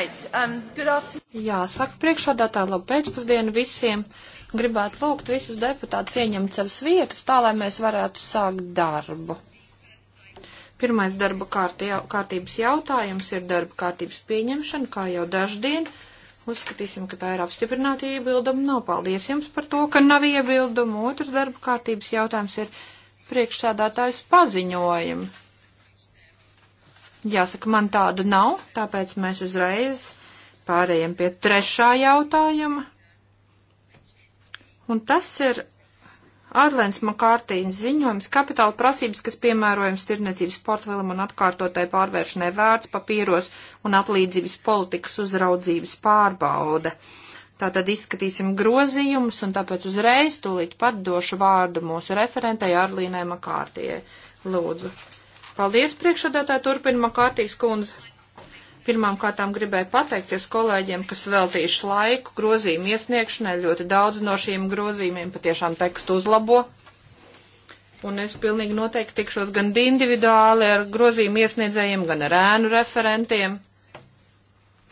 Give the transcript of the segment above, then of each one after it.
Right, um, good afternoon. Jā, saka priekšādātā labu pēcpusdienu visiem. Gribētu lūgt visus deputātus ieņemt savas vietas, tā lai mēs varētu sākt darbu. Pirmais darba kārtī, kārtības jautājums ir darba kārtības pieņemšana, kā jau daždien. Uzskatīsim, ka tā ir apstiprināta iebilduma. Nav paldies jums par to, ka nav iebildumu. Otrs darba kārtības jautājums ir priekšsādātājs paziņojumi. Jāsaka, man tādu nav, tāpēc mēs uzreiz pārējiem pie trešā jautājuma. Un tas ir Arlēns Makārtīns ziņojums kapitāla prasības, kas piemērojams tirniecības portfelam un atkārtotai pārvēršanai vērts papīros un atlīdzības politikas uzraudzības pārbauda. Tātad izskatīsim grozījumus un tāpēc uzreiz tūlīt pat došu vārdu mūsu referentai Arlīnai Makārtijai. Lūdzu. Paldies, priekšsādātāji, turpina Makārtīs kundze. Pirmām kārtām gribēju pateikties kolēģiem, kas veltījuši laiku grozījumu iesniegšanai. Ļoti daudz no šiem grozījumiem patiešām tekstu uzlabo. Un es pilnīgi noteikti tikšos gan individuāli ar grozījumu iesniedzējiem, gan ar ēnu referentiem.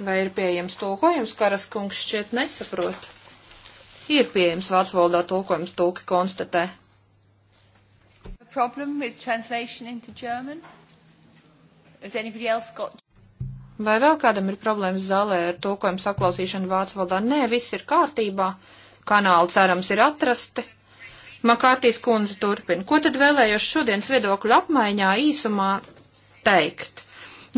Vai ir pieejams tulkojums, karas kungs šķiet nesaprot? Ir pieejams vācu valodā tulkojums, tulki konstatē problem with translation into German? Has anybody else got? Vai vēl kādam ir problēmas zālē ar tulkojumu saklausīšanu vācu valodā? Nē, viss ir kārtībā. Kanāli cerams ir atrasti. Makārtīs kundze turpina. Ko tad vēlējos šodienas viedokļu apmaiņā īsumā teikt?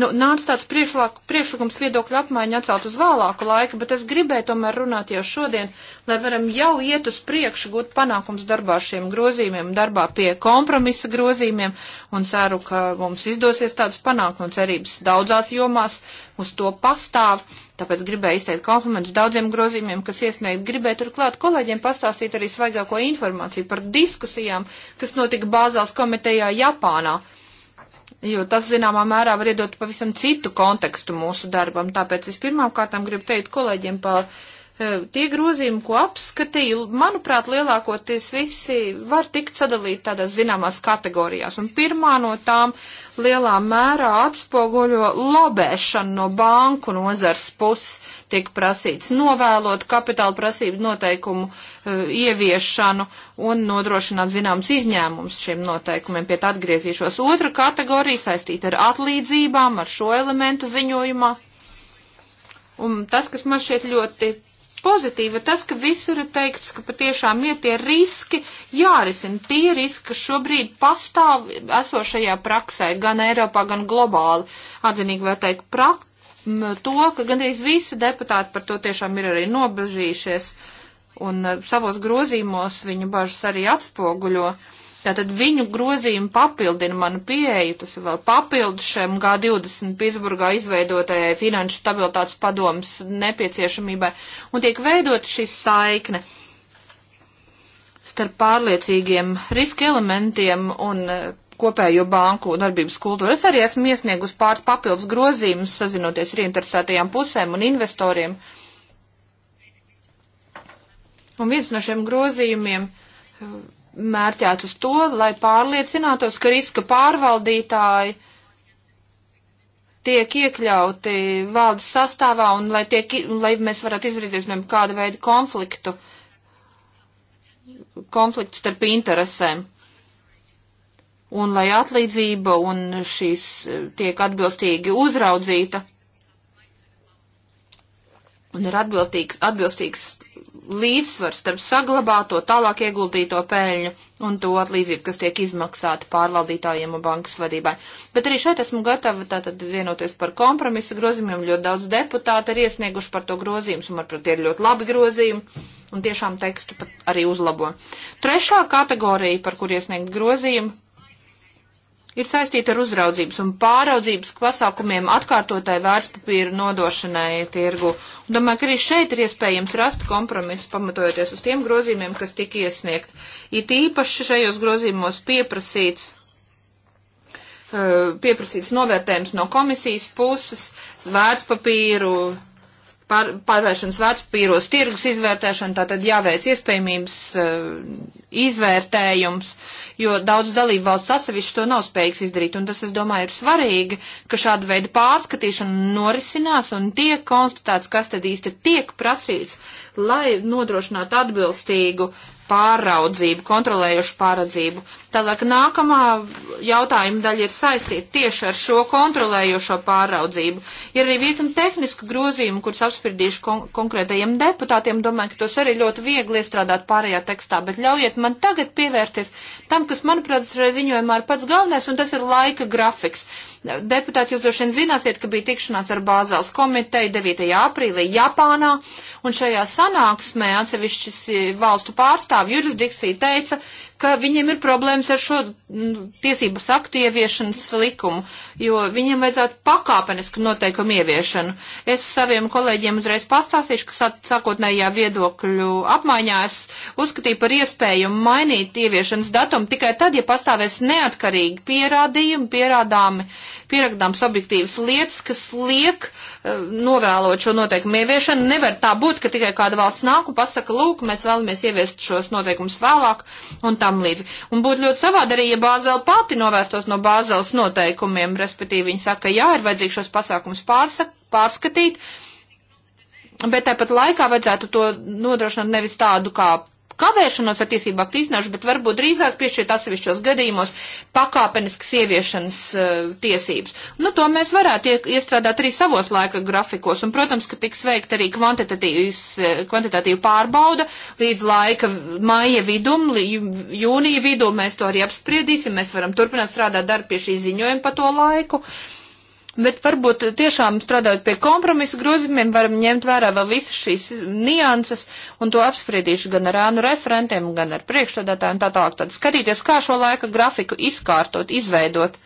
Nu, nāca tāds priekšlāk, priekšlikums viedokļu apmaiņu atcelt uz vēlāku laiku, bet es gribēju tomēr runāt jau šodien, lai varam jau iet uz priekšu, gūt panākums darbā ar šiem grozījumiem, darbā pie kompromisa grozījumiem, un ceru, ka mums izdosies tādus panākums cerības daudzās jomās, uz to pastāv. Tāpēc gribēju izteikt komplimentus daudziem grozījumiem, kas iesniegt. Gribēju turklāt kolēģiem pastāstīt arī svaigāko informāciju par diskusijām, kas notika bāzās komitejā Japānā jo tas, zināmā mērā, var iedot pavisam citu kontekstu mūsu darbam. Tāpēc es pirmām kārtām gribu teikt kolēģiem par Eh, tie grozījumi, ko apskatīju, manuprāt, lielākoties visi var tikt sadalīti tādās zināmās kategorijās. Un pirmā no tām lielā mērā atspoguļo lobēšanu no banku nozars puses tiek prasīts novēlot kapitāla prasību noteikumu uh, ieviešanu un nodrošināt zināms izņēmums šiem noteikumiem. Pie tā atgriezīšos. Otra kategorija saistīta ar atlīdzībām, ar šo elementu ziņojumā. Un tas, kas man šķiet ļoti Pozitīvi ir tas, ka visur ir teikts, ka patiešām ir tie riski jārisina, tie riski, kas šobrīd pastāv esošajā praksē, gan Eiropā, gan globāli. Atzinīgi var teikt pra, to, ka gandrīz visi deputāti par to tiešām ir arī nobežījušies, un eh, savos grozīmos viņu bažas arī atspoguļo. Uh, Tātad viņu grozījumi papildina manu pieeju, tas ir vēl papildus šiem G20 Pitsburgā izveidotajai finanšu stabilitātes padomas nepieciešamībai, un tiek veidot šī saikne starp pārliecīgiem riska elementiem un e, kopējo banku darbības kultūru. Es arī esmu iesniegus pāris papildus grozījumus, sazinoties ar interesētajām pusēm un investoriem. Un viens no šiem grozījumiem mērķēts uz to, lai pārliecinātos, ka riska pārvaldītāji tiek iekļauti valdes sastāvā un lai, tiek, un lai mēs varētu izvarīties no kāda veida konfliktu, konfliktu starp interesēm. Un lai atlīdzība un šīs e, tiek atbilstīgi uzraudzīta un ir atbilstīgs, atbilstīgs līdzsvars starp saglabāto tālāk ieguldīto peļņu un to atlīdzību, kas tiek izmaksāta pārvaldītājiem un bankas vadībai. Bet arī šeit esmu gatava tātad vienoties par kompromisu grozījumiem. Ļoti daudz deputāti ir iesnieguši par to grozījumus, un manuprāt, tie ir ļoti labi grozījumi, un tiešām tekstu pat arī uzlabo. Trešā kategorija, par kur iesniegt grozījumi, ir saistīta ar uzraudzības un pāraudzības pasākumiem atkārtotai vērtspapīra nodošanai tirgu. Un domāju, ka arī šeit ir iespējams rast kompromisu, pamatojoties uz tiem grozījumiem, kas tika iesniegt. It īpaši šajos grozījumos pieprasīts eh, pieprasīts novērtējums no komisijas puses, vērtspapīru pār, pārvēršanas vērtspapīros tirgus izvērtēšana, tātad jāveic iespējamības uh, izvērtējums, jo daudz dalību valsts atsevišķi to nav spējīgs izdarīt. Un tas, es domāju, ir svarīgi, ka šāda veida pārskatīšana norisinās un tiek konstatēts, kas tad īsti tiek prasīts, lai nodrošinātu atbilstīgu pāraudzību, kontrolējušu pāraudzību. Uh, Tālāk nākamā jautājuma daļa ir saistīta tieši ar šo kontrolējošo pāraudzību. Ir arī virkni tehniski grozījumi, kurus apspriedīšu kon konkrētajiem deputātiem. Domāju, ka tos arī ļoti viegli iestrādāt pārējā tekstā, bet ļaujiet man tagad pievērties tam, kas, manuprāt, šajā ziņojumā ir pats galvenais, un tas ir laika grafiks. Deputāti, jūs droši vien zināsiet, ka bija tikšanās ar Bāzēlas komiteju 9. aprīlī Japānā, un šajā sanāksmē atsevišķas eh, valstu pārstāvju jurisdikcija teica, ka viņiem ir problēmas problēmas ar šo mm, tiesības aktu ieviešanas likumu, jo viņiem vajadzētu pakāpenisku noteikumu ieviešanu. Es saviem kolēģiem uzreiz pastāstīšu, ka sākotnējā viedokļu apmaiņā es uzskatīju par iespēju mainīt ieviešanas datumu tikai tad, ja pastāvēs neatkarīgi pierādījumi, pierādāmi, pierakdāms objektīvas lietas, kas liek eh, novēlot šo noteikumu ieviešanu. Nevar tā būt, ka tikai kāda valsts nāk un pasaka, lūk, mēs vēlamies ieviest šos noteikumus vēlāk un tam līdzi. Un būtu ļoti ļoti savādi arī, ja Bāzela pati novērstos no Bāzeles noteikumiem, respektīvi viņi saka, jā, ir vajadzīgs šos pasākums pārsak, pārskatīt, bet tāpat laikā vajadzētu to nodrošināt nevis tādu kā kavēšanos ar tiesību aktu iznāšu, bet varbūt drīzāk piešķirt atsevišķos gadījumos pakāpeniskas ieviešanas uh, tiesības. Nu, to mēs varētu ie, iestrādāt arī savos laika grafikos, un, protams, ka tiks veikt arī kvantitatīva e, pārbauda līdz laika maija vidum, jūnija vidum, mēs to arī apspriedīsim, mēs varam turpināt strādāt darbu pie šī ziņojuma pa to laiku. Uh, Bet varbūt tiešām strādājot pie kompromisa grozījumiem, varam ņemt vērā vēl visas šīs nianses un to apspriedīšu gan ar ānu referentiem, gan ar priekšstādātājiem tā tālāk. Tad skatīties, kā šo laika grafiku izkārtot, izveidot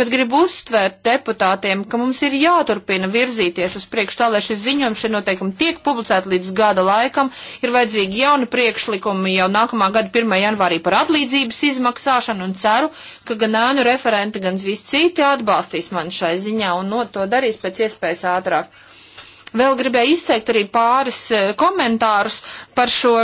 bet gribu uztvērt deputātiem, ka mums ir jāturpina virzīties uz priekšu tā, lai šis ziņojums šie noteikumi tiek publicēti līdz gada laikam. Ir vajadzīgi jauni priekšlikumi jau nākamā gada 1. janvārī par atlīdzības izmaksāšanu un ceru, ka gan ēnu referenti, gan visi citi atbalstīs mani šai ziņā un no to darīs pēc iespējas ātrāk. Vēl gribēju izteikt arī pāris eh, komentārus par šo,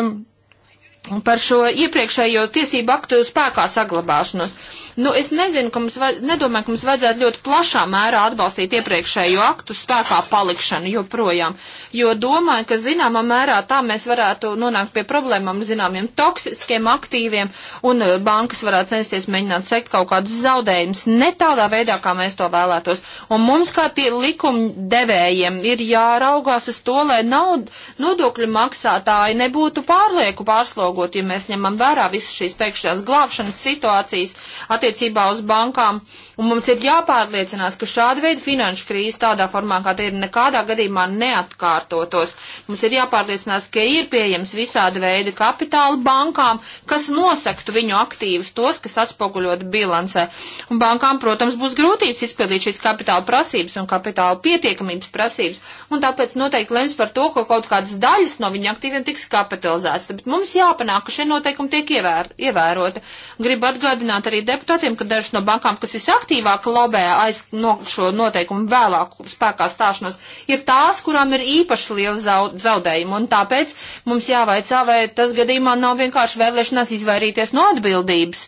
par šo iepriekšējo tiesību aktu spēkā saglabāšanos. Nu, es nezinu, ka mums, vaj... nedomāju, ka mums vajadzētu ļoti plašā mērā atbalstīt iepriekšējo aktu spēkā palikšanu joprojām, jo domāju, ka zināmā mērā tā mēs varētu nonākt pie problēmām ar zināmiem toksiskiem aktīviem, un eh, bankas varētu censties mēģināt sekt kaut kādus zaudējumus ne tādā veidā, kā mēs to vēlētos. Un mums, kā tie likumdevējiem, ir jāraugās uz to, lai naud, nodokļu maksātāji nebūtu pārlieku pārslogoti, ja mēs ņemam vērā visu šīs pēkšņās glābšanas situācijas. Atti attiecībā uz bankām, un mums ir jāpārliecinās, ka šāda veida finanšu krīze tādā formā, kā tā ir, nekādā gadījumā neatkārtotos. Mums ir jāpārliecinās, ka ir pieejams visāda veida kapitāla bankām, kas nosaktu viņu aktīvus, tos, kas atspoguļot bilancē. Un bankām, protams, būs grūtības izpildīt šīs kapitāla prasības un kapitāla pietiekamības prasības, un tāpēc noteikti lems par to, ka kaut kādas daļas no viņa aktīviem tiks kapitalizētas. Bet mums jāpanāk, ka šie noteikumi tiek ievēr, ievēroti. Gribu atgādināt arī deputātu datiem, ka dažas no bankām, kas visaktīvāk lobē aiz no šo noteikumu vēlāk spēkā stāšanos, ir tās, kurām ir īpaši liela zaudējuma. Un tāpēc mums jāvaicā, vai tas gadījumā nav vienkārši vēlēšanās izvairīties no atbildības.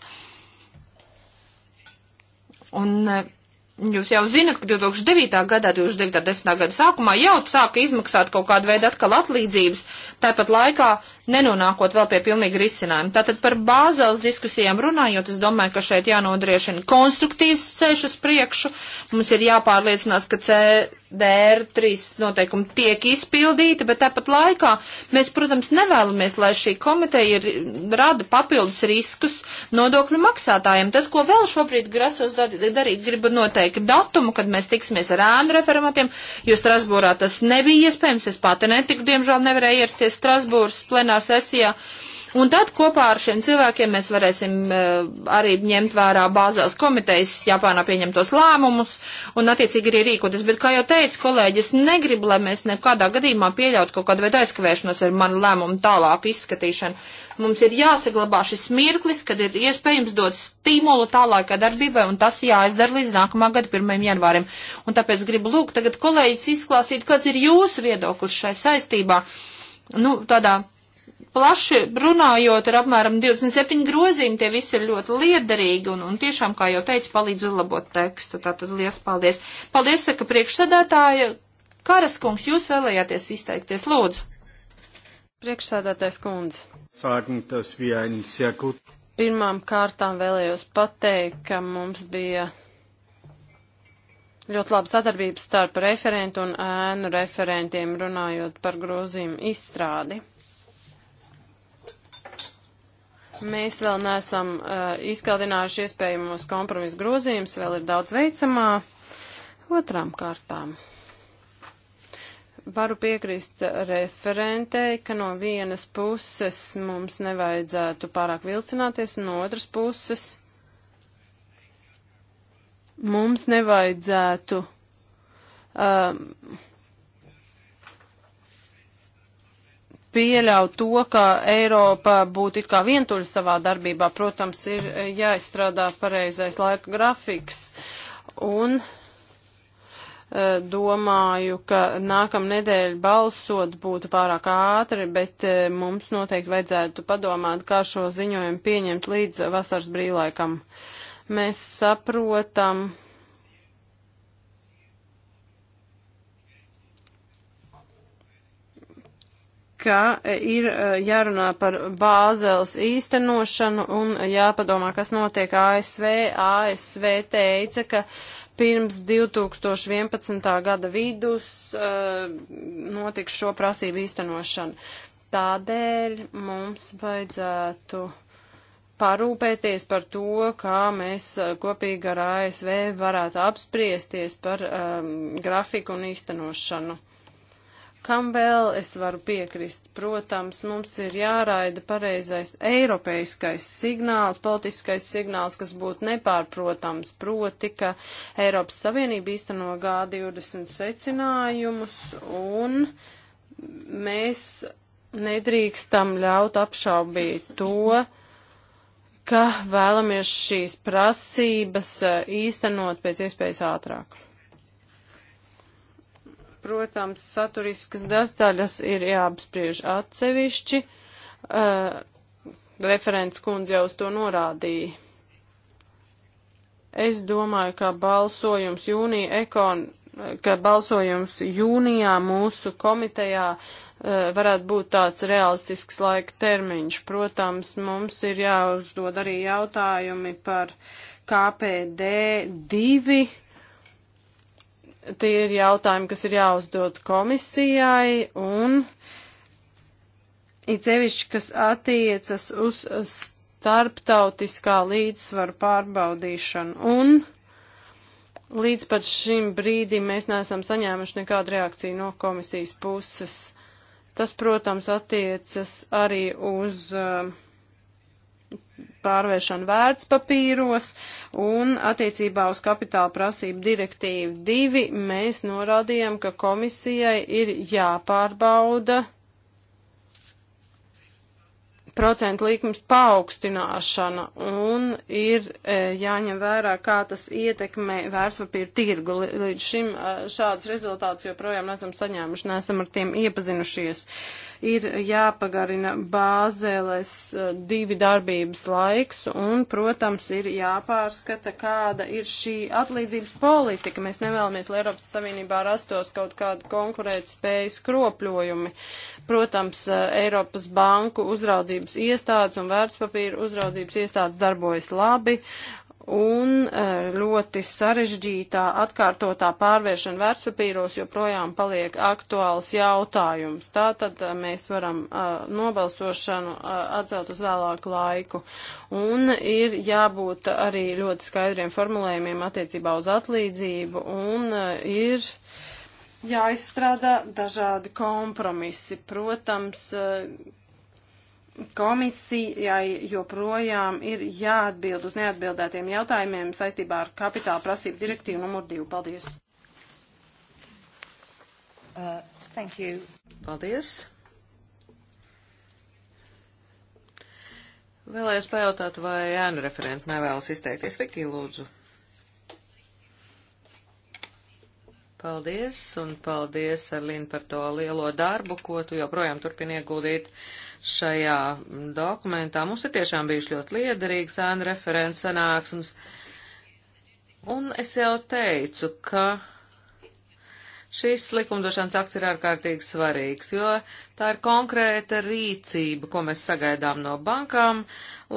Un e, jūs jau zinat, ka 2009. gadā, 2009. 10. gada sākumā jau sāka izmaksāt kaut kādu veidu atkal atlīdzības. Tāpat laikā nenonākot vēl pie pilnīga risinājuma. Tātad par bāzels diskusijām runājot, es domāju, ka šeit jānodriešina konstruktīvs ceļš uz priekšu. Mums ir jāpārliecinās, ka CDR3 noteikumi tiek izpildīti, bet tāpat laikā mēs, protams, nevēlamies, lai šī komiteja ir, rada papildus riskus nodokļu maksātājiem. Tas, ko vēl šobrīd grasos darīt, gribu noteikt datumu, kad mēs tiksimies ar ēnu referentiem, jo Strasbūrā tas nebija iespējams. Es pati netiku, diemžēl nevarēju ierasties Strasbūras plenā plenārā sesijā. Un tad kopā ar šiem cilvēkiem mēs varēsim eh, arī ņemt vērā bāzās komitejas Japānā pieņemtos lēmumus un attiecīgi arī rīkoties. Bet, kā jau teicu, kolēģis negrib, lai mēs nekādā gadījumā pieļautu kaut kādu veidu aizkavēšanos ar manu lēmumu tālāku izskatīšanu. Mums ir jāsaglabā šis mirklis, kad ir iespējams dot stimulu tālākai darbībai, un tas jāizdara līdz nākamā gada 1. janvārim. Un tāpēc gribu lūgt tagad kolēģis izklāstīt, kāds ir jūsu viedoklis šai saistībā. Nu, tādā plaši runājot ar apmēram 27 grozīm, tie visi ir ļoti liederīgi un, un tiešām, kā jau teicu, palīdz uzlabot tekstu. Tātad liels paldies. Paldies, saka priekšsēdētāja. Karaskungs, jūs vēlējāties izteikties, lūdzu. Priekšsēdētājs kundze. Sagen, dass wir einen sehr guten pirmām kārtām vēlējos pateikt, ka mums bija ļoti laba sadarbība starp referentu un ēnu referentiem runājot par grozījumu izstrādi. Mēs vēl neesam uh, izkaldinājuši iespējamos kompromisu grozījumus, vēl ir daudz veicamā. Otrām kārtām. Varu piekrist referentei, ka no vienas puses mums nevajadzētu pārāk vilcināties, un no otras puses mums nevajadzētu. Uh, um, pieļaut to, ka Eiropa būtu it kā vientuļa savā darbībā. Protams, ir jāizstrādā pareizais laika grafiks. Un e, domāju, ka nākam nedēļ balsot būtu pārāk ātri, bet e, mums noteikti vajadzētu padomāt, kā šo ziņojumu pieņemt līdz vasaras brīvlaikam. Mēs saprotam, ka e, ir e, jārunā par bāzels īstenošanu un jāpadomā, kas notiek ASV. ASV teica, ka pirms 2011. gada vidus e, notiks šo prasību īstenošana. Tādēļ mums vajadzētu parūpēties par to, kā mēs kopīgi ar ASV varētu apspriesties par um, grafiku un īstenošanu. Kam vēl es varu piekrist? Protams, mums ir jāraida pareizais eiropeiskais signāls, politiskais signāls, kas būtu nepārprotams, proti, ka Eiropas Savienība īsteno G20 secinājumus un mēs nedrīkstam ļaut apšaubīt to, ka vēlamies šīs prasības eh, īstenot pēc iespējas ātrāk. Protams, saturiskas detaļas ir jāapspriež atsevišķi. Uh, referents kundze jau uz to norādīja. Es domāju, ka balsojums jūnija ekon, ka balsojums jūnijā mūsu komitejā uh, varētu būt tāds realistisks laika termiņš. Protams, mums ir jāuzdod arī jautājumi par KPD 2 tie ir jautājumi, kas ir jāuzdod komisijai un it sevišķi, kas attiecas uz starptautiskā līdzsvaru pārbaudīšanu. Un līdz pat šim brīdim mēs neesam saņēmuši nekādu reakciju no komisijas puses. Tas, protams, attiecas arī uz uh, pārvēršanu vērtspapīros un attiecībā uz kapitāla prasību direktīvu 2 mēs norādījām, ka komisijai ir jāpārbauda procentu likmes paaugstināšana un ir e, jāņem vērā, kā tas ietekmē vērtspapīru tirgu. Līdz šim e, šāds rezultāts joprojām nesam saņēmuši, nesam ar tiem iepazinušies. Ir jāpagarina bāzēlēs e, divi darbības laiks un, protams, ir jāpārskata, kāda ir šī atlīdzības politika. Mēs nevēlamies, lai Eiropas Savienībā rastos kaut kāda konkurētspējas kropļojumi. Protams, eh, Eiropas banku uzraudzības iestādes un vērtspapīra uzraudzības iestādes darbojas labi. Un eh, ļoti sarežģītā atkārtotā pārvēršana vērtspapīros joprojām paliek aktuāls jautājums. Tātad eh, mēs varam uh, nobalsošanu uh, atcelt uz vēlāku laiku. Un ir jābūt arī ļoti skaidriem formulējumiem attiecībā uz atlīdzību. Un uh, ir. Uh, jāizstrādā dažādi kompromisi. Protams, eh, komisijai joprojām ir jāatbild uz neatbildētiem jautājumiem saistībā ar kapitāla prasību direktīvu numur 2. Paldies! Uh, thank you. Paldies! Vēlējos pajautāt, vai ēnu referenti nevēlas izteikties. Viki, lūdzu. Paldies, un paldies, Arlīna, par to lielo darbu, ko tu joprojām turpini ieguldīt šajā dokumentā. Mums ir tiešām bijuši ļoti liederīgs ēna referents sanāksmes, un es jau teicu, ka šīs likumdošanas akts ir ārkārtīgi svarīgs, jo tā ir konkrēta rīcība, ko mēs sagaidām no bankām,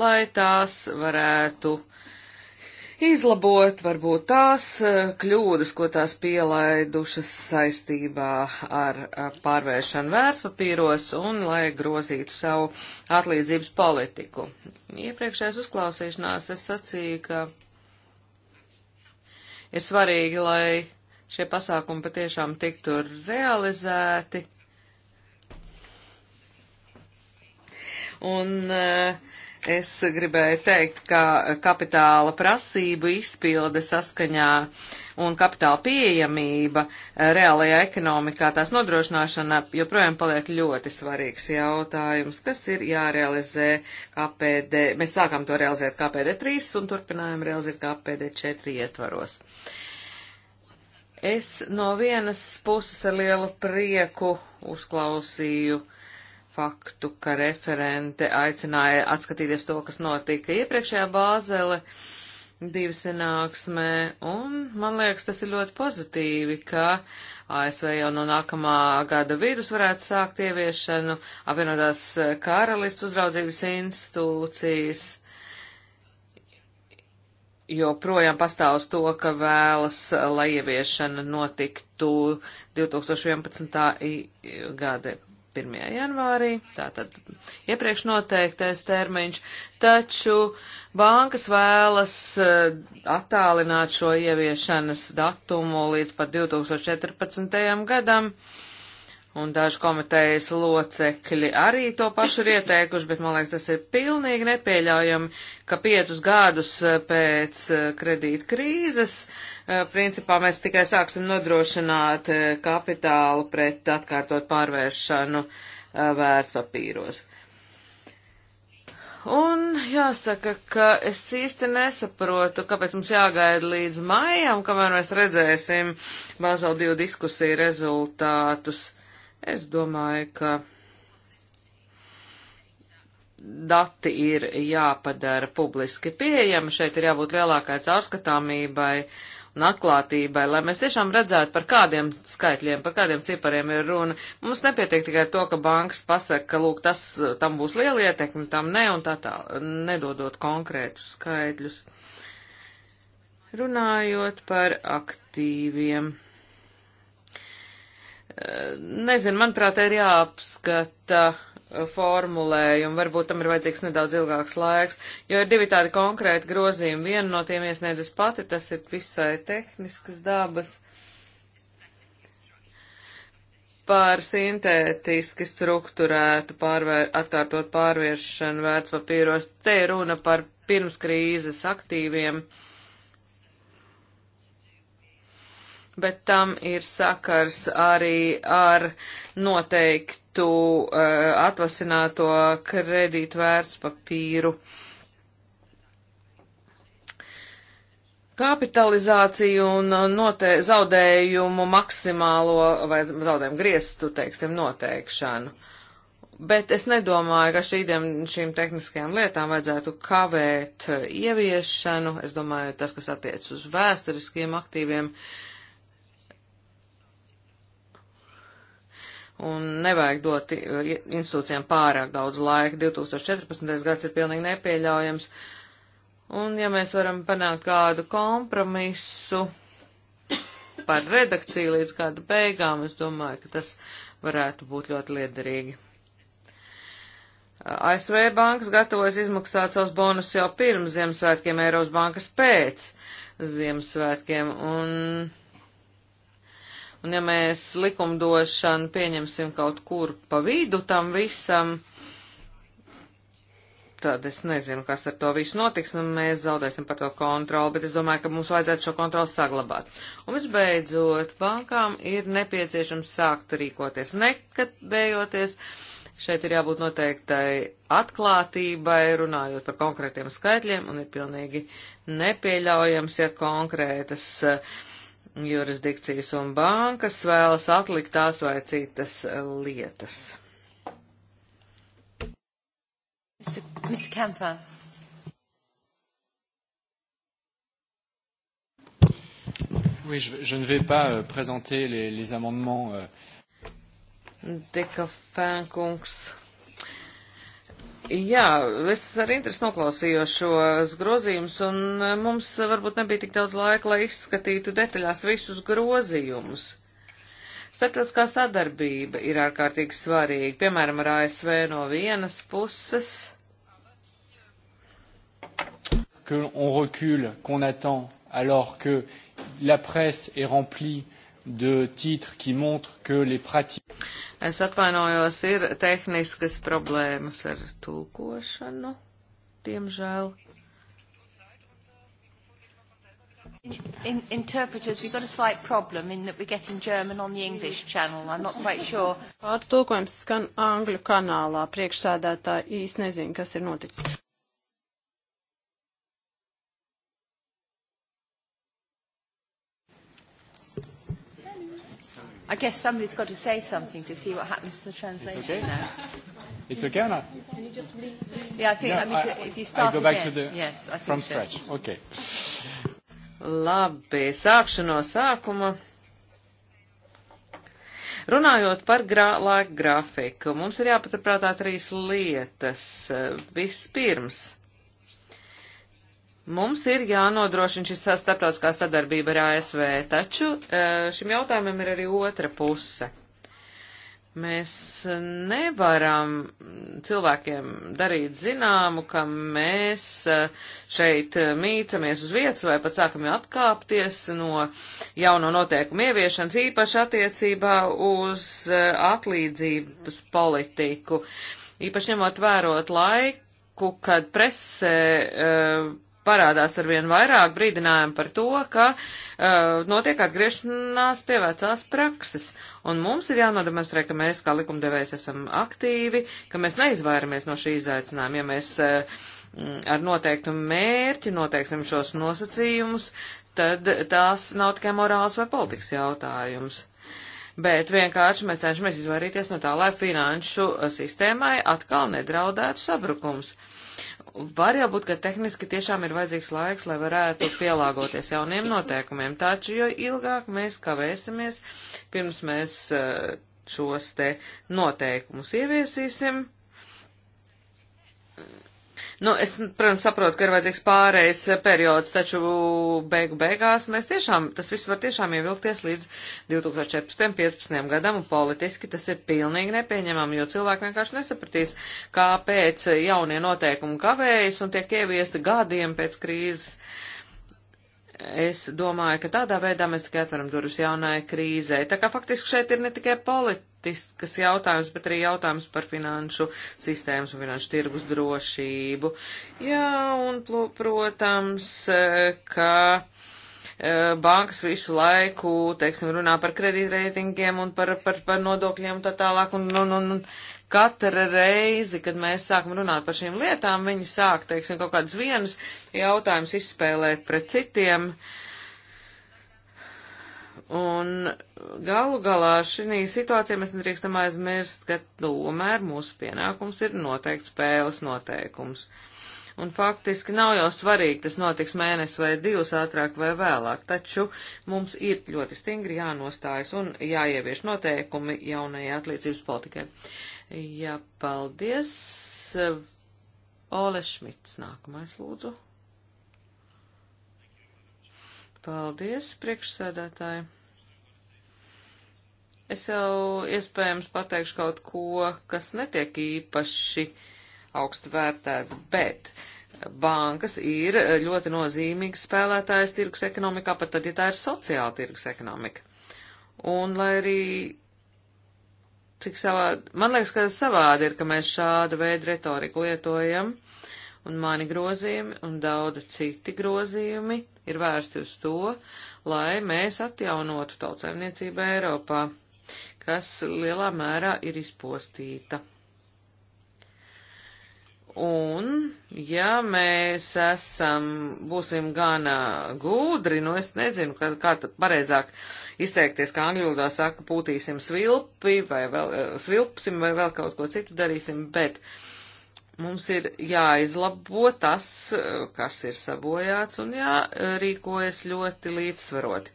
lai tās varētu uh, izlabot varbūt tās eh, kļūdas, ko tās pielaidušas saistībā ar pārvēršanu vērtspapīros un lai grozītu savu atlīdzības politiku. Iepriekšējās uzklausīšanās es sacīju, ka ir svarīgi, lai šie pasākumi patiešām tiktu realizēti. Un uh, Es gribēju teikt, ka kapitāla prasību izpilde saskaņā un kapitāla pieejamība reālajā ekonomikā tās nodrošināšana joprojām paliek ļoti svarīgs jautājums, kas ir jārealizē KPD. Mēs sākām to realizēt KPD 3 un turpinājām realizēt KPD 4 ietvaros. Es no vienas puses ar lielu prieku uzklausīju faktu, ka referente aicināja atskatīties to, kas notika iepriekšējā bāzele divu sanāksmē, un man liekas, tas ir ļoti pozitīvi, ka ASV jau no nākamā gada vidus varētu sākt ieviešanu, apvienotās karalists uzraudzības institūcijas joprojām pastāv uz to, ka vēlas, lai ieviešana notiktu 2011. gada 1. janvārī, tātad iepriekš noteiktais termiņš, taču bankas vēlas eh, attālināt šo ieviešanas datumu līdz pat 2014. gadam. Uh, un daži komitejas locekļi arī to pašu ir ieteikuši, bet man liekas, tas ir pilnīgi nepieļaujami, ka piecus gadus eh, pēc eh, kredīt krīzes, eh, principā mēs tikai sāksim nodrošināt kapitālu pret atkārtot pārvēršanu vērtspapīros. Un jāsaka, ka es īsti nesaprotu, kāpēc mums jāgaida līdz maijam, kamēr mēs redzēsim Bāzel 2 diskusiju rezultātus. Uh, Es domāju, ka dati ir jāpadara publiski pieejami, šeit ir jābūt lielākai caurskatāmībai un atklātībai, lai mēs tiešām redzētu, par kādiem skaitļiem, par kādiem cipariem ir runa. Mums nepietiek tikai to, ka bankas pasaka, ka, lūk, tas tam būs liela ietekme, tam ne, un tā tā, nedodot konkrētus skaitļus. Runājot par aktīviem Nezinu, manuprāt, ir jāapskata formulējumu, varbūt tam ir vajadzīgs nedaudz ilgāks laiks, jo ir divi tādi konkrēti grozījumi. Vienu no tiem iesniedz es pati, tas ir visai tehniskas dabas par sintētiski strukturētu pārvēr, atkārtot pārviešanu vērtspapīros. Te ir runa par pirms krīzes aktīviem. Uh, bet tam ir sakars arī ar noteiktu uh, atvasināto kredītu vērtspapīru. Kapitalizāciju un note zaudējumu maksimālo vai zaudējumu griestu, teiksim, noteikšanu. Bet es nedomāju, ka šīm, šīm tehniskajām lietām vajadzētu kavēt eh, ieviešanu. Es domāju, tas, kas attiec uz vēsturiskiem aktīviem, uh, un nevajag dot uh, institūcijām pārāk daudz laika. 2014. gads ir pilnīgi nepieļaujams. Un ja mēs varam panākt kādu kompromisu par redakciju līdz kādu beigām, es domāju, ka tas varētu būt ļoti liederīgi. Uh, ASV bankas gatavojas izmaksāt savus bonusus jau pirms Ziemassvētkiem, Eiropas bankas pēc Ziemassvētkiem, un Un ja mēs likumdošanu pieņemsim kaut kur pa vidu tam visam, tad es nezinu, kas ar to visu notiks, un mēs zaudēsim par to kontroli, bet es domāju, ka mums vajadzētu šo kontroli saglabāt. Un visbeidzot, bankām ir nepieciešams sākt rīkoties, nekadējoties. Šeit ir jābūt noteiktai atklātībai, runājot par konkrētiem skaitļiem, un ir pilnīgi nepieļaujams, ja konkrētas uh, jurisdikcijas un bankas vēlas atlikt tās vai citas lietas. Mr. Kemper. Oui, je, je ne vais pas euh, présenter les, les amendements. Euh... Deka Fēnkungs Jā, es ar interesi noklausījos šos grozījumus, un e, mums varbūt nebija tik daudz laika, lai izskatītu detaļās visus grozījumus. Starptautiskā sadarbība ir ārkārtīgi svarīga, piemēram, ar ASV no vienas puses. Que on recule, qu'on attend, alors que la presse est remplie euh, de titres qui montrent que les pratiques. Es atvainojos, ir tehniskas problēmas ar tulkošanu, diemžēl. In, in, interpreters, we've got a slight problem in that we're getting German on the English channel. I'm not quite sure. Pārtulkojums skan Angļu kanālā. Priekšsēdētāji īsti nezinu, kas ir noticis. I guess somebody's got to say something to see what happens to the translation it's okay. now. It's okay or not? Can you just please... Yeah, I think yeah, I mean, I, if you start I go back again, to the, yes, I think from so. scratch. Okay. Labi, sākšu no sākuma. Runājot par grā, laika grafiku, mums ir jāpaturprātā trīs lietas. Vispirms Mums ir jānodrošina šis starptautiskā sadarbība ar ASV, taču e, šim jautājumam ir arī otra puse. Mēs nevaram cilvēkiem darīt zināmu, ka mēs e, šeit e, mīcamies uz vietas vai pat sākam atkāpties no jauno noteikumu ieviešanas īpaši attiecībā uz atlīdzības politiku. Īpaši ņemot vērot laiku, kad presē parādās ar vien vairāk brīdinājumu par to, ka uh, notiek atgriešanās pie vecās prakses, un mums ir jānodemonstrē, ka mēs kā likumdevējs esam aktīvi, ka mēs neizvairamies no šī izaicinājuma, ja mēs uh, mm, ar noteiktu mērķi noteiksim šos nosacījumus, tad tās nav tikai morāls vai politikas jautājums. Bet vienkārši mēs cenšamies izvairīties no tā, lai finanšu uh, sistēmai atkal nedraudētu sabrukums. Uh, Var jau būt, ka tehniski tiešām ir vajadzīgs laiks, lai varētu pielāgoties jauniem noteikumiem, taču jo ilgāk mēs kavēsimies, pirms mēs eh, šos te noteikumus ieviesīsim, Nu, es, protams, saprotu, ka ir vajadzīgs pārējais eh, periods, taču beigu beigās mēs tiešām, tas viss var tiešām ievilkties līdz 2014-15 gadam, un politiski tas ir pilnīgi nepieņemami, jo cilvēki vienkārši nesapratīs, kāpēc jaunie noteikumi kavējas un tiek ieviesti gadiem pēc krīzes es domāju, ka tādā veidā mēs tikai atveram durvis jaunai krīzē. Tā kā faktiski šeit ir ne tikai politiskas jautājums, bet arī jautājums par finanšu sistēmas un finanšu tirgus drošību. Jā, un, protams, ka e, bankas visu laiku, teiksim, runā par kredītreitingiem un par, par, par nodokļiem un tā tālāk, un, un, un katra reize, kad mēs sākam runāt par šīm lietām, viņi sāk, teiksim, kaut kādas vienas jautājumas izspēlēt pret citiem. Un galu galā šī situācija mēs nedrīkstam aizmirst, ka tomēr mūsu pienākums ir noteikti spēles noteikums. Un faktiski nav jau svarīgi, tas notiks mēnesi vai divus ātrāk vai vēlāk, taču mums ir ļoti stingri jānostājas un jāievieš noteikumi jaunajai atlīdzības politikai. Uh, Jā, paldies. Ole Šmits nākamais lūdzu. Paldies, priekšsēdētāji. Es jau iespējams pateikšu kaut ko, kas netiek īpaši augstu vērtēts, bet bankas ir ļoti nozīmīgs spēlētājs tirgus ekonomikā, pat tad, ja tā ir sociāla tirgus ekonomika. Un lai arī cik savādi, man liekas, ka savādi ir, ka mēs šādu veidu retoriku lietojam, un mani grozījumi un daudzi citi grozījumi ir vērsti uz to, lai mēs atjaunotu tautsēmniecību Eiropā, kas lielā mērā ir izpostīta. Un, ja mēs esam, būsim gana gudri, nu es nezinu, kā, kā tad pareizāk izteikties, kā angļu valodā saka, pūtīsim svilpi vai vēl, eh, svilpsim vai vēl kaut ko citu darīsim, bet mums ir jāizlabo tas, eh, kas ir sabojāts un jārīkojas ļoti līdzsvaroti.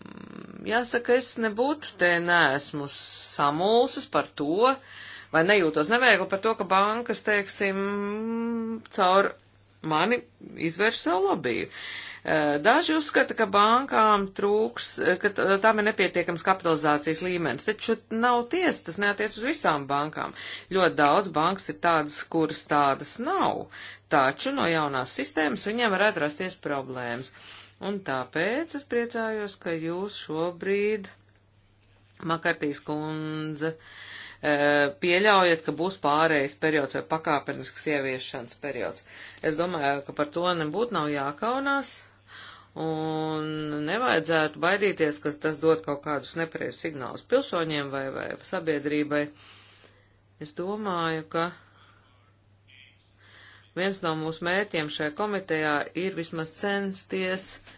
Mm, jāsaka, es nebūtu te nesmu samulsis par to, uh, vai nejūtos neveikli par to, ka bankas, teiksim, caur mani izvērš savu lobiju. Eh, Daži uzskata, ka bankām trūks, eh, ka tām ir nepietiekams kapitalizācijas līmenis, taču nav tiesa, tas neatiec uz visām bankām. Ļoti daudz bankas ir tādas, kuras tādas nav, taču no jaunās sistēmas viņiem varētu rasties problēmas. Un tāpēc es priecājos, ka jūs šobrīd, Makartīs kundze, uh, E, pieļaujat, ka būs pārējais periods vai pakāpenisks ieviešanas periods. Es domāju, ka par to nebūtu nav jākaunās. Un nevajadzētu baidīties, ka tas dod kaut kādus nepareizus signālus pilsoņiem vai, vai sabiedrībai. Es domāju, ka viens no mūsu mērķiem šajā komitejā ir vismaz censties uh,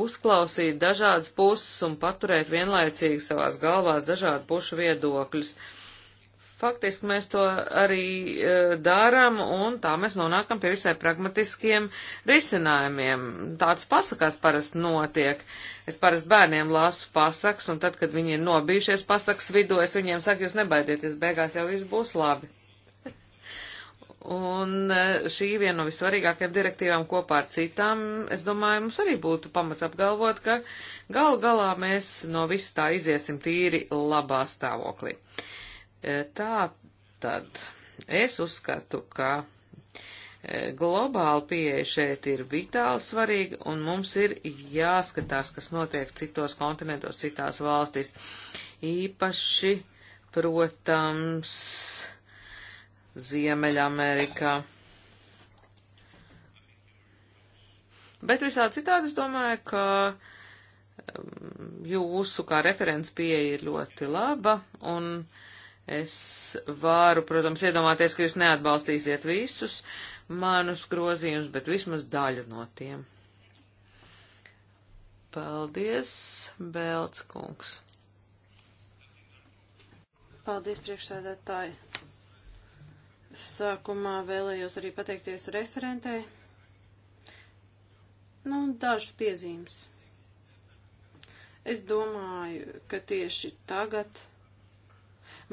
uzklausīt dažādas puses un paturēt vienlaicīgi savās galvās dažādu pušu viedokļus. Faktiski mēs to arī e, dārām, un tā mēs nonākam pie visai pragmatiskiem risinājumiem. Tāds pasakās parasti notiek. Es parasti bērniem lasu pasakas, un tad, kad viņi ir nobijušies pasakas vidū, es viņiem saku, jūs nebaidieties, beigās jau viss būs labi. Un eh, šī viena no visvarīgākajām direktīvām kopā ar citām, es domāju, mums arī būtu pamats apgalvot, ka galu galā mēs no visa tā iziesim tīri labā stāvoklī. Eh, tā tad es uzskatu, ka eh, globāla pieeja šeit ir vitāli svarīga, un mums ir jāskatās, kas notiek citos kontinentos, citās valstīs. Īpaši, protams, Ziemeļamerikā. Bet visā citādi es domāju, ka um, jūsu kā referents pieeja ir ļoti laba, un es varu, protams, iedomāties, ka jūs neatbalstīsiet visus manus grozījumus, bet vismaz daļu no tiem. Paldies, Belts kungs. Paldies, priekšsēdētāji. Sākumā vēlējos arī pateikties referentē. Nu, dažas piezīmes. Es domāju, ka tieši tagad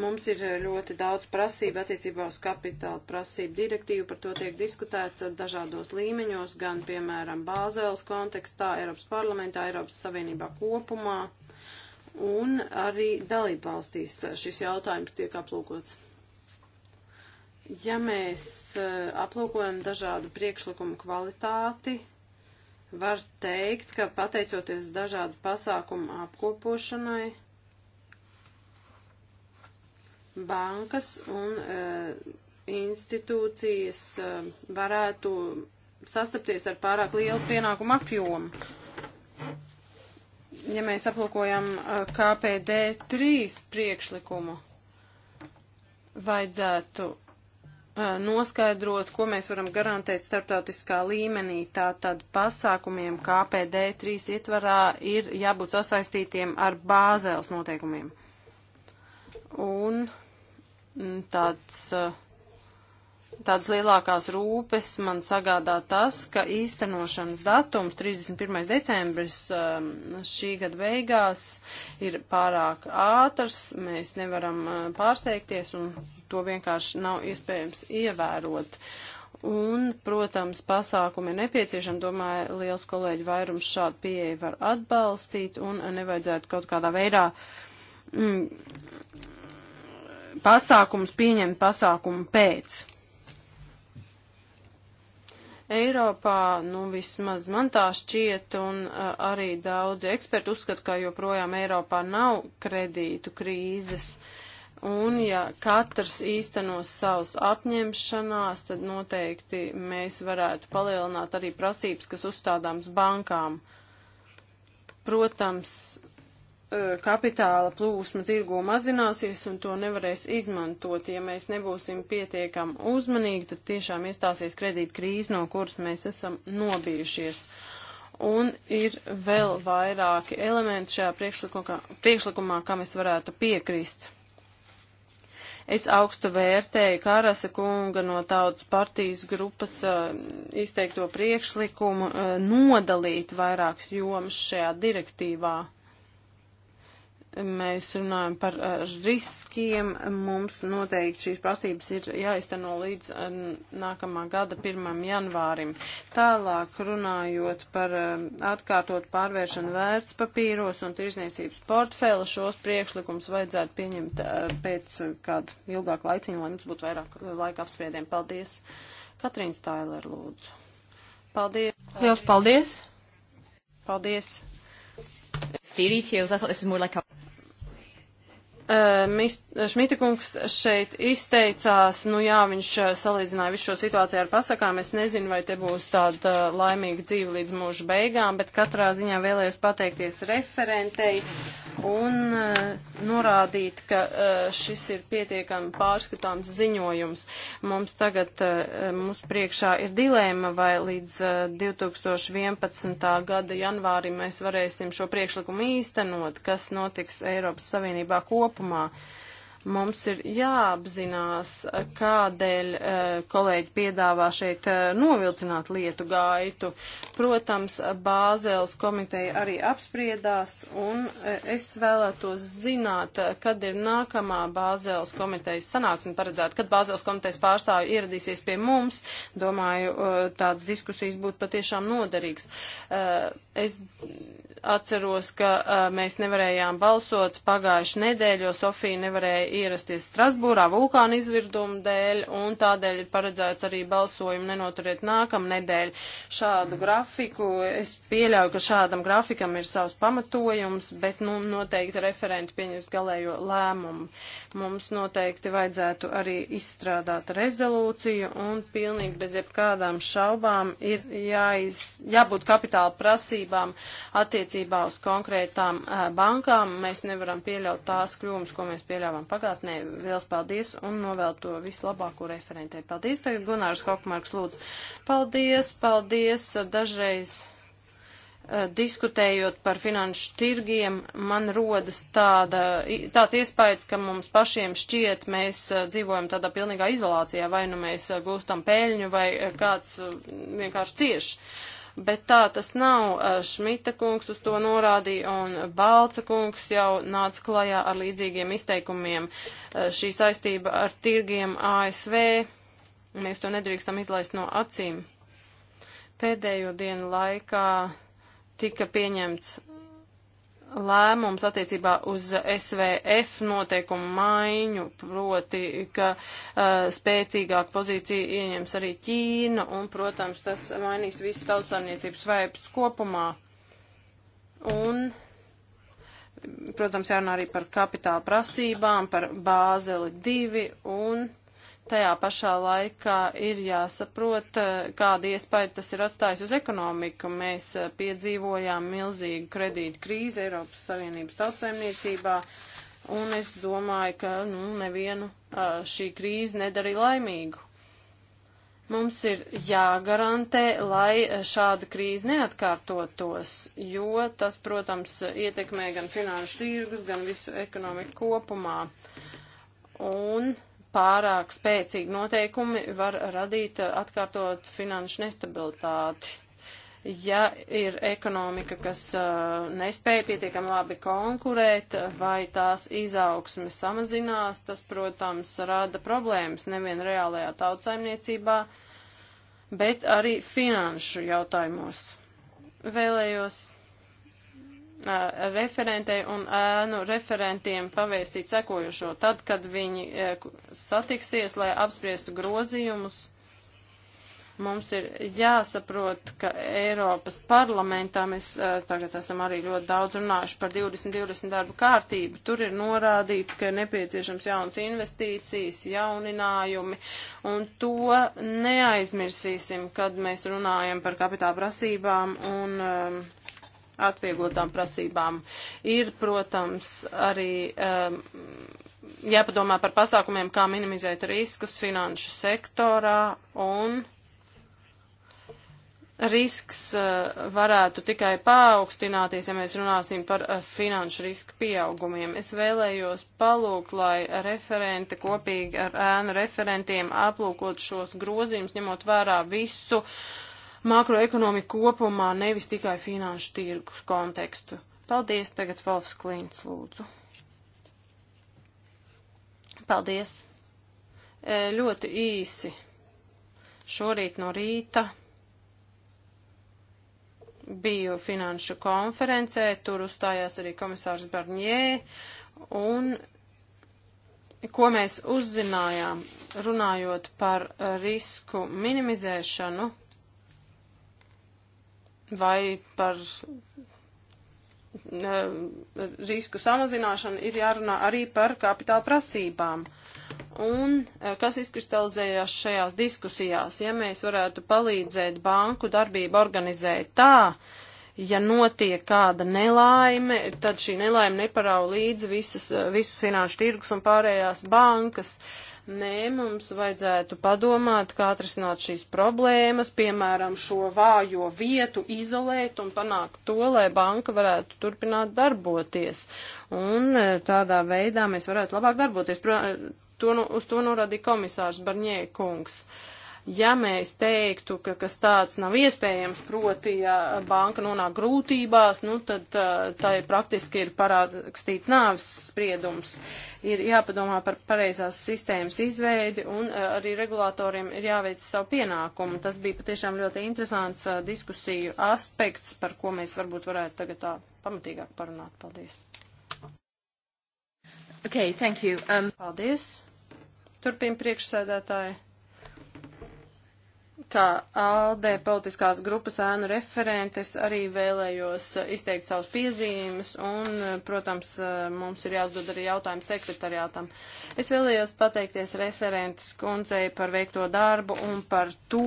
mums ir ļoti daudz prasību attiecībā uz kapitāla prasību direktīvu, par to tiek diskutēts dažādos līmeņos, gan, piemēram, Bāzēlas kontekstā, Eiropas parlamentā, Eiropas Savienībā kopumā, un arī dalību valstīs šis jautājums tiek aplūkots. Ja mēs eh, aplūkojam dažādu priekšlikumu kvalitāti, var teikt, ka pateicoties dažādu pasākumu apkopošanai, bankas un e, institūcijas e, varētu sastapties ar pārāk lielu pienākumu apjomu. Ja mēs aplūkojam KPD 3 priekšlikumu, vajadzētu noskaidrot, ko mēs varam garantēt starptautiskā līmenī. Tātad pasākumiem KPD 3 ietvarā ir jābūt sasaistītiem ar bāzēles noteikumiem. Un mm, tāds, tāds lielākās rūpes man sagādā tas, ka īstenošanas datums 31. decembris šī gada beigās ir pārāk ātrs, mēs nevaram pārsteigties un to vienkārši nav iespējams ievērot. Un, protams, pasākumi ir nepieciešami. Domāju, liels kolēģi vairums šādu pieeju var atbalstīt un nevajadzētu kaut kādā veidā mm, pasākums pieņemt pasākumu pēc. Eiropā, nu vismaz man tā šķiet, un uh, arī daudzi eksperti uzskata, ka joprojām Eiropā nav kredītu krīzes. Uh, Un ja katrs īstenos savus apņemšanās, tad noteikti mēs varētu palielināt arī prasības, kas uzstādāms bankām. Protams, e, kapitāla plūsma tirgu mazināsies un to nevarēs izmantot. Ja mēs nebūsim pietiekam uzmanīgi, tad tiešām iestāsies kredīt krīze, no kuras mēs esam nobijušies. Un ir vēl vairāki elementi šajā priekšlikumā, kam es varētu piekrist. Es augstu vērtēju Kārasa kunga no tautas partijas grupas eh, izteikto priekšlikumu eh, nodalīt vairākas jomas šajā direktīvā mēs runājam par uh, riskiem, mums noteikti šīs prasības ir jāizteno līdz uh, nākamā gada 1. janvārim. Tālāk runājot par um, atkārtot pārvēršanu vērtspapīros un tirzniecības portfēla, šos priekšlikums vajadzētu pieņemt uh, pēc kādu ilgāku laiciņu, lai mums būtu vairāk laika apspriediem. Paldies! Katrīna Stailer, lūdzu. Paldies! Liels paldies! Paldies! theory tales. I thought this was more like a... Eh, eh, Šmita kungs šeit izteicās, nu jā, viņš eh, salīdzināja visu šo situāciju ar pasakām. Es nezinu, vai te būs tāda laimīga dzīve līdz mūža beigām, bet katrā ziņā vēlējos pateikties referentei un norādīt, ka šis ir pietiekami pārskatāms ziņojums. Mums tagad, mums priekšā ir dilēma, vai līdz 2011. gada janvārim mēs varēsim šo priekšlikumu īstenot, kas notiks Eiropas Savienībā kopā kopumā. Mums ir jāapzinās, kādēļ eh, kolēģi piedāvā šeit eh, novilcināt lietu gaitu. Protams, Bāzēlas komiteja arī apspriedās, un eh, es vēlētos zināt, kad ir nākamā Bāzēlas komitejas sanāksme paredzēta, kad Bāzēlas komitejas pārstāvi ieradīsies pie mums. Domāju, tādas diskusijas būtu patiešām noderīgas. Es atceros, ka uh, mēs nevarējām balsot pagājuši nedēļu, jo Sofija nevarēja ierasties Strasbūrā vulkāna izvirduma dēļ, un tādēļ ir paredzēts arī balsojumu nenoturiet nākamnedēļ. Šādu grafiku, es pieļauju, ka šādam grafikam ir savs pamatojums, bet, nu, noteikti referenti pieņems galējo lēmumu. Mums noteikti vajadzētu arī izstrādāt rezolūciju, un pilnīgi bez jebkādām šaubām ir jāiz, jābūt kapitāla prasībām attiecībā attiecībā uz konkrētām eh, bankām mēs nevaram pieļaut tās kļūmes, ko mēs pieļāvām pagātnē. Liels paldies un novēl to vislabāko referentē. Paldies. Tagad Gunārs Hokmarks lūdzu. Paldies, paldies. Dažreiz eh, diskutējot par finanšu tirgiem, man rodas tāda, tāds iespējas, ka mums pašiem šķiet, mēs eh, dzīvojam tādā pilnīgā izolācijā, vai nu mēs gūstam pēļņu, vai kāds vienkārši cieši bet tā tas nav. Šmita kungs uz to norādīja un Balca kungs jau nāca klajā ar līdzīgiem izteikumiem. Šī saistība ar tirgiem ASV, mēs to nedrīkstam izlaist no acīm. Pēdējo dienu laikā tika pieņemts lēmums attiecībā uz SVF noteikumu maiņu, proti, ka uh, spēcīgāk pozīciju ieņems arī Ķīna, un, protams, tas mainīs visu tautsāniecības vēpus kopumā. Un, protams, jārunā arī par kapitāla prasībām, par bāzeli divi un tajā pašā laikā ir jāsaprot, eh, kāda iespēja tas ir atstājis uz ekonomiku. Mēs eh, piedzīvojām milzīgu kredītu krīzi Eiropas Savienības tautsēmniecībā, un es domāju, ka nu, nevienu eh, šī krīze nedarīja laimīgu. Mums ir jāgarantē, lai šāda krīze neatkārtotos, jo tas, protams, ietekmē gan finanšu tirgus, gan visu ekonomiku kopumā. Un uh, pārāk spēcīgi noteikumi var radīt eh, atkārtot finanšu nestabilitāti. Ja ir ekonomika, kas uh, nespēja pietiekami labi konkurēt, vai tās izaugsme samazinās, tas, protams, rada problēmas nevien reālajā tautsaimniecībā, bet arī finanšu jautājumos. Vēlējos referentei un ēnu referentiem pavēstīt sekojošo. Tad, kad viņi satiksies, lai apspriestu grozījumus, mums ir jāsaprot, ka Eiropas parlamentā mēs tagad esam arī ļoti daudz runājuši par 2020 darbu kārtību. Tur ir norādīts, ka ir nepieciešams jauns investīcijas, jauninājumi, un to neaizmirsīsim, kad mēs runājam par kapitāla prasībām un. Um, atvieglotām prasībām. Ir, protams, arī um, jāpadomā par pasākumiem, kā minimizēt riskus finanšu sektorā un risks uh, varētu tikai paaugstināties, ja mēs runāsim par uh, finanšu riska pieaugumiem. Es vēlējos palūgt, lai referente kopīgi ar ēnu referentiem aplūkot šos grozījumus, ņemot vērā visu uh, makroekonomiku kopumā, nevis tikai finanšu tirgus kontekstu. Paldies, tagad Valfs Klīns lūdzu. Paldies. E, ļoti īsi. Šorīt no rīta biju finanšu konferencē, tur uzstājās arī komisārs Barņē, un ko mēs uzzinājām, runājot par risku minimizēšanu, vai par risku samazināšanu ir jārunā arī par kapitāla prasībām. Un eh, kas izkristalizējās šajās diskusijās? Ja mēs varētu palīdzēt banku darbību organizēt tā, ja notiek kāda nelaime, tad šī nelaime neparau līdzi visas, eh, visus finanšu tirgus un pārējās bankas. Uh, Nē, mums vajadzētu padomāt, kā atrisināt šīs problēmas, piemēram, šo vājo vietu izolēt un panākt to, lai banka varētu turpināt darboties. Un e, tādā veidā mēs varētu labāk darboties. E, to, nu, uz to norādīja komisārs Barņē kungs. Uh, Ja mēs teiktu, ka kas tāds nav iespējams, proti, ja banka nonāk grūtībās, nu tad tā ir praktiski ir parādstīts nāves spriedums. Ir jāpadomā par pareizās sistēmas izveidi un arī regulātoriem ir jāveic savu pienākumu. Tas bija patiešām ļoti interesants diskusiju aspekts, par ko mēs varbūt varētu tagad tā pamatīgāk parunāt. Paldies! Okay, thank you. Um... Paldies. Turpin priekšsēdētāji kā ALDE politiskās grupas ēnu referentes arī vēlējos uh, izteikt savus piezīmes un, uh, protams, uh, mums ir jāuzdod arī jautājumu sekretariātam. Es vēlējos pateikties referentes kundzei par veikto darbu un par to,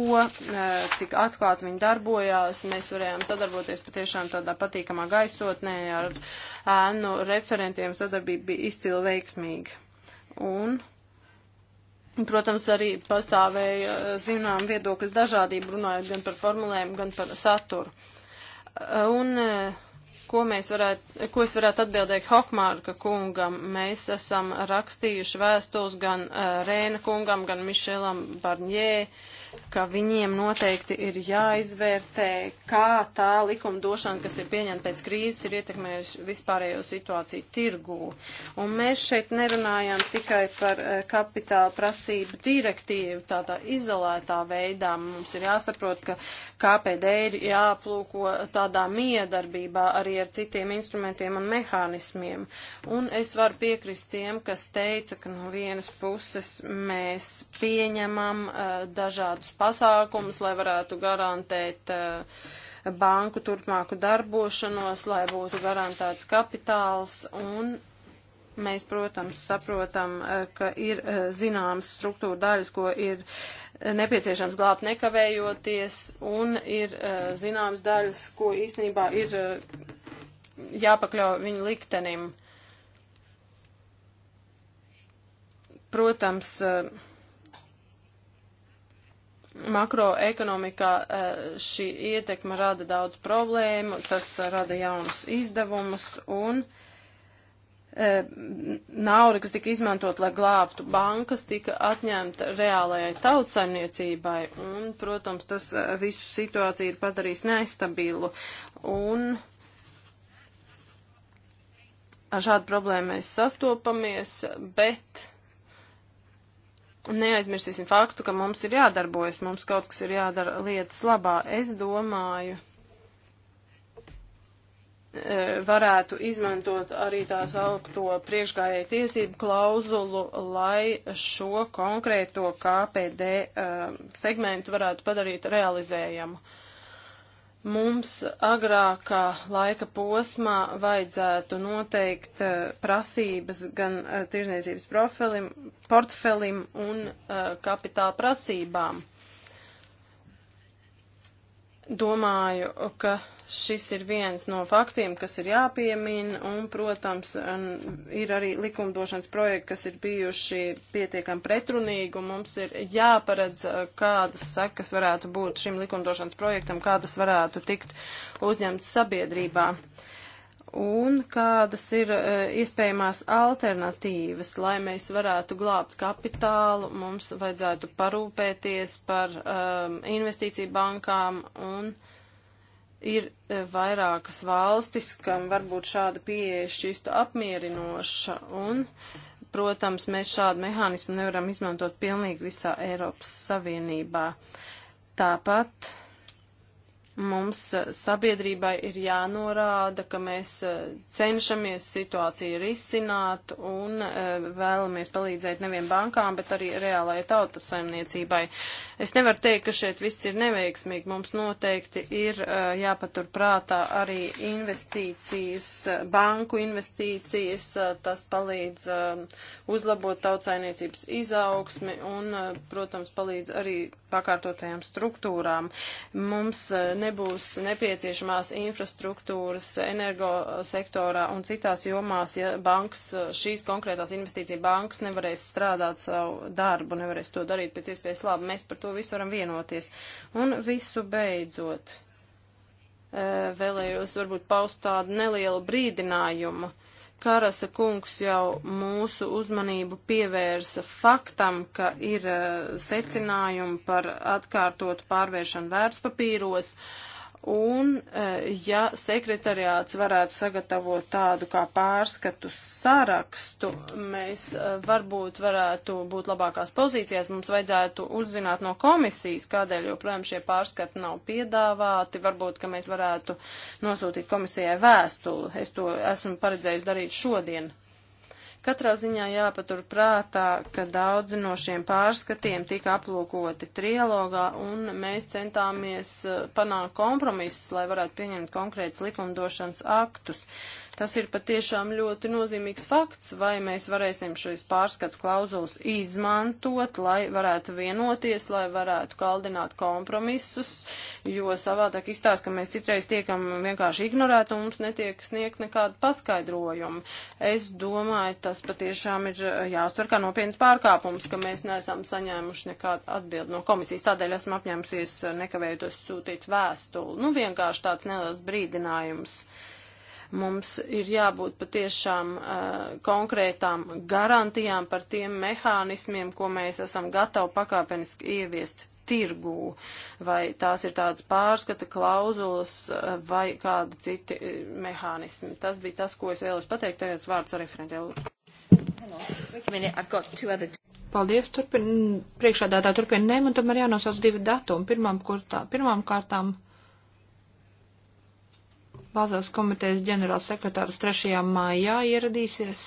cik atklāti viņi darbojās. Mēs varējām sadarboties patiešām tādā patīkamā gaisotnē ar ēnu referentiem sadarbība bija izcili veiksmīga. Un Protams, arī pastāvēja eh, zinām viedokļu dažādība runājot gan par formulēm, gan par saturu. Eh, un eh, ko, mēs varētu, ko es varētu atbildēt Hokmārka kungam? Mēs esam rakstījuši vēstules gan Rēna kungam, gan Mišelam Barņē. Uh, ka viņiem noteikti ir jāizvērtē, kā tā likumdošana, kas ir pieņemta pēc krīzes, ir ietekmējusi vispārējo situāciju tirgū. Un mēs šeit nerunājam tikai par eh, kapitāla prasību direktīvu tādā izolētā veidā. Mums ir jāsaprot, ka KPD ir jāplūko tādā miedarbībā arī ar citiem instrumentiem un mehānismiem. Un es varu piekrist tiem, kas teica, ka no vienas puses mēs pieņemam uh, eh, dažādu kādus pasākumus, lai varētu garantēt uh, banku turpmāku darbošanos, lai būtu garantēts kapitāls un mēs, protams, saprotam, eh, ka ir eh, zināmas struktūra daļas, ko ir nepieciešams glābt nekavējoties, un ir zināmas daļas, ko īstenībā ir jāpakļauj viņu liktenim. Protams, uh, makroekonomikā eh, šī ietekme rada daudz problēmu, tas rada jaunus izdevumus un eh, nauda, kas tika izmantot, lai glābtu bankas, tika atņemta reālajai tautsaimniecībai un, protams, tas eh, visu situāciju ir padarījis nestabilu un ar šādu problēmu mēs sastopamies, bet neaizmirsīsim faktu, ka mums ir jādarbojas, mums kaut kas ir jādara lietas labā. Es domāju, e, varētu izmantot arī tās augto priekšgājēju tiesību klauzulu, lai šo konkrēto KPD e, segmentu varētu padarīt realizējumu. Mums agrākā laika posmā vajadzētu noteikt eh, prasības gan eh, tirzniecības profilim, portfelim un eh, kapitāla prasībām. Domāju, ka Šis ir viens no faktiem, kas ir jāpiemina, un, protams, ir arī likumdošanas projekti, kas ir bijuši pietiekami pretrunīgi, un mums ir jāparedz, kādas sekas varētu būt šim likumdošanas projektam, kādas varētu tikt uzņemts sabiedrībā, un kādas ir iespējamās alternatīvas, lai mēs varētu glābt kapitālu, mums vajadzētu parūpēties par um, investīciju bankām un. Uh, ir e, vairākas valstis, kam varbūt šāda pieeja šķistu apmierinoša, un, protams, mēs šādu mehānismu nevaram izmantot pilnīgi visā Eiropas Savienībā. Tāpat mums eh, sabiedrībai ir jānorāda, ka mēs eh, cenšamies situāciju risināt un eh, vēlamies palīdzēt nevien bankām, bet arī reālajai tautas saimniecībai. Es nevaru teikt, ka šeit viss ir neveiksmīgi. Mums noteikti ir jāpatur prātā arī investīcijas, banku investīcijas. Tas palīdz uzlabot tautsainiecības izaugsmi un, protams, palīdz arī pakārtotajām struktūrām. Mums nebūs nepieciešamās infrastruktūras energosektorā un citās jomās, ja banks, šīs konkrētās investīcija bankas nevarēs strādāt savu darbu, nevarēs to darīt pēc iespējas labi. Mēs par to visu varam vienoties. Un visu beidzot, eh, vēlējos varbūt paust tādu nelielu brīdinājumu Karasa kungs jau mūsu uzmanību pievērsa faktam, ka ir eh, secinājumi par atkārtotu pārvēršanu vērtspapīros. Uh, Un, eh, ja sekretariāts varētu sagatavot tādu kā pārskatu sarakstu, mēs eh, varbūt varētu būt labākās pozīcijās. Mums vajadzētu uzzināt no komisijas, kādēļ joprojām šie pārskati nav piedāvāti. Varbūt, ka mēs varētu nosūtīt komisijai vēstuli. Es to esmu paredzējis darīt šodien. Katrā ziņā jāpatur prātā, ka daudzi no šiem pārskatiem tika aplūkoti trialogā, un mēs centāmies eh, panākt kompromisus, lai varētu pieņemt konkrētus likumdošanas aktus. Tas ir patiešām ļoti nozīmīgs fakts, vai mēs varēsim šīs pārskatu klauzulas izmantot, lai varētu vienoties, lai varētu kaldināt kompromisus, jo savādāk izstāst, ka mēs citreiz tiekam vienkārši ignorēti un mums netiek sniegt nekādu paskaidrojumu. Es domāju, tas patiešām ir eh, jāuztver kā nopietns pārkāpums, ka mēs neesam saņēmuši nekādu atbildi no komisijas. Tādēļ esmu apņēmusies eh, nekavējoties sūtīt vēstuli. Nu, vienkārši tāds neliels brīdinājums. Thank you Mums ir jābūt patiešām uh, konkrētām garantijām par tiem mehānismiem, ko mēs esam gatavi pakāpeniski ieviest tirgū, vai tās ir tādas pārskata klauzulas vai kādi citi mehānismi. Tas bija tas, ko es vēlos pateikt. Tagad vārds arī referentē. Paldies, turpin, priekšādātā turpina nēm, un tomēr jānosauc divi datumi. Pirmām, kurtā, pirmām kārtām. Bāzās komitejas ģenerālsekretārs 3. maijā ieradīsies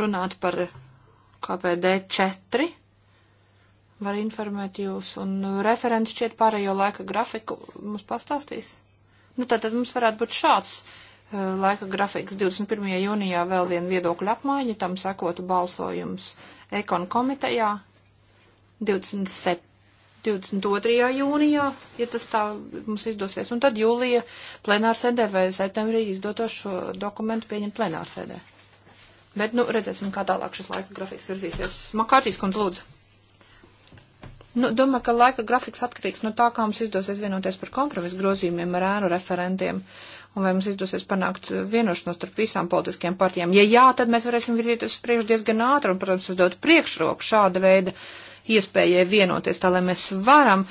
runāt par KPD 4. Var informēt jūs, un referents šķiet pārējo laika grafiku mums pastāstīs. Nu, tātad mums varētu būt šāds uh, laika grafiks. 21. jūnijā vēl viena viedokļa apmaiņa, tam sekotu balsojums Ekon komitejā 27. 22. jūnijā, ja tas tā mums izdosies, un tad jūlija plenārsēdē vai septembrī izdotos šo dokumentu pieņemt plenārsēdē. Bet, nu, redzēsim, kā tālāk šis laika grafiks virzīsies. Makārtīs, kundz, lūdzu. Nu, domāju, ka laika grafiks atkarīgs no tā, kā mums izdosies vienoties par kompromisu grozījumiem ar ēnu referentiem, un vai mums izdosies panākt vienošanos starp visām politiskajām partijām. Ja jā, tad mēs varēsim virzīties uz priekšu diezgan ātri, un, protams, es dotu priekšroku šāda veida. Uh, iespējai vienoties, tā lai mēs varam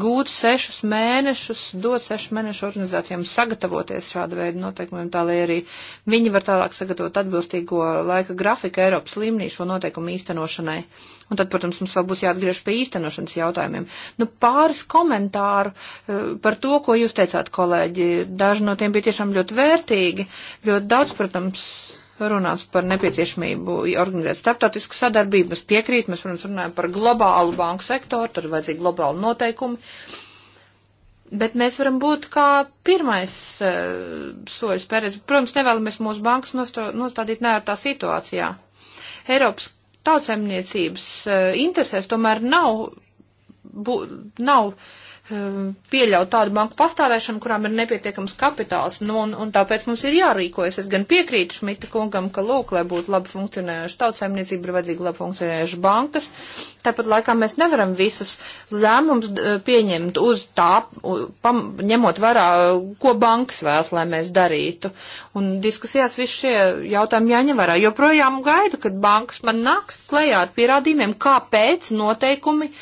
gūt sešus mēnešus, dot sešu mēnešu organizācijām sagatavoties šāda veida noteikumiem, tā lai arī viņi var tālāk sagatavot atbilstīgo laika grafika Eiropas līmenī šo noteikumu īstenošanai. Un tad, protams, mums vēl būs jāatgriež pie īstenošanas jautājumiem. Nu, pāris komentāru eh, par to, ko jūs teicāt, kolēģi. Daži no tiem bija tiešām ļoti vērtīgi, ļoti daudz, protams, runāts par nepieciešamību organizēt starptautisku sadarbību. Es piekrītu, mēs, protams, runājam par globālu banku sektoru, tad ir vajadzīgi globāli noteikumi. Bet mēs varam būt kā pirmais uh, eh, soļs pērēs. Protams, nevēlamies mūsu bankas nostādīt neērtā situācijā. Eiropas tautsēmniecības uh, interesēs tomēr nav, bū, nav uh, Um, pieļaut tādu banku pastāvēšanu, kurām ir nepietiekams kapitāls, nu, un, un tāpēc mums ir jārīkojas. Es gan piekrītu Šmita kungam, ka, lūk, lai būtu labi funkcionējuši tautsēmniecība, ir vajadzīgi labi funkcionējuši bankas. Tāpat laikā mēs nevaram visus lēmumus uh, pieņemt uz tā, pam, ņemot vērā, uh, ko bankas vēlas, lai mēs darītu. Un diskusijās visi šie jautājumi jāņem vērā. Joprojām gaidu, kad bankas man nāks klējā ar pierādījumiem, kāpēc noteikumi uh,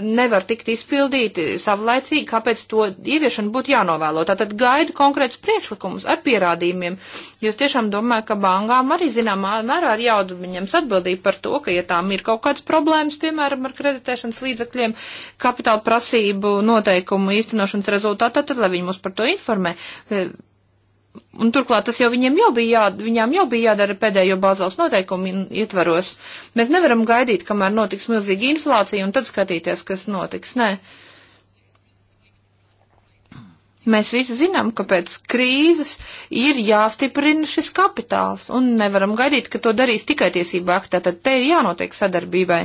nevar tikt izpildīti savlaicīgi, kāpēc to ieviešanu būtu jānovēlo. Tātad gaidu konkrētus priekšlikumus ar pierādījumiem. Jūs tiešām domājat, ka bankām arī zināmā mērā ir jāuzņems atbildība par to, ka, ja tām ir kaut kādas problēmas, piemēram, ar kreditēšanas līdzakļiem, kapitāla prasību noteikumu īstenošanas rezultātā, tad lai viņi mūs par to informē. Un turklāt tas jau viņiem jau bija, jā, viņām jau bija jādara pēdējo bāzās noteikumu ietvaros. Mēs nevaram gaidīt, kamēr notiks milzīga inflācija un tad skatīties, kas notiks. Nē. Ne. Mēs visi zinām, ka pēc krīzes ir jāstiprina šis kapitāls, un nevaram gaidīt, ka to darīs tikai tiesība aktā, tad te ir jānotiek sadarbībai.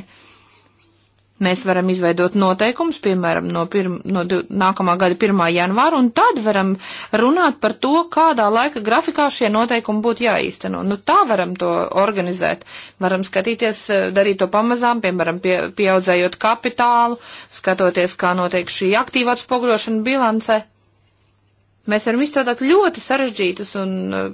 Mēs varam izveidot noteikumus, piemēram, no, pirm, no nākamā gada 1. janvāra, un tad varam runāt par to, kādā laika grafikā šie noteikumi būtu jāīsteno. Nu, tā varam to organizēt. Varam skatīties, eh, darīt to pamazām, piemēram, pie, pieaudzējot kapitālu, skatoties, kā notiek šī aktīva atspoguļošana bilancē. Mēs varam izstrādāt ļoti sarežģītus un eh,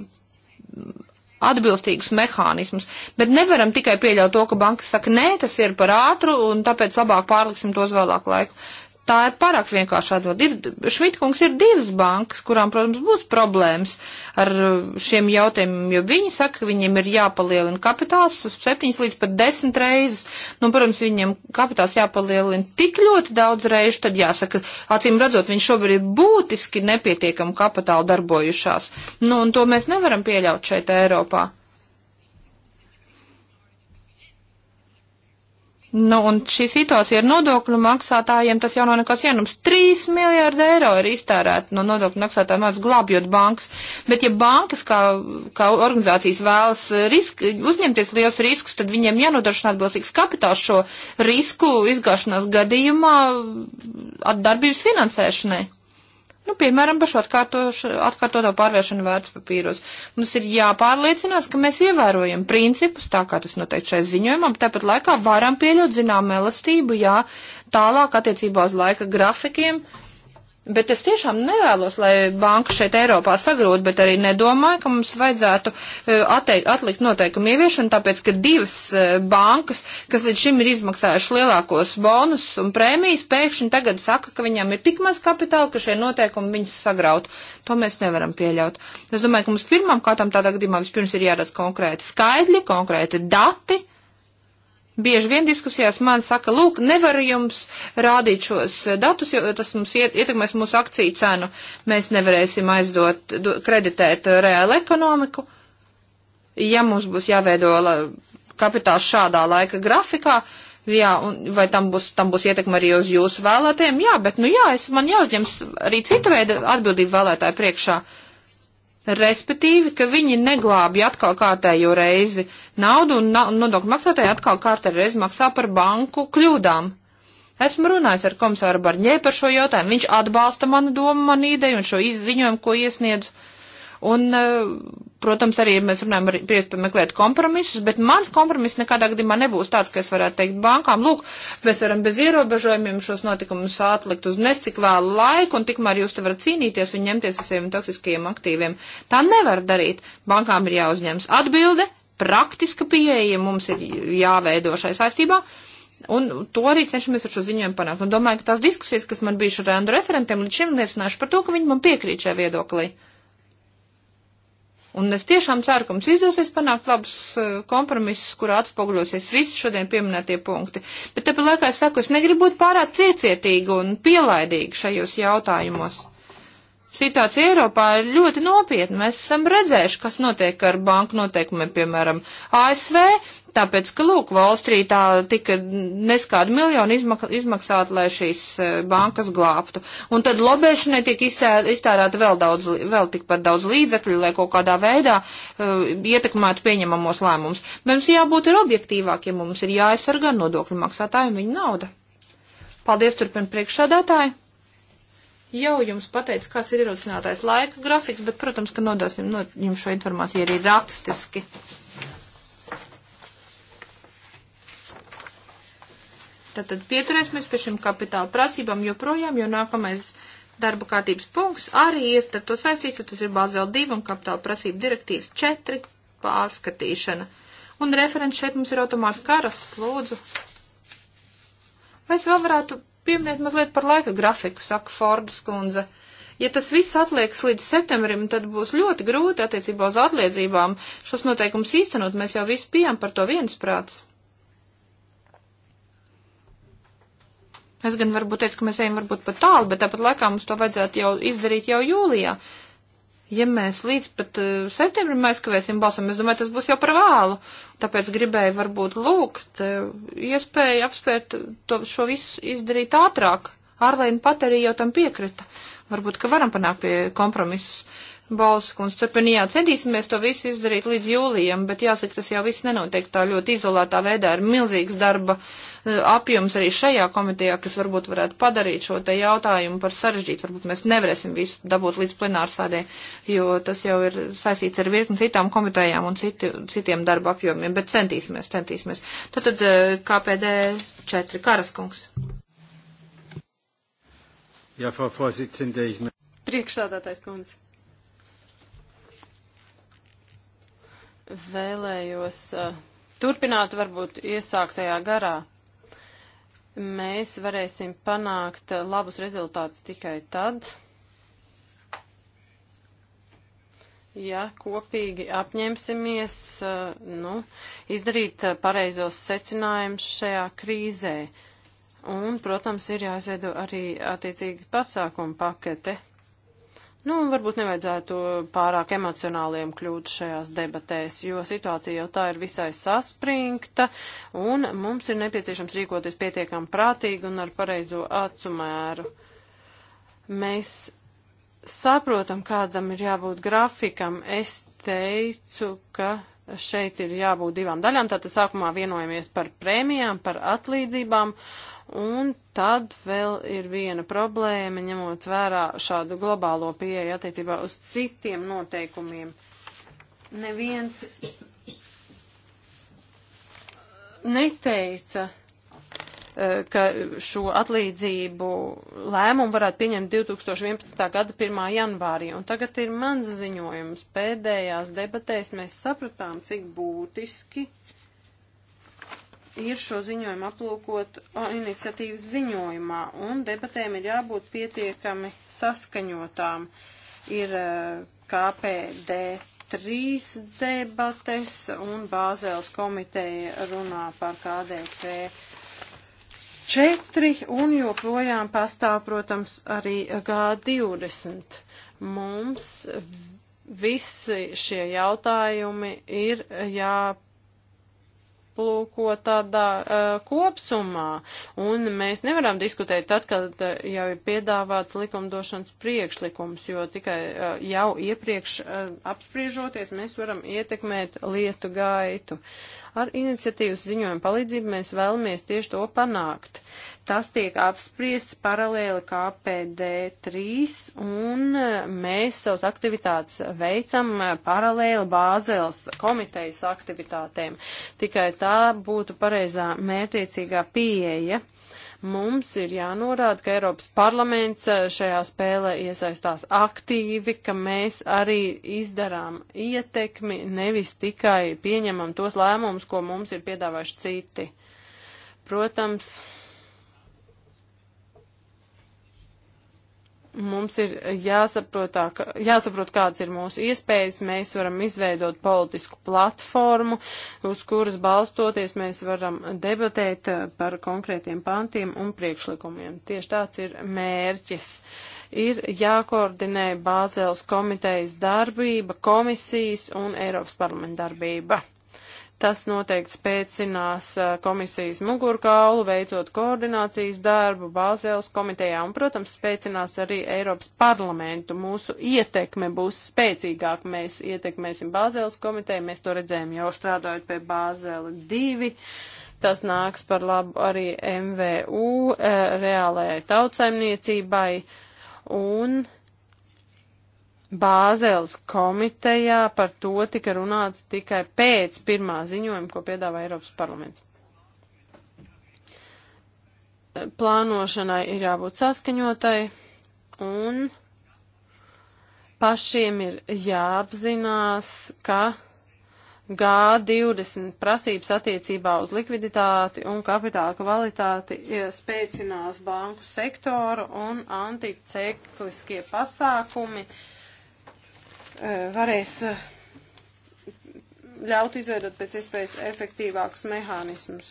atbilstīgus mehānismus, bet nevaram tikai pieļaut to, ka banka saka, nē, tas ir par ātru un tāpēc labāk pārliksim tos vēlāk laiku tā ir pārāk vienkārši atbild. Ir, Šmitkungs ir divas bankas, kurām, protams, būs problēmas ar uh, šiem jautājumiem, jo viņi saka, ka viņiem ir jāpalielina kapitāls uz septiņas līdz pat desmit reizes. Nu, protams, viņiem kapitāls jāpalielina tik ļoti daudz reižu, tad jāsaka, acīm redzot, viņi šobrīd ir būtiski nepietiekam kapitāli darbojušās. Nu, un to mēs nevaram pieļaut šeit Eiropā. Nu, un šī situācija ar nodokļu maksātājiem, tas jau nav nekas jaunums. 3 miljārdi eiro ir iztērēti no nodokļu maksātājiem, mēs glābjot bankas. Bet ja bankas kā, kā organizācijas vēlas risk, uzņemties liels risks, tad viņiem jānodrošina atbilstīgs kapitāls šo risku izgāšanās gadījumā atdarbības finansēšanai. Nu, piemēram, par šo atkārtoto pārvēršanu vērtspapīros. Mums ir jāpārliecinās, ka mēs ievērojam principus, tā kā tas noteikti šai ziņojumam, tāpat laikā varam pieļaut zinām elastību, jā, tālāk attiecībā uz laika grafikiem, Bet es tiešām nevēlos, lai banka šeit Eiropā sagrūtu, bet arī nedomāju, ka mums vajadzētu e, atteikt, atlikt noteikumu ieviešanu, tāpēc, ka divas e, bankas, kas līdz šim ir izmaksājušas lielākos bonus un prēmijas, pēkšņi tagad saka, ka viņām ir tik maz kapitāla, ka šie noteikumi viņas sagraut. To mēs nevaram pieļaut. Es domāju, ka mums pirmām kārtām tādā gadījumā vispirms ir jāredz konkrēti skaidri, konkrēti dati Bieži vien diskusijās man saka, lūk, nevaru jums rādīt šos eh, datus, jo tas mums iet, ietekmēs mūsu akciju cenu. Mēs nevarēsim aizdot, kreditēt eh, reālu ekonomiku. Ja mums būs jāveido kapitāls šādā laika grafikā, jā, un vai tam būs, tam būs ietekme arī uz jūsu vēlētiem? Jā, bet, nu jā, es, man jāuzņems arī cita veida atbildība vēlētāju priekšā. Uh, Respektīvi, ka viņi neglābja atkal kārtējo reizi naudu un nodokļu maksātāji atkal kārtējo reizi maksā par banku kļūdām. Esmu runājis ar komisāru Barņē par šo jautājumu. Viņš atbalsta manu domu, manu ideju un šo izziņojumu, ko iesniedzu. Un, e, protams, arī mēs runājam par iespēju meklēt kompromisus, bet mans kompromiss nekādā gadījumā nebūs tāds, ka es varētu teikt bankām, lūk, mēs varam bez ierobežojumiem šos notikumus atlikt uz nescik vēlu laiku, un tikmēr jūs te varat cīnīties un ņemties ar saviem toksiskajiem aktīviem. Tā nevar darīt. Bankām ir jāuzņems atbilde, praktiska pieeja mums ir jāveido šai saistībā. Un to arī cenšamies ar šo ziņojumu panākt. Un domāju, ka tās diskusijas, kas man bija ar Randu referentiem, līdz šim liecināšu par to, ka viņi man piekrīt šajā viedoklī. Uh, Un es tiešām ceru, ka mums izdosies panākt labus eh, kompromisus, kurā atspoguļosies visi šodien pieminētie punkti. Bet tāpēc laikā es saku, es negribu būt pārāk ciecietīga un pielaidīga šajos jautājumos situācija Eiropā ir ļoti nopietna. Mēs esam redzējuši, kas notiek ar banku noteikumiem, piemēram, ASV, tāpēc, ka, lūk, Valstrītā tika neskādu miljonu izmak izmaksāt, lai šīs e, bankas glābtu. Un tad lobēšanai tiek iztērēta vēl daudz, vēl tikpat daudz līdzekļu, lai kaut kādā veidā uh, ietekmētu pieņemamos lēmumus. Mums jābūt ir objektīvākiem, ja mums ir jāaizsargā nodokļu maksātājiem viņa nauda. Paldies turpin priekšsādātāji! jau jums pateicu, kas ir ierosinātais laika grafiks, bet, protams, ka nodosim no jums šo informāciju arī rakstiski. Tātad pieturēsimies pie šiem kapitāla prasībām joprojām, jo nākamais darba kārtības punkts arī ir ar to saistīts, jo tas ir Bāzela 2 un kapitāla prasība direktīvas 4 pārskatīšana. Un referents šeit mums ir automāts karas, lūdzu. Vai es vēl varētu pieminēt mazliet par laika grafiku, saka Fordas kundze. Ja tas viss atliekas līdz septembrim, tad būs ļoti grūti attiecībā uz atliedzībām šos noteikumus īstenot. Mēs jau visi bijām par to viensprāts. Es gan varbūt teicu, ka mēs ejam varbūt pat tālu, bet tāpat laikā mums to vajadzētu jau izdarīt jau jūlijā. Uh, ja mēs līdz pat eh, septembrim aizkavēsim balsojumu, es domāju, tas būs jau par vēlu. Tāpēc gribēju varbūt lūgt eh, iespēju apspērt to, šo visu izdarīt ātrāk. Arlēna pat arī jau tam piekrita. Varbūt, ka varam panākt pie kompromisus. Balskuns Čepenijā nu centīsimies to visu izdarīt līdz jūlijam, bet jāsaka, tas jau viss nenotiek tā ļoti izolētā veidā, ir milzīgs darba e, apjoms arī šajā komitejā, kas varbūt varētu padarīt šo te jautājumu par sarežģītu, varbūt mēs nevarēsim visu dabūt līdz plenārsādē, jo tas jau ir saistīts ar virkni citām komitejām un citi, citiem darba apjomiem, bet centīsimies, centīsimies. Tātad KPD 4 Karaskungs. Jā, Frau Vorsitzende, ich. Priekšsādātais kundze. vēlējos uh, turpināt varbūt iesāktajā garā. Mēs varēsim panākt labus rezultātus tikai tad, ja kopīgi apņemsimies uh, nu, izdarīt pareizos secinājumus šajā krīzē. Un, protams, ir jāizveido arī attiecīgi pasākumu pakete. Nu, varbūt nevajadzētu pārāk emocionāliem kļūt šajās debatēs, jo situācija jau tā ir visai saspringta, un mums ir nepieciešams rīkoties pietiekam prātīgi un ar pareizo acumēru. Mēs saprotam, kādam ir jābūt grafikam. Es teicu, ka šeit ir jābūt divām daļām. Tātad sākumā vienojamies par prēmijām, par atlīdzībām, Un tad vēl ir viena problēma, ņemot vērā šādu globālo pieeju attiecībā uz citiem noteikumiem. Neviens neteica, e, ka šo atlīdzību lēmumu varētu pieņemt 2011. gada 1. janvārī. Un tagad ir mans ziņojums. Pēdējās debatēs mēs sapratām, cik būtiski uh, ir šo ziņojumu aplūkot iniciatīvas ziņojumā, un debatēm ir jābūt pietiekami saskaņotām. Ir e, KPD trīs debates, un Bāzēls komiteja runā par KDP četri, un joprojām pastāv, protams, arī G20. Mums visi šie jautājumi ir jāpārāk jāaplūko tādā uh, kopsumā, un mēs nevaram diskutēt tad, kad uh, jau ir piedāvāts likumdošanas priekšlikums, jo tikai uh, jau iepriekš uh, apspriežoties mēs varam ietekmēt lietu gaitu. Uh, Ar iniciatīvas ziņojumu palīdzību mēs vēlamies tieši to panākt. Tas tiek apspriests paralēli KPD 3, un e, mēs savus aktivitātes veicam e, paralēli Bāzēls komitejas aktivitātēm. Tikai tā būtu pareizā mērtiecīgā pieeja. Mums ir jānorāda, ka Eiropas parlaments eh, šajā spēlē iesaistās aktīvi, ka mēs arī izdarām ietekmi, nevis tikai pieņemam tos lēmumus, ko mums ir piedāvājuši citi. Protams, Mums ir jāsaprot, tā, jāsaprot, kādas ir mūsu iespējas. Mēs varam izveidot politisku platformu, uz kuras balstoties mēs varam debatēt eh, par konkrētiem pantiem un priekšlikumiem. Tieši tāds ir mērķis. Ir jākoordinē Bāzēlas komitejas darbība, komisijas un Eiropas parlamenta darbība. Tas noteikti spēcinās komisijas mugurkaulu, veicot koordinācijas darbu Bāzēlas komitejā un, protams, spēcinās arī Eiropas parlamentu. Mūsu ietekme būs spēcīgāka. Mēs ietekmēsim Bāzēlas komiteju. Mēs to redzējām jau strādājot pie Bāzēla 2. Tas nāks par labu arī MVU, e, reālajai tautsaimniecībai un Bāzēlas komitejā par to tika runāts tikai pēc pirmā ziņojuma, ko piedāvā Eiropas parlaments. Plānošanai ir jābūt saskaņotai un pašiem ir jāapzinās, ka G20 prasības attiecībā uz likviditāti un kapitāla kvalitāti spēcinās banku sektoru un anticekliskie pasākumi. Uh, Eh, varēs eh, ļaut izveidot pēc iespējas efektīvākus mehānismus.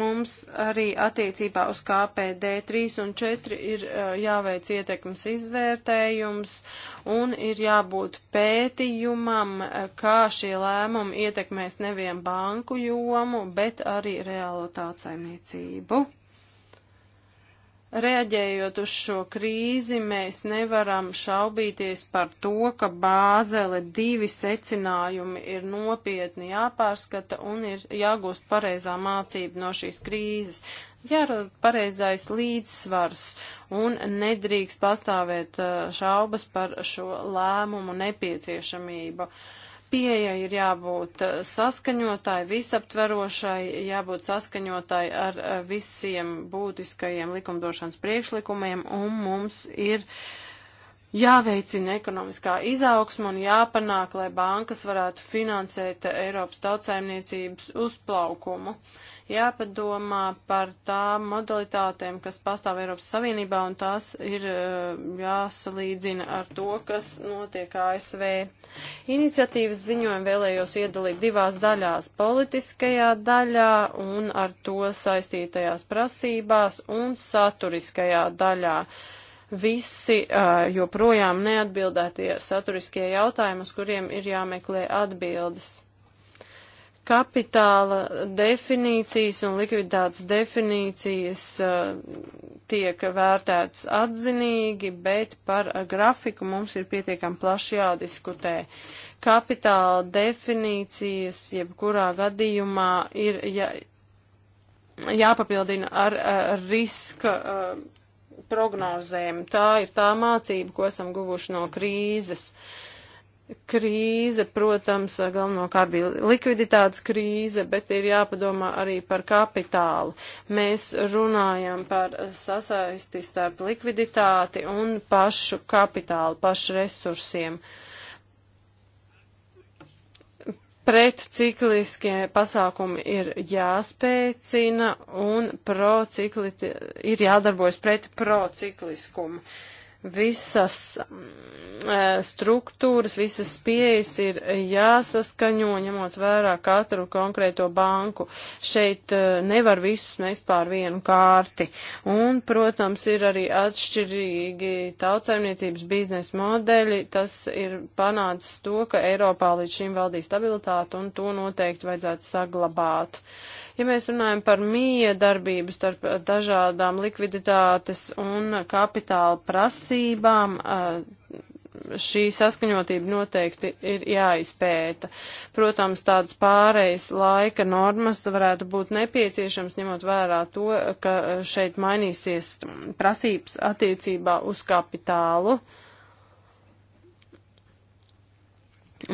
Mums arī attiecībā uz KPD 3 un 4 ir eh, jāveic ietekmes izvērtējums un ir jābūt pētījumam, kā šie lēmumi ietekmēs nevien banku jomu, bet arī reālo tautsājumniecību. Reaģējot uz šo krīzi, mēs nevaram šaubīties par to, ka bāzele divi secinājumi ir nopietni jāpārskata un ir jāgūst pareizā mācība no šīs krīzes. Jārada pareizais līdzsvars un nedrīkst pastāvēt šaubas par šo lēmumu nepieciešamību. Uh, Pieeja ir jābūt eh, saskaņotai, visaptverošai, jābūt saskaņotai ar eh, visiem būtiskajiem likumdošanas priekšlikumiem, un mums ir jāveicina ekonomiskā izaugsma un jāpanāk, lai bankas varētu finansēt Eiropas tautsājumniecības uzplaukumu. Uh, jāpadomā par tām modalitātēm, kas pastāv Eiropas Savienībā, un tās ir eh, jāsalīdzina ar to, kas notiek ASV. Iniciatīvas ziņojumu vēlējos iedalīt divās daļās - politiskajā daļā un ar to saistītajās prasībās un saturiskajā daļā visi uh, joprojām neatbildētie saturiskie jautājumi, uz kuriem ir jāmeklē atbildes kapitāla definīcijas un likviditātes definīcijas uh, tiek vērtētas atzinīgi, bet par grafiku mums ir pietiekami plaši jādiskutē. Kapitāla definīcijas jebkurā gadījumā ir jā, jāpapildina ar, ar uh, riska uh, prognozēm. Tā ir tā mācība, ko esam guvuši no krīzes. Uh, krīze, protams, galvenokārt bija likviditātes krīze, bet ir jāpadomā arī par kapitālu. Mēs runājam par sasaisti starp likviditāti un pašu kapitālu, pašu resursiem. Pretcikliskie pasākumi ir jāspēcina un procikli ir jādarbojas pret procikliskumu. Uh, visas mm, e, struktūras, visas pieejas ir jāsaskaņo, ņemot vērā katru konkrēto banku. Šeit e, nevar visus mest pār vienu kārti. Un, protams, ir arī atšķirīgi tautsaimniecības biznesa modeļi. Tas ir panācis to, ka Eiropā līdz šim valdīja stabilitāte un to noteikti vajadzētu saglabāt Ja mēs runājam par miedarbību starp eh, dažādām likviditātes un kapitāla prasībām, eh, šī saskaņotība noteikti ir jāizpēta. Protams, tādas pārējas laika normas varētu būt nepieciešams, ņemot vērā to, ka šeit mainīsies prasības attiecībā uz kapitālu. Uh,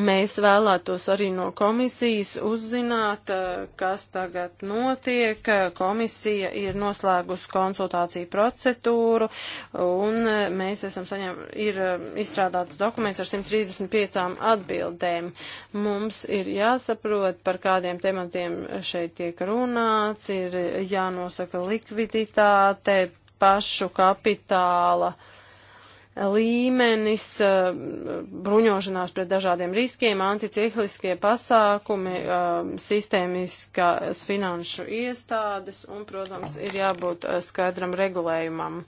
Mēs vēlētos arī no komisijas uzzināt, eh, kas tagad notiek. Komisija ir noslēgusi konsultāciju procedūru un eh, mēs esam saņem, ir eh, izstrādāts dokuments ar 135 atbildēm. Mums ir jāsaprot, par kādiem tematiem šeit tiek runāts, ir jānosaka likviditāte, pašu kapitāla līmenis, eh, bruņošanās pret dažādiem riskiem, anticikliskie pasākumi, eh, sistēmiskās finanšu iestādes un, protams, ir jābūt eh, skaidram regulējumam.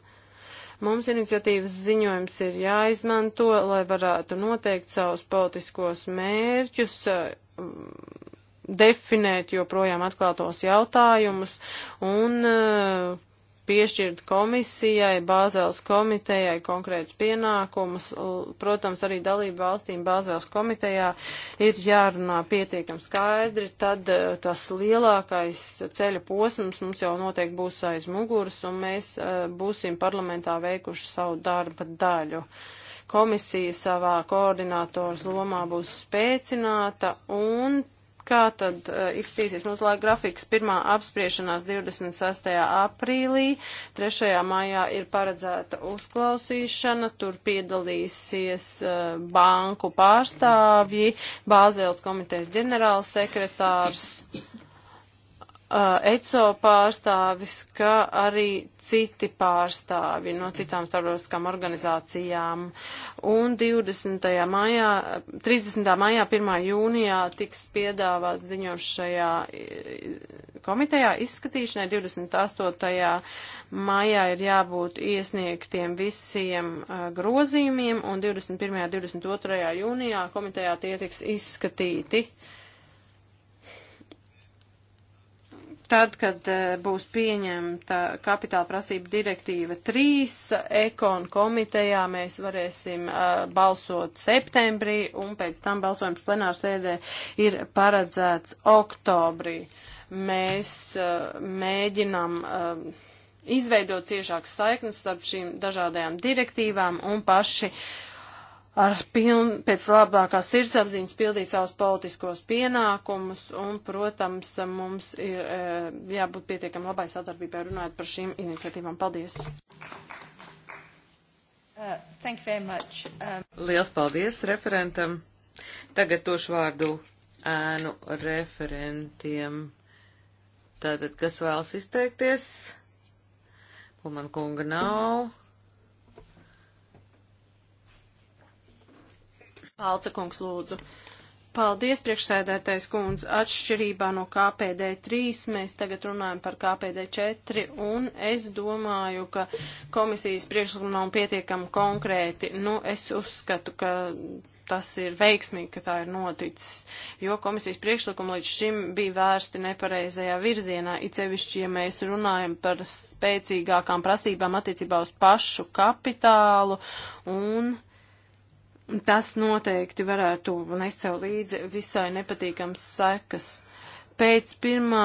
Mums iniciatīvas ziņojums ir jāizmanto, lai varētu noteikt savus politiskos mērķus, definēt joprojām atklātos jautājumus un piešķirt komisijai, Bāzēlas komitejai konkrētus pienākumus. Protams, arī dalību valstīm Bāzēlas komitejā ir jārunā pietiekam skaidri, tad eh, tas lielākais ceļa posms mums jau noteikti būs aiz muguras, un mēs eh, būsim parlamentā veikuši savu darba daļu komisija savā koordinatoras lomā būs spēcināta un kā tad uh, eh, izstīsies mūsu laika grafiks. Pirmā apspriešanās 26. aprīlī, 3. maijā ir paredzēta uzklausīšana, tur piedalīsies uh, banku pārstāvji, Bāzēles komitejas ģenerāls sekretārs uh, ECO pārstāvis, ka arī citi pārstāvi no citām starptautiskām organizācijām. Un 20. maijā, 30. maijā, 1. jūnijā tiks piedāvāt ziņojums šajā uh, komitejā izskatīšanai. 28. maijā ir jābūt iesniegtiem visiem uh, grozījumiem, un 21. un 22. jūnijā komitejā tie tiks izskatīti. Uh, Tad, kad e, būs pieņemta kapitāla prasība direktīva 3, ekon komitejā mēs varēsim uh, balsot septembrī un pēc tam balsojums plenārsēdē ir paredzēts oktobrī. Mēs uh, mēģinam uh, izveidot ciešākas saiknes starp šīm dažādajām direktīvām un paši uh, ar piln, pēc labākās sirdsapziņas pildīt savus politiskos pienākumus, un, protams, mums ir e, jābūt pietiekam labai sadarbībai runājot par šīm iniciatīvām. Paldies! Uh, um... Liels paldies referentam. Tagad došu vārdu ēnu referentiem. Tātad, kas vēlas izteikties? Pulman kunga nav. Mm -hmm. Alca kungs lūdzu. Paldies, priekšsēdētais kundze. Atšķirībā no KPD 3 mēs tagad runājam par KPD 4, un es domāju, ka komisijas priekšlikumi nav pietiekami konkrēti. Nu, es uzskatu, ka tas ir veiksmīgi, ka tā ir noticis, jo komisijas priekšlikumi līdz šim bija vērsti nepareizajā virzienā, it sevišķi, ja mēs runājam par spēcīgākām prasībām attiecībā uz pašu kapitālu un tas noteikti varētu nescev līdzi visai nepatīkams sekas. Pēc pirmā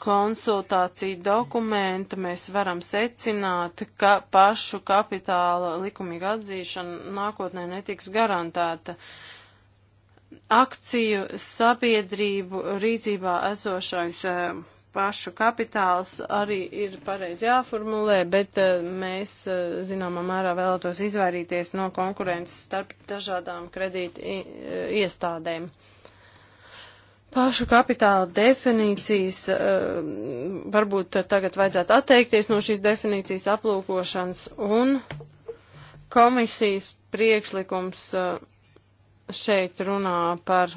konsultācija dokumenta mēs varam secināt, ka pašu kapitāla likumīga atzīšana nākotnē netiks garantēta. Akciju sabiedrību rīcībā esošais pašu kapitāls arī ir pareizi jāformulē, bet eh, mēs eh, zināmā mērā vēlētos izvairīties no konkurences starp dažādām kredīti eh, iestādēm. Pašu kapitāla definīcijas, varbūt tagad vajadzētu atteikties no šīs definīcijas aplūkošanas un komisijas priekšlikums šeit runā par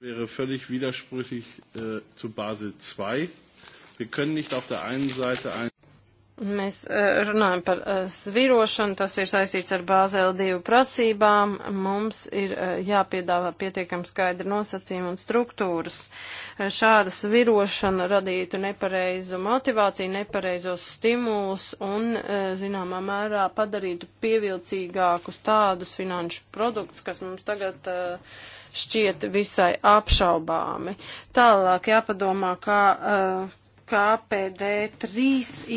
Wäre völlig widersprüchlich äh, zu Basel II. Wir können nicht auf der einen Seite ein Mēs äh, runājam par äh, svirošanu, tas ir saistīts ar Bāzēla divu prasībām. Mums ir äh, jāpiedāvā pietiekami skaidri nosacījumi un struktūras. Šāda svirošana radītu nepareizu motivāciju, nepareizos stimulus un, zināmā mērā, padarītu pievilcīgākus tādus finanšu produktus, kas mums tagad. Uh, šķiet visai apšaubāmi. Tālāk jāpadomā, kā uh, eh, KPD 3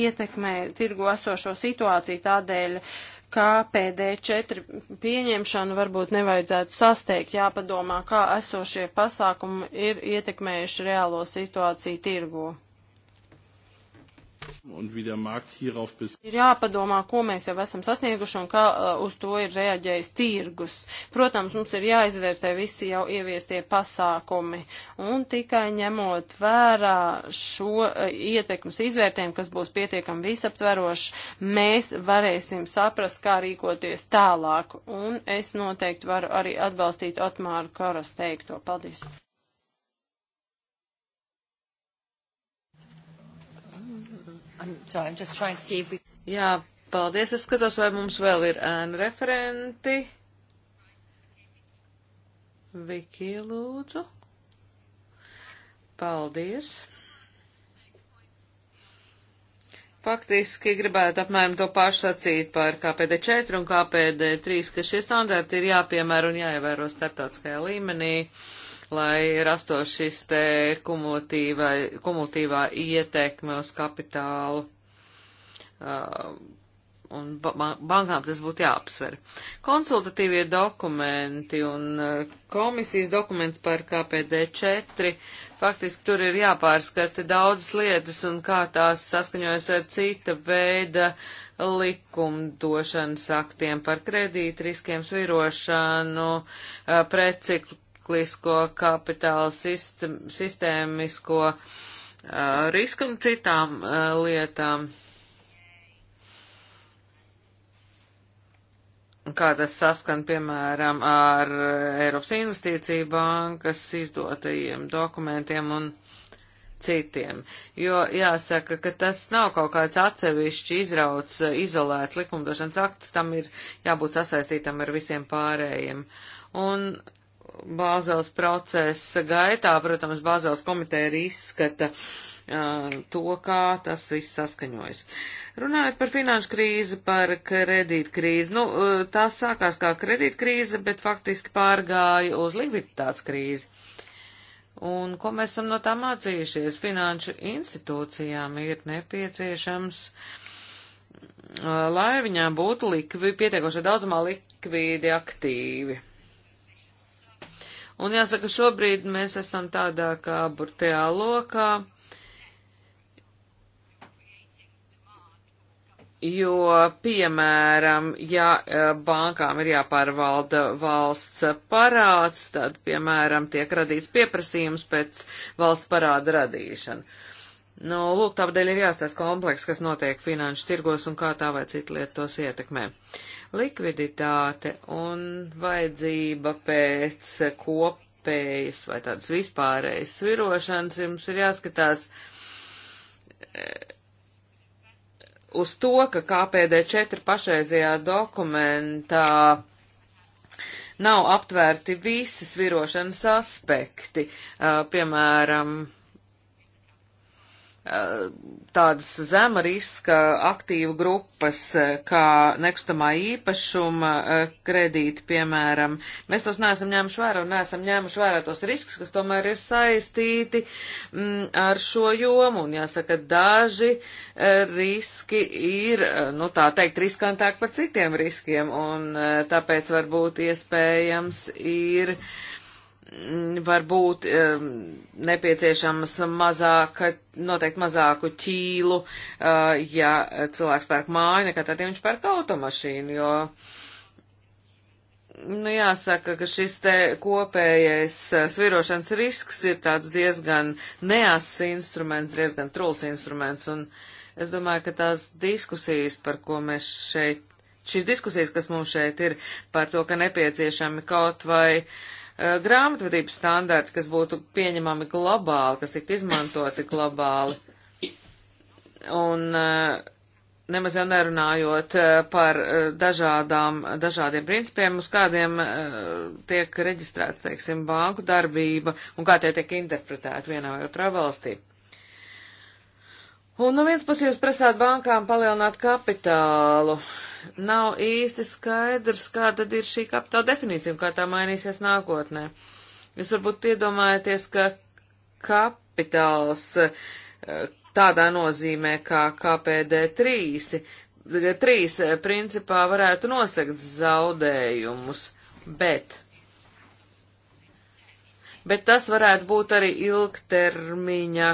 ietekmē tirgu esošo situāciju tādēļ. KPD 4 pieņemšanu varbūt nevajadzētu sasteigt, jāpadomā, kā esošie pasākumi ir ietekmējuši reālo situāciju tirgu. Ir jāpadomā, ko mēs jau esam sasnieguši un kā uh, uz to ir reaģējis tirgus. Protams, mums ir jāizvērtē visi jau ieviestie pasākumi un tikai ņemot vērā šo uh, ietekmes izvērtējumu, kas būs pietiekami visaptverošs, mēs varēsim saprast, kā rīkoties tālāk. Un es noteikti varu arī atbalstīt Otmāru Karas teikto. Paldies! sorry, we... Jā, paldies. Es skatos, vai mums vēl ir ēnu referenti. Viki, lūdzu. Paldies. Faktiski gribētu apmēram to pašu sacīt par KPD4 un KPD3, ka šie standarti ir jāpiemēra un jāievēro starptautiskajā līmenī. Uh, lai rastos šis te kumulatīvā ietekme uz kapitālu. Uh, un ba bankām tas būtu jāapsver. Konsultatīvie dokumenti un uh, komisijas dokuments par KPD 4, faktiski tur ir jāpārskata daudzas lietas un kā tās saskaņojas ar cita veida likumdošanas aktiem par kredīt riskiem svirošanu, uh, preciklu ciklisko kapitāla sistēmisko uh, risku un citām uh, lietām. Kā tas saskan, piemēram, ar Eiropas investīciju bankas izdotajiem dokumentiem un citiem. Jo jāsaka, ka tas nav kaut kāds atsevišķi izrauts, izolēts likumdošanas akts, tam ir jābūt sasaistītam ar visiem pārējiem. Un Bāzēlas procesa gaitā, protams, Bāzēlas komiteja arī izskata uh, to, kā tas viss saskaņojas. Runājot par finanšu krīzi, par kredītkrīzi, nu, tā sākās kā kredītkrīze, bet faktiski pārgāja uz likviditātes krīzi. Un ko mēs esam no tā mācījušies? Finanšu institūcijām ir nepieciešams, uh, lai viņām būtu likvi, pietiekoši daudzumā likvīdi aktīvi Un jāsaka, šobrīd mēs esam tādā kā burtajā lokā, jo, piemēram, ja e, bankām ir jāpārvalda valsts parāds, tad, piemēram, tiek radīts pieprasījums pēc valsts parāda radīšana. Nu, lūk, tāpēc ir jāstāsta kompleks, kas notiek finanšu tirgos un kā tā vai cita lieta tos ietekmē. Likviditāte un vajadzība pēc kopējas vai tādas vispārējas svirošanas jums ir jāskatās eh, uz to, ka KPD 4 pašreizajā dokumentā nav aptvērti visi svirošanas aspekti, eh, piemēram, Eh, tādas zema riska aktīvu grupas, eh, kā nekustamā īpašuma eh, kredīti, piemēram. Mēs tos neesam ņēmuši vērā un neesam ņēmuši vērā tos riskus, kas tomēr ir saistīti m, mm, ar šo jomu. Un jāsaka, daži riski ir, nu tā teikt, riskantāk par citiem riskiem, un tāpēc varbūt iespējams ir. Uh, Mm, var būt um, nepieciešams mazāk, noteikti mazāku ķīlu, uh, ja cilvēks pērk māju, nekā tad, ja viņš pērk automašīnu, jo, nu, jāsaka, ka šis te kopējais svirošanas risks ir tāds diezgan neass instruments, diezgan truls instruments, un es domāju, ka tās diskusijas, par ko mēs šeit, šīs diskusijas, kas mums šeit ir, par to, ka nepieciešami kaut vai uh, Eh, grāmatvedības standarti, kas būtu pieņemami globāli, kas tiktu izmantoti globāli. Un eh, nemaz jau nerunājot eh, par dažādām, dažādiem principiem, uz kādiem tiek reģistrēta, teiksim, banku darbība un kā tie tiek interpretēti vienā vai otrā valstī. Un no nu, viens puses jūs prasāt bankām palielināt kapitālu, nav īsti skaidrs, kā tad ir šī kapitāla definīcija un kā tā mainīsies nākotnē. Jūs varbūt iedomājaties, ka kapitāls eh, tādā nozīmē kā KPD3, trīs eh, principā varētu nosegt zaudējumus, bet. Bet tas varētu būt arī ilgtermiņa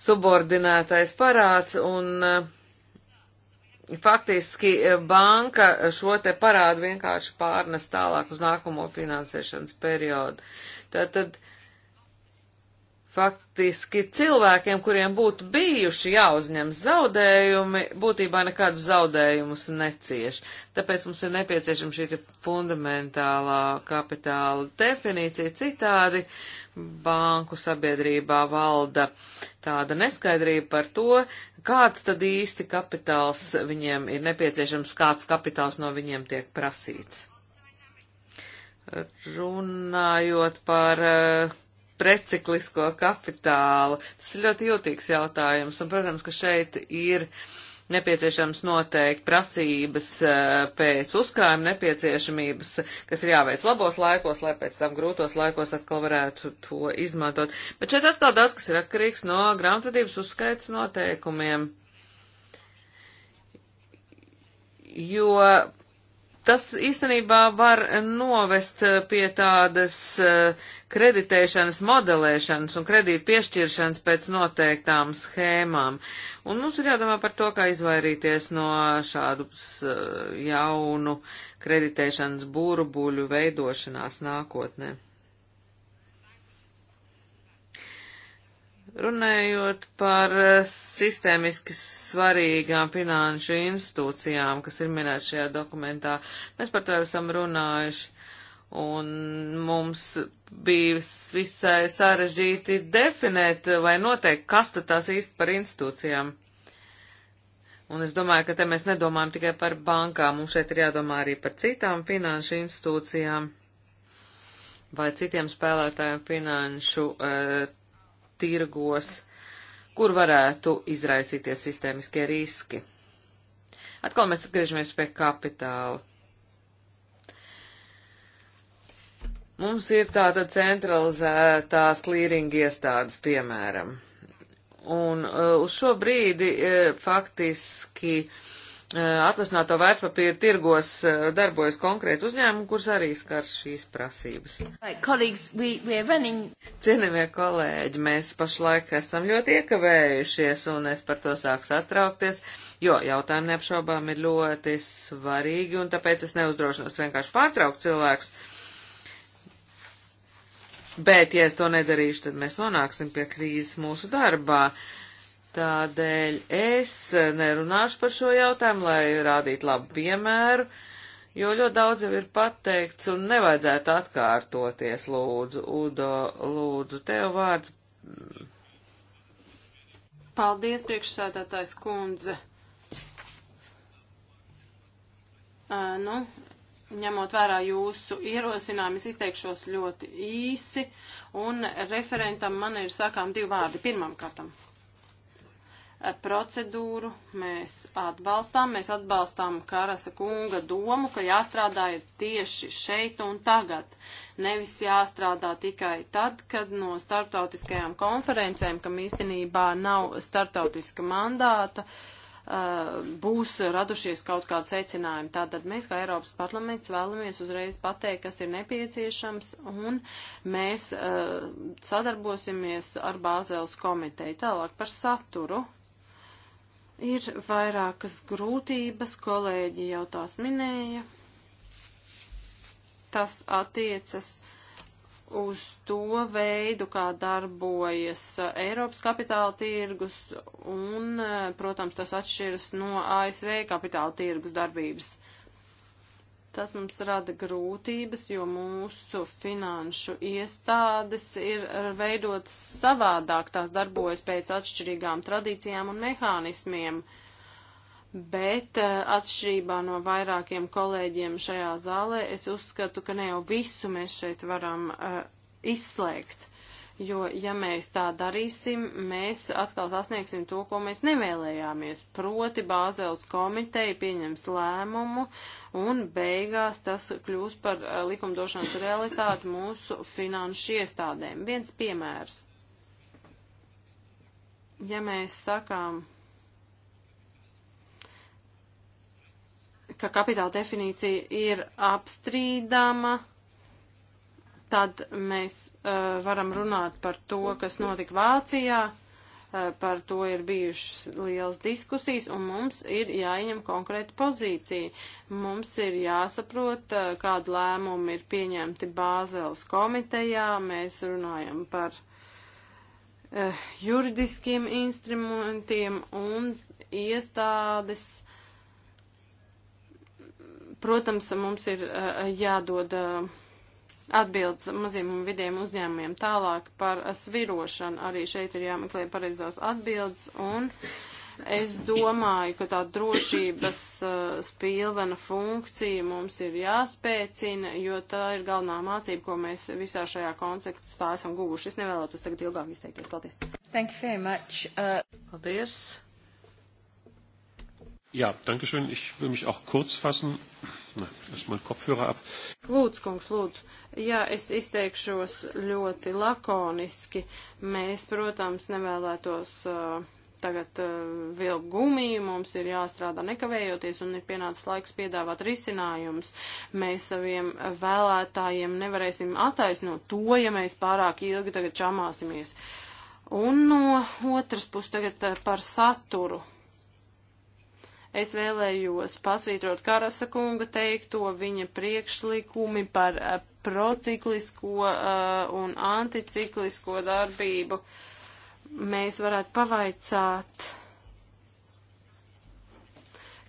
subordinētais parāds, un eh, faktiski eh, banka šo te parādu vienkārši pārnes tālāk uz nākamo finansēšanas periodu. Tātad faktiski cilvēkiem, kuriem būtu bijuši jāuzņem zaudējumi, būtībā nekādus zaudējumus necieš. Tāpēc mums ir nepieciešama šī fundamentālā kapitāla definīcija citādi banku sabiedrībā valda tāda neskaidrība par to, kāds tad īsti kapitāls viņiem ir nepieciešams, kāds kapitāls no viņiem tiek prasīts. Runājot par eh, preciklisko kapitālu, tas ir ļoti jūtīgs jautājums, un, protams, ka šeit ir uh, nepieciešams noteikti prasības eh, pēc uzkrājuma nepieciešamības, kas ir jāveic labos laikos, lai pēc tam grūtos laikos atkal varētu to izmantot. Bet šeit atkal daudz, kas ir atkarīgs no grāmatvedības uzskaits noteikumiem. Jo Tas īstenībā var novest pie tādas eh, kreditēšanas modelēšanas un kredīta piešķiršanas pēc noteiktām schēmām. Un mums ir jādomā par to, kā izvairīties no šādu eh, jaunu kreditēšanas burbuļu veidošanās nākotnē. Runējot par eh, sistēmiski svarīgām finanšu institūcijām, kas ir minēts šajā dokumentā, mēs par to jau esam runājuši, un mums bija visai sarežģīti definēt vai noteikt, kas tad tās īsti par institūcijām. Un es domāju, ka te mēs nedomājam tikai par bankām, mums šeit ir jādomā arī par citām finanšu institūcijām vai citiem spēlētājiem finanšu uh, tirgos, kur varētu izraisīties sistēmiskie riski. Atkal mēs atgriežamies pie kapitāla. Mums ir tāda centralizētās klīringa iestādes, piemēram. Un uh, uz šo brīdi uh, faktiski uh, Eh, atvasināto vērtspapīru tirgos eh, darbojas konkrēti uzņēmumi, kurus arī skar šīs prasības. Cienījamie kolēģi, mēs pašlaik esam ļoti iekavējušies, un es par to sāku satraukties, jo jautājumi neapšaubām ir ļoti svarīgi, un tāpēc es neuzdrošinos vienkārši pārtraukt cilvēks. Bet, ja es to nedarīšu, tad mēs nonāksim pie krīzes mūsu darbā. Uh, Tādēļ es nerunāšu par šo jautājumu, lai rādītu labu piemēru, jo ļoti daudz jau ir pateikts un nevajadzētu atkārtoties, lūdzu, Udo, lūdzu, tev vārds. Paldies, priekšsēdētājs kundze. Uh, nu, ņemot vērā jūsu ierosinājumu, es izteikšos ļoti īsi, un referentam man ir sakām divi vārdi. Pirmam kārtam procedūru mēs atbalstām. Mēs atbalstām Karasa kunga domu, ka jāstrādā ir tieši šeit un tagad. Nevis jāstrādā tikai tad, kad no starptautiskajām konferencēm, kam īstenībā nav starptautiska mandāta, uh, būs radušies kaut kādi secinājumi. Tātad mēs, kā Eiropas parlaments, vēlamies uzreiz pateikt, kas ir nepieciešams, un mēs uh, sadarbosimies ar Bāzēlas komiteju. Tālāk par saturu Ir vairākas grūtības, kolēģi jau tās minēja. Tas attiecas uz to veidu, kā darbojas Eiropas kapitāla tirgus un, eh, protams, tas atšķiras no ASV kapitāla tirgus darbības. Uh, Tas mums rada grūtības, jo mūsu finanšu iestādes ir veidotas savādāk, tās darbojas pēc atšķirīgām tradīcijām un mehānismiem. Bet eh, atšķirībā no vairākiem kolēģiem šajā zālē, es uzskatu, ka ne jau visu mēs šeit varam uh, izslēgt jo ja mēs tā darīsim, mēs atkal sasniegsim to, ko mēs nevēlējāmies. Proti Bāzels komiteja pieņems lēmumu un beigās tas kļūs par eh, likumdošanas realitāti mūsu finanšu iestādēm. Viens piemērs. Ja mēs sakām, ka kapitāla definīcija ir apstrīdama, tad mēs uh, varam runāt par to, kas notika Vācijā, uh, par to ir bijušas lielas diskusijas, un mums ir jāieņem konkrēta pozīcija. Mums ir jāsaprot, uh, eh, kāda lēmuma ir pieņemti Bāzeles komitejā, mēs runājam par uh, juridiskiem instrumentiem un iestādes protams, mums ir jādod atbildes maziem un vidiem uzņēmumiem tālāk par svirošanu. Arī šeit ir jāmeklē pareizās atbildes un es domāju, ka tā drošības uh, spīlvena funkcija mums ir jāspēcina, jo tā ir galvenā mācība, ko mēs visā šajā konceptā esam guvuši. Es nevēlētos tagad ilgāk izteikties. Paldies. Thank you very much. Uh... Paldies. Ja, danke schön. Ich will mich auch kurz fassen. Na, erstmal Kopfhörer ab. Lūdzu, kungs, lūdzu. Jā, es izteikšos ļoti lakoniski. Mēs, protams, nevēlētos uh, tagad uh, vilkt gumiju, mums ir jāstrādā nekavējoties un ir pienācis laiks piedāvāt risinājumus. Mēs saviem vēlētājiem nevarēsim attaisnot to, ja mēs pārāk ilgi tagad čamāsimies. Un no otras puses tagad uh, par saturu. Es vēlējos pasvītrot Karasa kunga teikto, viņa priekšlikumi par uh, prociklisko uh, un anticiklisko darbību, mēs varētu pavaicāt,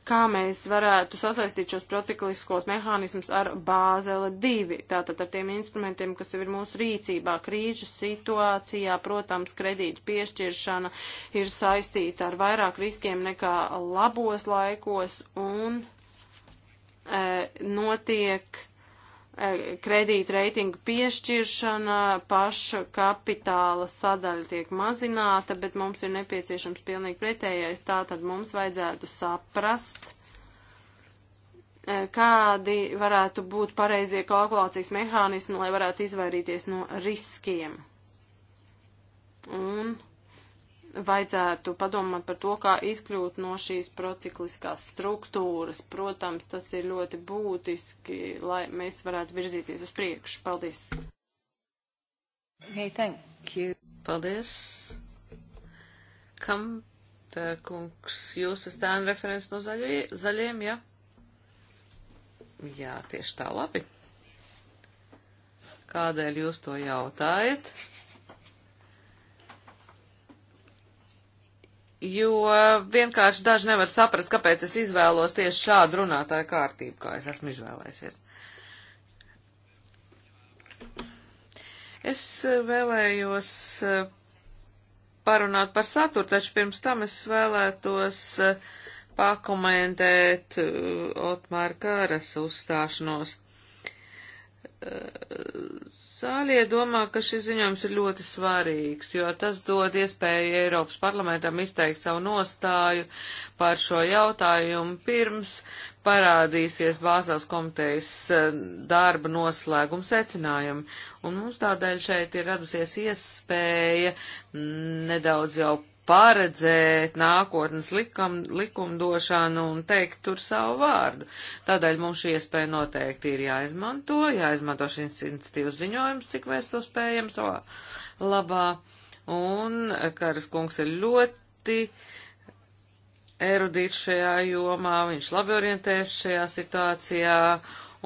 kā mēs varētu sasaistīt šos procikliskos mehānismus ar Bāzele 2, tātad ar tiem instrumentiem, kas ir mūsu rīcībā. Krīžas situācijā, protams, kredītu piešķiršana ir saistīta ar vairāk riskiem nekā labos laikos un e, notiek kredītreitingu piešķiršana, paša kapitāla sadaļa tiek mazināta, bet mums ir nepieciešams pilnīgi pretējais. Tātad mums vajadzētu saprast, e, kādi varētu būt pareizie kalkulācijas mehānismi, lai varētu izvairīties no riskiem. Un vajadzētu padomāt par to, kā izkļūt no šīs procikliskās struktūras. Protams, tas ir ļoti būtiski, lai mēs varētu virzīties uz priekšu. Paldies! Hey, thank you. Paldies! Kam, kungs, jūs esat ēna referents no zaļie, zaļiem, jā? Ja? Jā, tieši tā labi. Kādēļ jūs to jautājat? jo vienkārši daži nevar saprast, kāpēc es izvēlos tieši šādu runātāju kārtību, kā es esmu izvēlējies. Es eh, vēlējos eh, parunāt par saturu, taču pirms tam es vēlētos eh, pakomentēt Otmāra Kāras uzstāšanos Zālie domā, ka šis ziņojums ir ļoti svarīgs, jo tas dod iespēju Eiropas parlamentam izteikt savu nostāju par šo jautājumu pirms parādīsies bāzās komitejas eh, darba noslēguma secinājumi. Un mums tādēļ šeit ir radusies iespēja mm, nedaudz jau paredzēt nākotnes likam, likumdošanu un teikt tur savu vārdu. Tādēļ mums šī iespēja noteikti ir jāizmanto, jāizmanto šis iniciatīvas ziņojums, cik mēs to spējam savā labā. Un Karas kungs ir ļoti erudīts šajā jomā, viņš labi orientēs šajā situācijā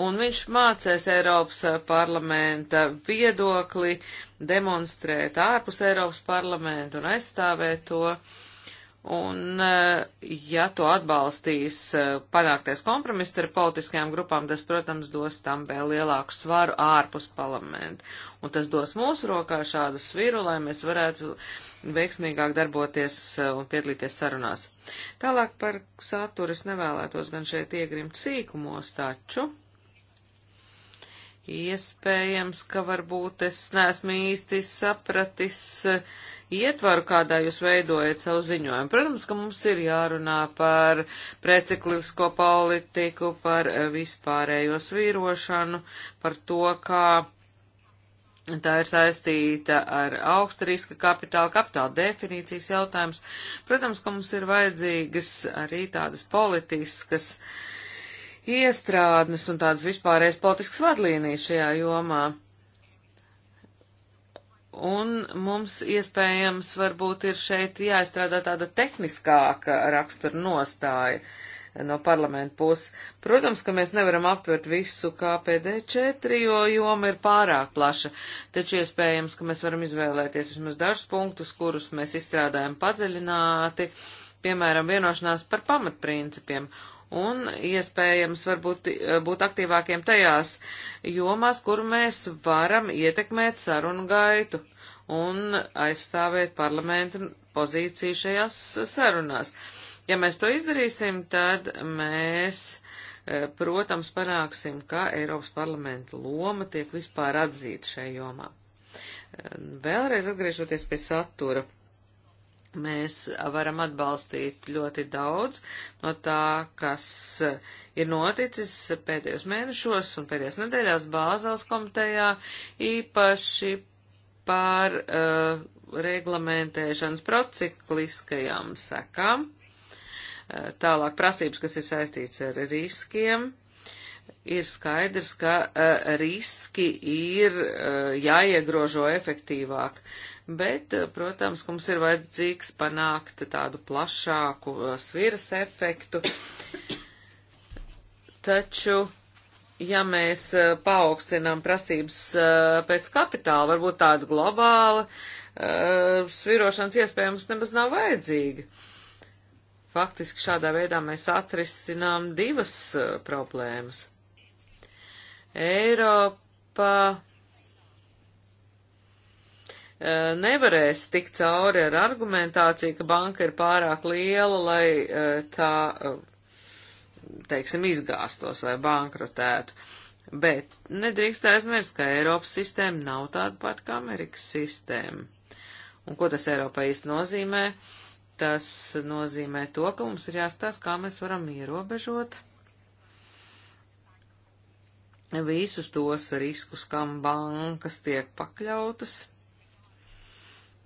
un viņš mācēs Eiropas eh, parlamenta viedokli, demonstrēt ārpus Eiropas parlamentu un aizstāvēt to. Un, eh, ja to atbalstīs eh, panāktais kompromiss ar politiskajām grupām, tas, protams, dos tam vēl lielāku svaru ārpus parlamenta. Un tas dos mūsu rokā šādu sviru, lai mēs varētu veiksmīgāk darboties un piedalīties sarunās. Tālāk par saturu es nevēlētos gan šeit iegrimt sīkumos, taču Iespējams, ka varbūt es neesmu īsti sapratis eh, ietvaru, kādā jūs veidojat savu ziņojumu. Protams, ka mums ir jārunā par preciklisko politiku, par eh, vispārējo svīrošanu, par to, kā Tā ir saistīta ar augsta riska kapitāla, kapitāla definīcijas jautājums. Protams, ka mums ir vajadzīgas arī tādas politiskas uh, iestrādnes un tādas vispārējas politiskas vadlīnijas šajā jomā. Un mums iespējams varbūt ir šeit jāizstrādā tāda tehniskāka rakstura nostāja no parlamenta puses. Protams, ka mēs nevaram aptvert visu KPD4, jo joma ir pārāk plaša, taču iespējams, ka mēs varam izvēlēties vismaz dažus punktus, kurus mēs izstrādājam padziļināti, piemēram, vienošanās par pamatprincipiem un iespējams varbūt eh, būt aktīvākiem tajās jomās, kur mēs varam ietekmēt sarunu gaitu un aizstāvēt parlamentu pozīciju šajās sarunās. Ja mēs to izdarīsim, tad mēs, eh, protams, panāksim, ka Eiropas parlamenta loma tiek vispār atzīta šajā jomā. Eh, vēlreiz atgriežoties pie satura Mēs varam atbalstīt ļoti daudz no tā, kas ir noticis pēdējos mēnešos un pēdējās nedēļās Bāzels komitejā, īpaši par uh, reglamentēšanas procikliskajām sekām, uh, tālāk prasības, kas ir saistīts ar riskiem, ir skaidrs, ka uh, riski ir uh, jāiegrožo efektīvāk. Uh, bet, eh, protams, mums ir vajadzīgs panākt tādu plašāku eh, sviras efektu. Taču, ja mēs eh, paaugstinām prasības pēc kapitāla, varbūt tāda globāla svirošanas iespējams nemaz nav vajadzīga. Faktiski šādā veidā mēs atrisinām divas problēmas. Eiropa Eh, nevarēs tikt cauri ar argumentāciju, ka banka ir pārāk liela, lai eh, tā, eh, teiksim, izgāstos vai bankrotētu. Bet nedrīkst aizmirst, ka Eiropas sistēma nav tāda pat kā Amerikas sistēma. Un ko tas Eiropā īsti nozīmē? Tas nozīmē to, ka mums ir jāstāsta, kā mēs varam ierobežot visus tos riskus, kam bankas tiek pakļautas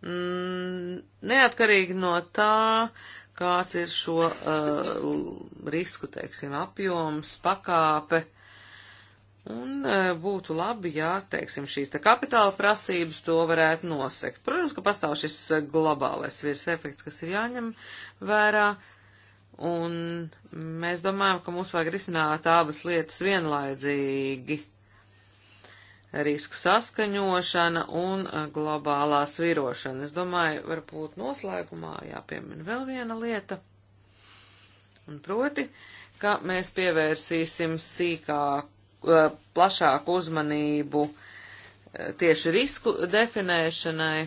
mm, neatkarīgi no tā, kāds ir šo uh, risku, teiksim, apjoms, pakāpe. Un uh, būtu labi, ja, teiksim, šīs te kapitāla prasības to varētu nosekt. Protams, ka pastāv šis uh, globālais virs efekts, kas ir jāņem vērā. Un mēs domājam, ka mums vajag risināt abas lietas vienlaidzīgi. Uh, riska saskaņošana un eh, globālā svirošana. Es domāju, varbūt noslēgumā jāpiemina vēl viena lieta, un proti, ka mēs pievērsīsim sīkāk, eh, plašāku uzmanību eh, tieši risku definēšanai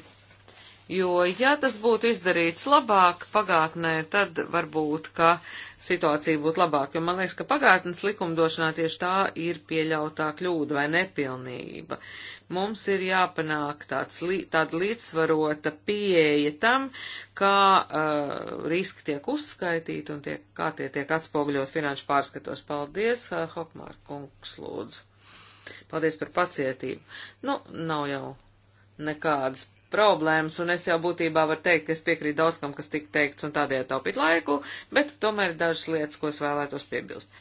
Jo, ja tas būtu izdarīts labāk pagātnē, tad varbūt, ka situācija būtu labāka. Jo man liekas, ka pagātnes likumdošanā tieši tā ir pieļautā kļūda vai nepilnība. Mums ir jāpanāk tāds, tāda līdzsvarota pieeja tam, kā uh, riski tiek uzskaitīti un tiek, kā tie tiek atspoguļot finanšu pārskatos. Paldies, uh, Hokmār kungs, lūdzu. Paldies par pacietību. Nu, nav jau nekādas problēmas, un es jau būtībā varu teikt, ka es piekrītu daudz kam, kas tika teikts, un tādēļ taupīt laiku, bet tomēr ir dažas lietas, ko es vēlētos piebilst.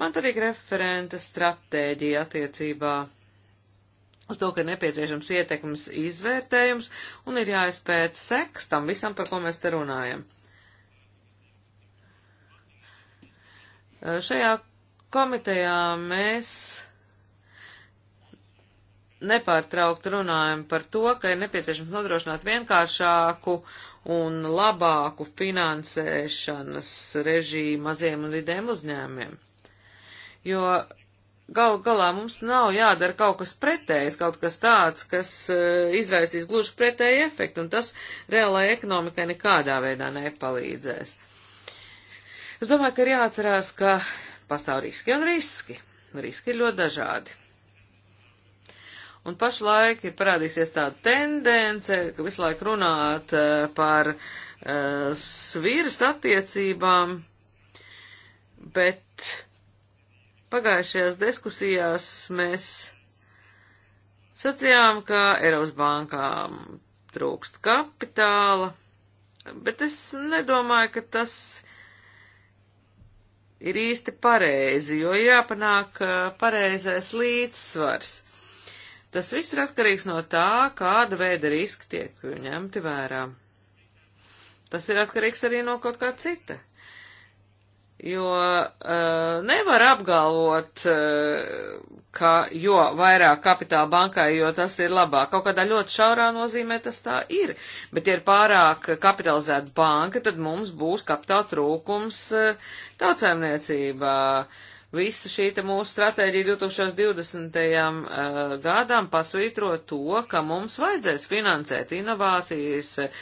Man patīk referenta stratēģija attiecībā uz to, ka ir nepieciešams ietekmes izvērtējums un ir jāizpēta seks tam visam, par ko mēs te runājam. Šajā komitejā mēs nepārtraukt runājam par to, ka ir nepieciešams nodrošināt vienkāršāku un labāku finansēšanas režīmu maziem un vidiem uzņēmiem. Jo gal galā mums nav jādara kaut kas pretējs, kaut kas tāds, kas uh, izraisīs gluži pretēju efektu, un tas reālajai ekonomikai nekādā veidā nepalīdzēs. Es domāju, ka ir jāatcerās, ka pastāv riski un riski. Riski ir ļoti dažādi. Un pašlaik ir parādīsies tāda tendence, ka visu laiku runāt eh, par uh, eh, svīras attiecībām, bet pagājušajās diskusijās mēs sacījām, ka Eiropas bankām trūkst kapitāla, bet es nedomāju, ka tas ir īsti pareizi, jo jāpanāk eh, pareizais līdzsvars Tas viss ir atkarīgs no tā, kāda veida riski tiek ņemti vērā. Tas ir atkarīgs arī no kaut kā cita. Jo uh, nevar apgalvot, uh, ka jo vairāk kapitāla bankai, jo tas ir labāk. Kaut kādā ļoti šaurā nozīmē tas tā ir. Bet, ja ir pārāk kapitalizēta banka, tad mums būs kapitāla trūkums uh, tautsēmniecībā. Uh, Visa šī mūsu stratēģija 2020. Eh, gadam pasvītro to, ka mums vajadzēs finansēt inovācijas, eh,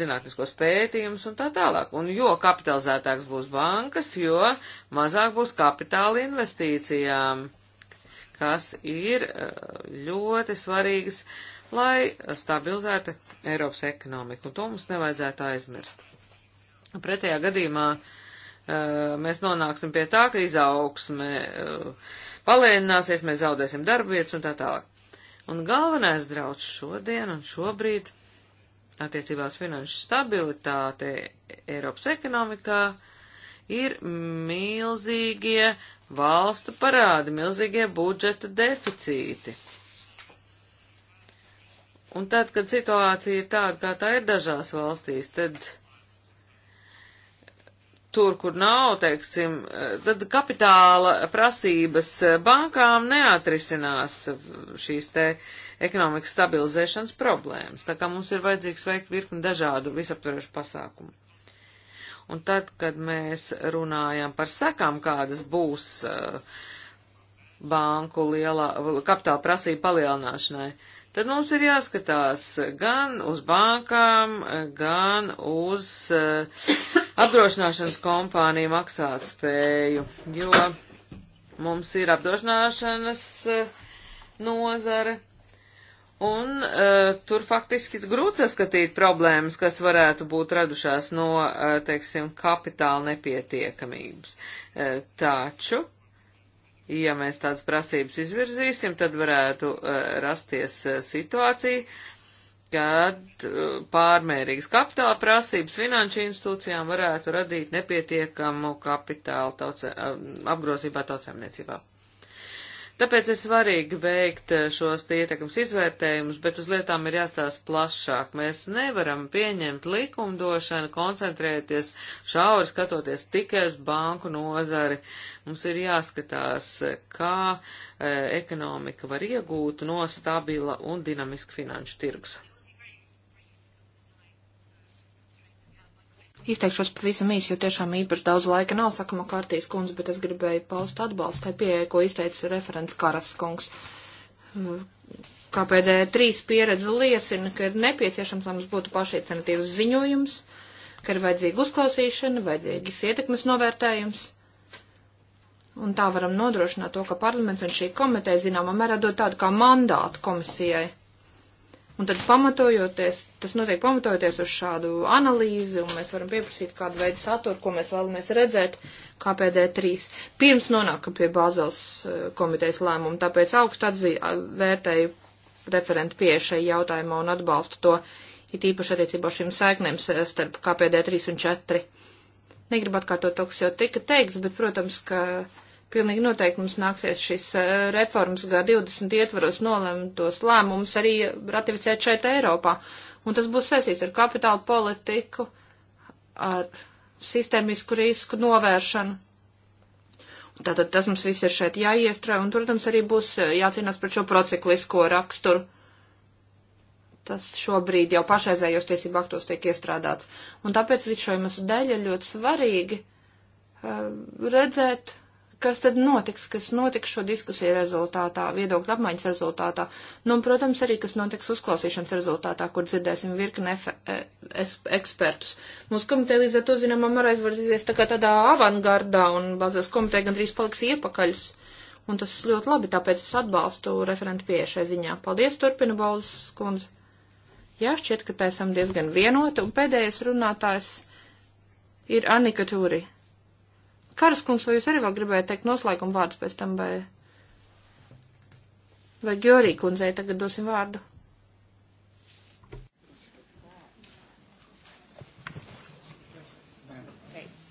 zinātniskos pētījumus un tā tālāk. Un jo kapitalizētāks būs bankas, jo mazāk būs kapitāla investīcijām, kas ir eh, ļoti svarīgas, lai stabilizētu Eiropas ekonomiku. Un to mums nevajadzētu aizmirst. Pretējā gadījumā uh, Eh, mēs nonāksim pie tā, ka izaugsme eh, palēnināsies, mēs zaudēsim darba vietas un tā tālāk. Un galvenais draudz šodien un šobrīd attiecībās finanšu stabilitāte Eiropas ekonomikā ir milzīgie valstu parādi, milzīgie budžeta deficīti. Un tad, kad situācija ir tāda, kā tā ir dažās valstīs, tad tur, kur nav, teiksim, tad kapitāla prasības bankām neatrisinās šīs te ekonomikas stabilizēšanas problēmas. Tā kā mums ir vajadzīgs veikt virkni dažādu visaptverošu pasākumu. Un tad, kad mēs runājam par sekām, kādas būs uh, banku lielā, kapitāla prasība palielināšanai, tad mums ir jāskatās gan uz bankām, gan uz uh, apdrošināšanas kompāniju maksāt spēju, jo mums ir apdrošināšanas eh, nozare, un uh, tur faktiski grūti saskatīt problēmas, kas varētu būt radušās no, uh, teiksim, kapitāla nepietiekamības. Uh, taču, ja mēs tādas prasības izvirzīsim, tad varētu uh, rasties uh, situācija, uh, kad uh, pārmērīgas kapitāla prasības finanšu institūcijām varētu radīt nepietiekamu kapitālu tauce, uh, apgrozībā tautsēmniecībā. Tāpēc ir svarīgi veikt uh, šos ietekmes izvērtējumus, bet uz lietām ir jāstāsta plašāk. Mēs nevaram pieņemt likumdošanu, koncentrēties šauri, skatoties tikai uz banku nozari. Mums ir jāskatās, kā e, ekonomika var iegūt no stabila un dinamiska finanšu tirgus. Izteikšos pavisam īsi, jo tiešām īpaši daudz laika nav sakama kārtīs kundze, bet es gribēju paust atbalstu tai pieeja, ko izteica referents Karas kungs. KPD 3 pieredze liecina, ka ir nepieciešams, lai mums būtu pašiecenatības ziņojums, ka ir vajadzīga uzklausīšana, vajadzīgas ietekmes novērtējums. Un tā varam nodrošināt to, ka parlaments un šī komiteja zināmā mērā dod tādu kā mandātu komisijai Un tad pamatojoties, tas notiek pamatojoties uz šādu analīzi, un mēs varam pieprasīt kādu veidu saturu, ko mēs vēlamies redzēt KPD3, pirms nonākam pie Bāzels eh, komitejas lēmuma. Tāpēc augstu atzī, vērtēju referentu pie šai jautājumā un atbalstu to, it īpaši attiecībā šīm saiknēm starp KPD3 un 4. Negribu atkārtot to, kas jau tika teiks, bet, protams, ka Pilnīgi noteikti mums nāksies šis eh, reformas G20 ietvaros nolemtos lēmums arī ratificēt šeit Eiropā. Un tas būs saistīts ar kapitālu politiku, ar sistēmisku risku novēršanu. Tātad tas mums viss ir šeit jāiestrā, un, protams, arī būs eh, jācīnās par šo prociklisko raksturu. Tas šobrīd jau pašreizējos tiesību aktos tiek iestrādāts. Un tāpēc visu šo iemeslu dēļ ir ļoti svarīgi uh, redzēt, kas tad notiks, kas notiks šo diskusiju rezultātā, viedokļu apmaiņas rezultātā. Nu, un, protams, arī, kas notiks uzklausīšanas rezultātā, kur dzirdēsim virkni e, ekspertus. Mūsu komiteja līdz ar to, zinām, var aizvarzīties tā kā tādā avangardā, un bazēs komiteja gandrīz paliks iepakaļus. Un tas ļoti labi, tāpēc es atbalstu referentu piešai ziņā. Paldies, turpina Balzas kundze. Jā, šķiet, ka tā esam diezgan vienoti, un pēdējais runātājs ir Anika Tūri. Karaskungs, vai jūs arī vēl gribējāt teikt noslēgumu vārdus pēc tam, vai, vai Georgija kundzei tagad dosim vārdu?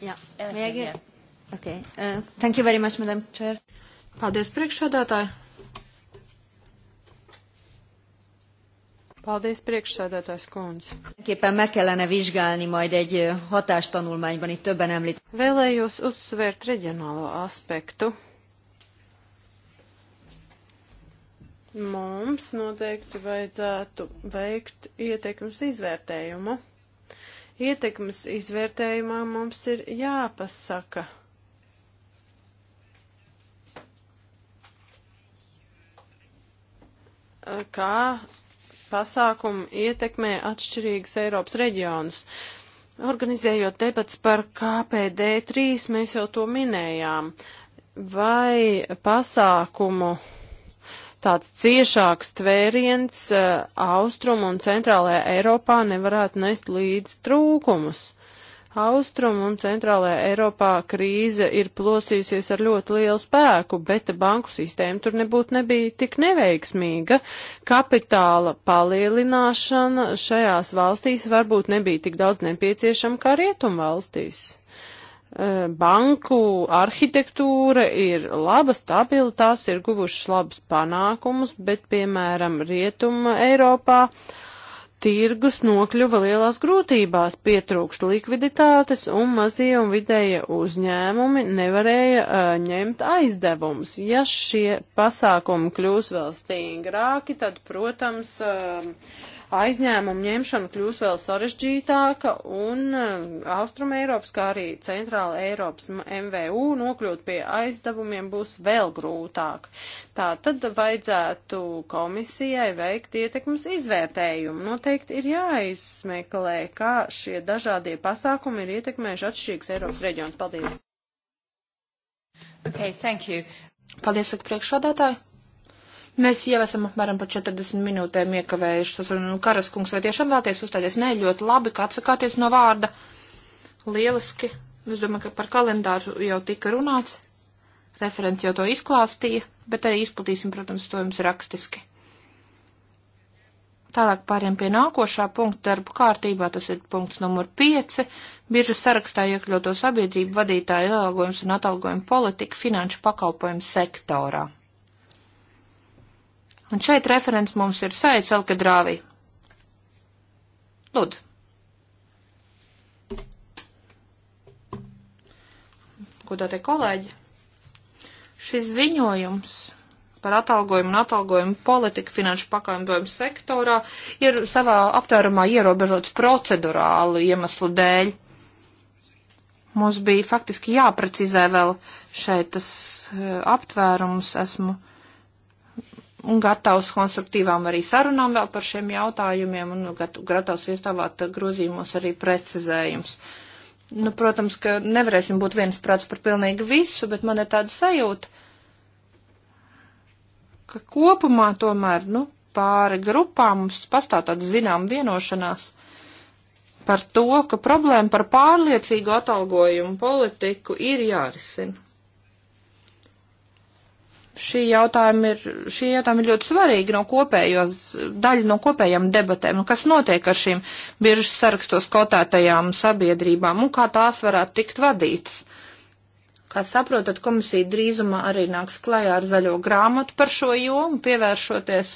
Jā, uh, yeah. okay. uh, thank you very much, Madam Chair. Paldies priekšādātāji. Paldies, priekšsēdētājs kundz. Képen meg kellene vizsgálni majd egy hatástanulmányban, itt többen említ. Vēlējos uzsvērt reģionālo aspektu. Mums noteikti vajadzētu veikt ietekmes izvērtējumu. Ietekmes izvērtējumā mums ir jāpasaka. Kā pasākumi ietekmē atšķirīgas Eiropas reģionus. Organizējot debats par KPD 3, mēs jau to minējām. Vai pasākumu tāds ciešāks tvēriens eh, austrumu un centrālajā Eiropā nevarētu nest līdz trūkumus? Austrum un centrālajā Eiropā krīze ir plosījusies ar ļoti lielu spēku, bet banku sistēma tur nebūtu nebija tik neveiksmīga. Kapitāla palielināšana šajās valstīs varbūt nebija tik daudz nepieciešama kā rietum valstīs e, banku arhitektūra ir laba, stabila, tās ir guvušas labas panākumus, bet, piemēram, Rietuma Eiropā uh, tirgus nokļuva lielās grūtībās, pietrūkst likviditātes un mazie un vidēja uzņēmumi nevarēja uh, ņemt aizdevumus. Ja šie pasākumi kļūs vēl stingrāki, tad, protams, uh, aizņēmumu ņemšana kļūs vēl sarežģītāka un eh, Austrum Eiropas, kā arī Centrāla Eiropas MVU nokļūt pie aizdevumiem būs vēl grūtāk. Tā tad vajadzētu komisijai veikt ietekmes izvērtējumu. Noteikti ir jāizmeklē, kā šie dažādie pasākumi ir ietekmējuši atšķirīgs Eiropas reģions. Paldies! Okay, thank you. Paldies, saka priekšādātāji. Mēs jau esam apmēram par 40 minūtēm iekavējušas, un nu, Karaskungs vai tiešām vēlties uzstāties? Nē, ļoti labi, ka atsakāties no vārda. Lieliski. Es domāju, ka par kalendāru jau tika runāts. Referents jau to izklāstīja, bet arī izplatīsim, protams, to jums rakstiski. Tālāk pāriem pie nākošā punkta darbu kārtībā, tas ir punkts numur 5, biržas sarakstā iekļauto sabiedrību vadītāju ielāgojums un atalgojuma politika finanšu pakalpojumu sektorā. Un šeit referents mums ir Saic Alkadrāvi. Lūdzu. Ko tā te kolēģi? Šis ziņojums par atalgojumu un atalgojumu politiku finanšu pakalpojumu sektorā ir savā aptvērumā ierobežots procedurālu iemeslu dēļ. Mums bija faktiski jāprecizē vēl šeit tas eh, aptvērums. Esmu un gatavs konstruktīvām arī sarunām vēl par šiem jautājumiem un gatavs iestāvāt uh, grozījumos arī precizējums. Nu, protams, ka nevarēsim būt viens prāts par pilnīgi visu, bet man ir tāda sajūta, ka kopumā tomēr, nu, pāri grupām mums pastāv tāda zinām vienošanās par to, ka problēma par pārliecīgu atalgojumu politiku ir jārisina šī jautājuma ir, šī jautājuma ir ļoti svarīga no kopējos, daļa no kopējām debatēm, un nu, kas notiek ar šīm biržas sarakstos kotētajām sabiedrībām, un kā tās varētu tikt vadītas. Kā saprotat, komisija drīzumā arī nāks klajā ar zaļo grāmatu par šo jomu, pievēršoties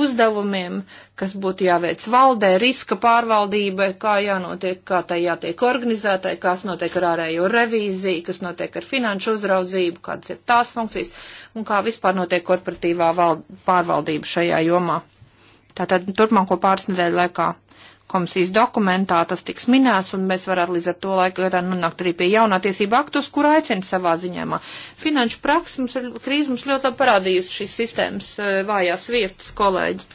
uzdevumiem, kas būtu jāveic valdē, riska pārvaldībai, kā jānotiek, kā tai jātiek organizētai, kas notiek ar ārējo revīziju, kas notiek ar finanšu uzraudzību, kādas ir tās funkcijas. Uh, un kā vispār notiek korporatīvā pārvaldība šajā jomā. Tātad turpmāko pāris nedēļu laikā komisijas dokumentā tas tiks minēts, un mēs varētu līdz ar to laiku gadā nonākt arī pie jaunā tiesība aktus, kur aicina savā ziņāmā. Finanšu praksis mums ir krīze mums ļoti parādījusi šīs sistēmas e, vājās viestas kolēģi.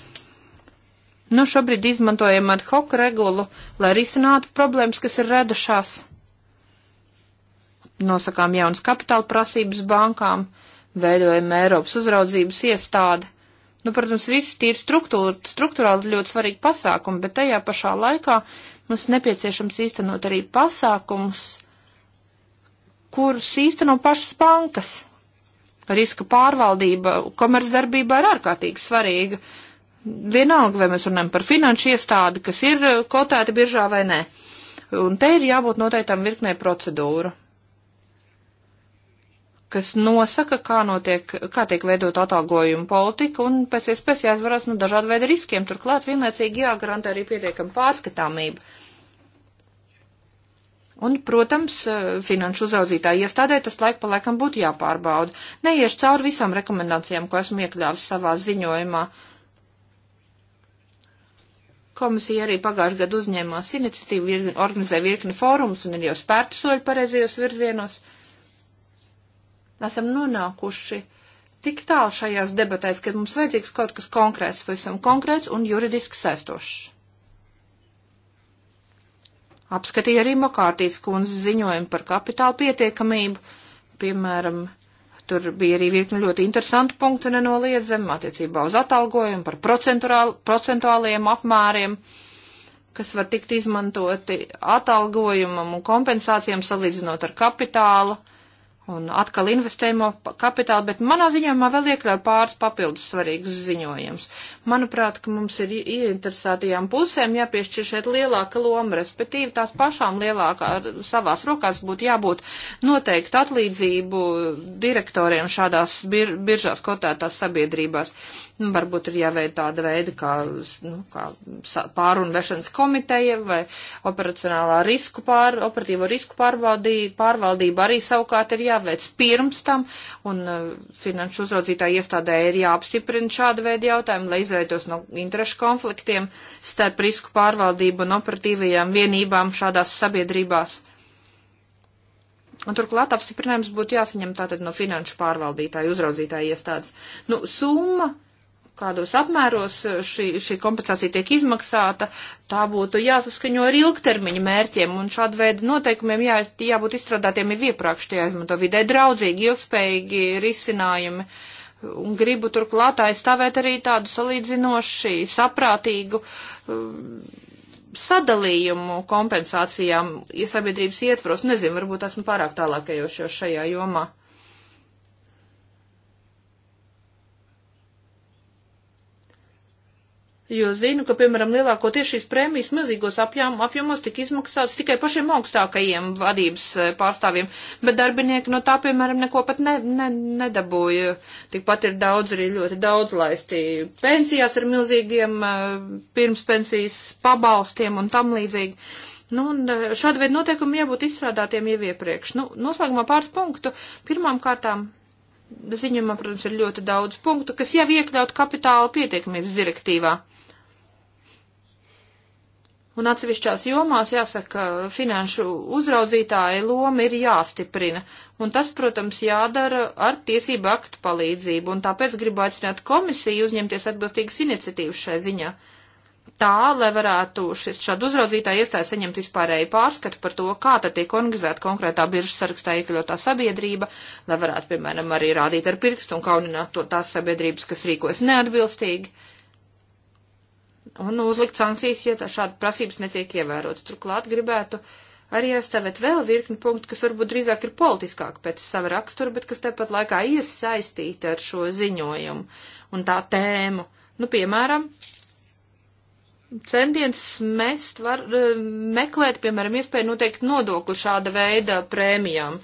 Nu, šobrīd izmantojam ad hoc regulu, lai risinātu problēmas, kas ir redušās. Nosakām jaunas kapitāla prasības bankām veidojam Eiropas uzraudzības iestādi. Nu, protams, viss ir struktūra, struktūrāli ļoti svarīgi pasākumi, bet tajā pašā laikā mums nepieciešams īstenot arī pasākumus, kurus īsteno pašas bankas. Riska pārvaldība komercdarbībā ir ārkārtīgi svarīga. Vienalga, vai mēs runājam par finanšu iestādi, kas ir kotēta biržā vai nē. Un te ir jābūt noteiktam virknē procedūru kas nosaka, kā, notiek, kā tiek veidot atalgojuma politika, un pēc iespējas jāizvarās no nu, dažādu veidu riskiem. Turklāt vienlaicīgi jāgarantē arī pietiekama pārskatāmība. Un, protams, finanšu uzaudzītāja iestādē tas laik pa laikam būtu jāpārbauda. Neiešu cauri visām rekomendācijām, ko esmu iekļāvis savā ziņojumā. Komisija arī pagājušajā gadu uzņēmās iniciatīvu, organizē virkni fórums un ir jau spērti soļi pareizajos virzienos esam nonākuši tik tālu šajās debatēs, ka mums vajadzīgs kaut kas konkrēts, pavisam konkrēts un juridiski saistošs. Apskatīja arī Makārtīs kundzes ziņojumu par kapitālu pietiekamību, piemēram, tur bija arī virkni ļoti interesanti punkti nenoliedzami attiecībā uz atalgojumu, par procentuāliem apmēriem, kas var tikt izmantoti atalgojumam un kompensācijām salīdzinot ar kapitālu un atkal investējumu kapitālu, bet manā ziņojumā vēl iekļauj pāris papildus svarīgus ziņojumus. Manuprāt, ka mums ir ieinteresētajām pusēm jāpiešķir šeit lielāka loma, respektīvi tās pašām lielākā savās rokās būtu jābūt noteikti atlīdzību direktoriem šādās bir biržās kotētās sabiedrībās. Nu, varbūt ir jāveic tāda veida, kā, nu, kā pārunvešanas komiteja vai operacionālā risku pār, operatīvo risku pārvaldība, pārvaldība arī savukārt ir jāveic pirms tam, un uh, finanšu uzraudzītāja iestādē ir jāapstiprina šāda veida jautājumi, lai izveidos no interešu konfliktiem starp risku pārvaldību un operatīvajām vienībām šādās sabiedrībās. Un turklāt apstiprinājums būtu jāsaņem tātad no finanšu pārvaldītāja, uzraudzītāja iestādes. Nu, summa kādos apmēros šī, šī kompensācija tiek izmaksāta, tā būtu jāsaskaņo ar ilgtermiņa mērķiem, un šāda veida noteikumiem jā, jābūt izstrādātiem jau iepriekš, tie jāizmanto vidē draudzīgi, ilgspējīgi risinājumi. Un gribu turklāt aizstāvēt arī tādu salīdzinoši saprātīgu um, sadalījumu kompensācijām, ja sabiedrības ietvaros, nezinu, varbūt esmu pārāk tālākajos šajā jomā. Jo Jo zinu, ka, piemēram, lielākoties šīs prēmijas mazīgos apjām, apjomos tika izmaksātas tikai pašiem augstākajiem vadības eh, pārstāvjiem, bet darbinieki no tā, piemēram, neko pat ne, ne, nedabūja. Tikpat ir daudz arī ļoti daudz laisti pensijās ar milzīgiem eh, pirmspensijas pabalstiem un tam līdzīgi. Nu, un eh, šāda veida noteikumi jābūt izstrādātiem jau iepriekš. Nu, noslēgumā pāris punktu. Pirmām kārtām ziņojumā, protams, ir ļoti daudz punktu, kas jau iekļaut kapitāla pietiekamības direktīvā. Un atsevišķās jomās, jāsaka, finanšu uzraudzītāja loma ir jāstiprina. Un tas, protams, jādara ar tiesību aktu palīdzību. Un tāpēc gribu aicināt komisiju uzņemties atbilstīgas iniciatīvas šai ziņā. Tā, lai varētu šis šādu uzraudzītāju iestāju saņemt vispārēju pārskatu par to, kā tad tiek organizēta konkrētā biržas sarakstā iekļautā sabiedrība, lai varētu, piemēram, arī rādīt ar pirkstu un kaunināt to tās sabiedrības, kas rīkojas neatbilstīgi un uzlikt sankcijas, ja šāda prasības netiek ievērotas. Turklāt gribētu arī aizstāvēt vēl virkni punktu, kas varbūt drīzāk ir politiskāk pēc sava rakstura, bet kas tepat laikā ir saistīti ar šo ziņojumu un tā tēmu. Nu, piemēram, centiens mest var eh, meklēt, piemēram, iespēju noteikt nodokli šāda veida prēmijām.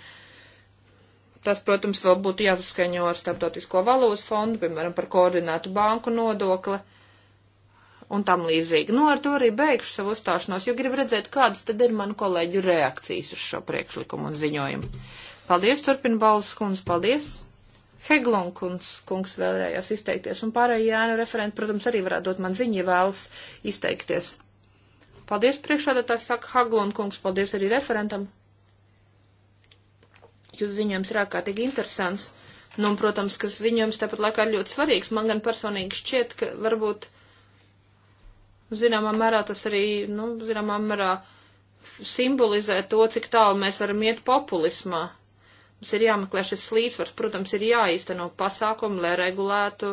Tas, protams, vēl būtu jāsaskaņo ar starptautisko valūtas fondu, piemēram, par koordinētu banku nodokli un tam līdzīgi. Nu, ar to arī beigšu savu uzstāšanos, jo gribu redzēt, kādas tad ir manu kolēģu reakcijas uz šo priekšlikumu un ziņojumu. Paldies, turpina Balzas kundze, paldies! Heglund kungs, kungs vēlējās izteikties, un pārējie ēnu referenti, protams, arī varētu dot man ziņu, ja vēlas izteikties. Paldies priekšādātājs, saka Haglund kungs, paldies arī referentam. Jūs ziņojums ir ārkārtīgi interesants. Nu, un, protams, ka ziņojums tāpat laikā ir ļoti svarīgs. Man gan personīgi šķiet, ka varbūt Zināmā mērā tas arī, nu, zināmā mērā simbolizē to, cik tālu mēs varam iet populismā. Mums ir jāmeklē šis līdzsvars, protams, ir jāīsteno pasākumi, lai regulētu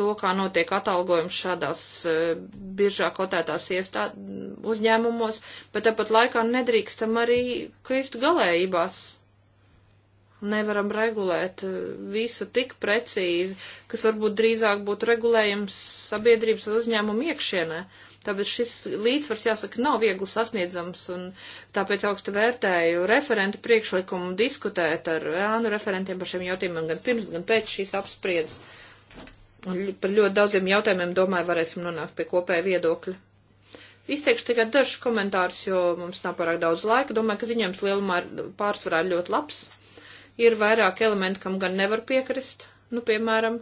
to, kā notiek atalgojums šādās uh, eh, biežāk kotētās iestā, uzņēmumos, bet tāpat laikā nedrīkstam arī krist galējībās nevaram regulēt eh, visu tik precīzi, kas varbūt drīzāk būtu regulējums sabiedrības vai uzņēmumu iekšienē. Tāpēc šis līdzsvars, jāsaka, nav viegli sasniedzams, un tāpēc augstu vērtēju referentu priekšlikumu diskutēt ar ēnu referentiem par šiem jautājumiem gan pirms, gan pēc šīs apspriedzes. Par ļoti daudziem jautājumiem, domāju, varēsim nonākt pie kopēja viedokļa. Izteikšu tikai dažus komentārus, jo mums nav pārāk daudz laika. Domāju, ka ziņojums lielumā pārsvarā ir ļoti labs. Ir vairāk elementi, kam gan nevar piekrist, nu, piemēram,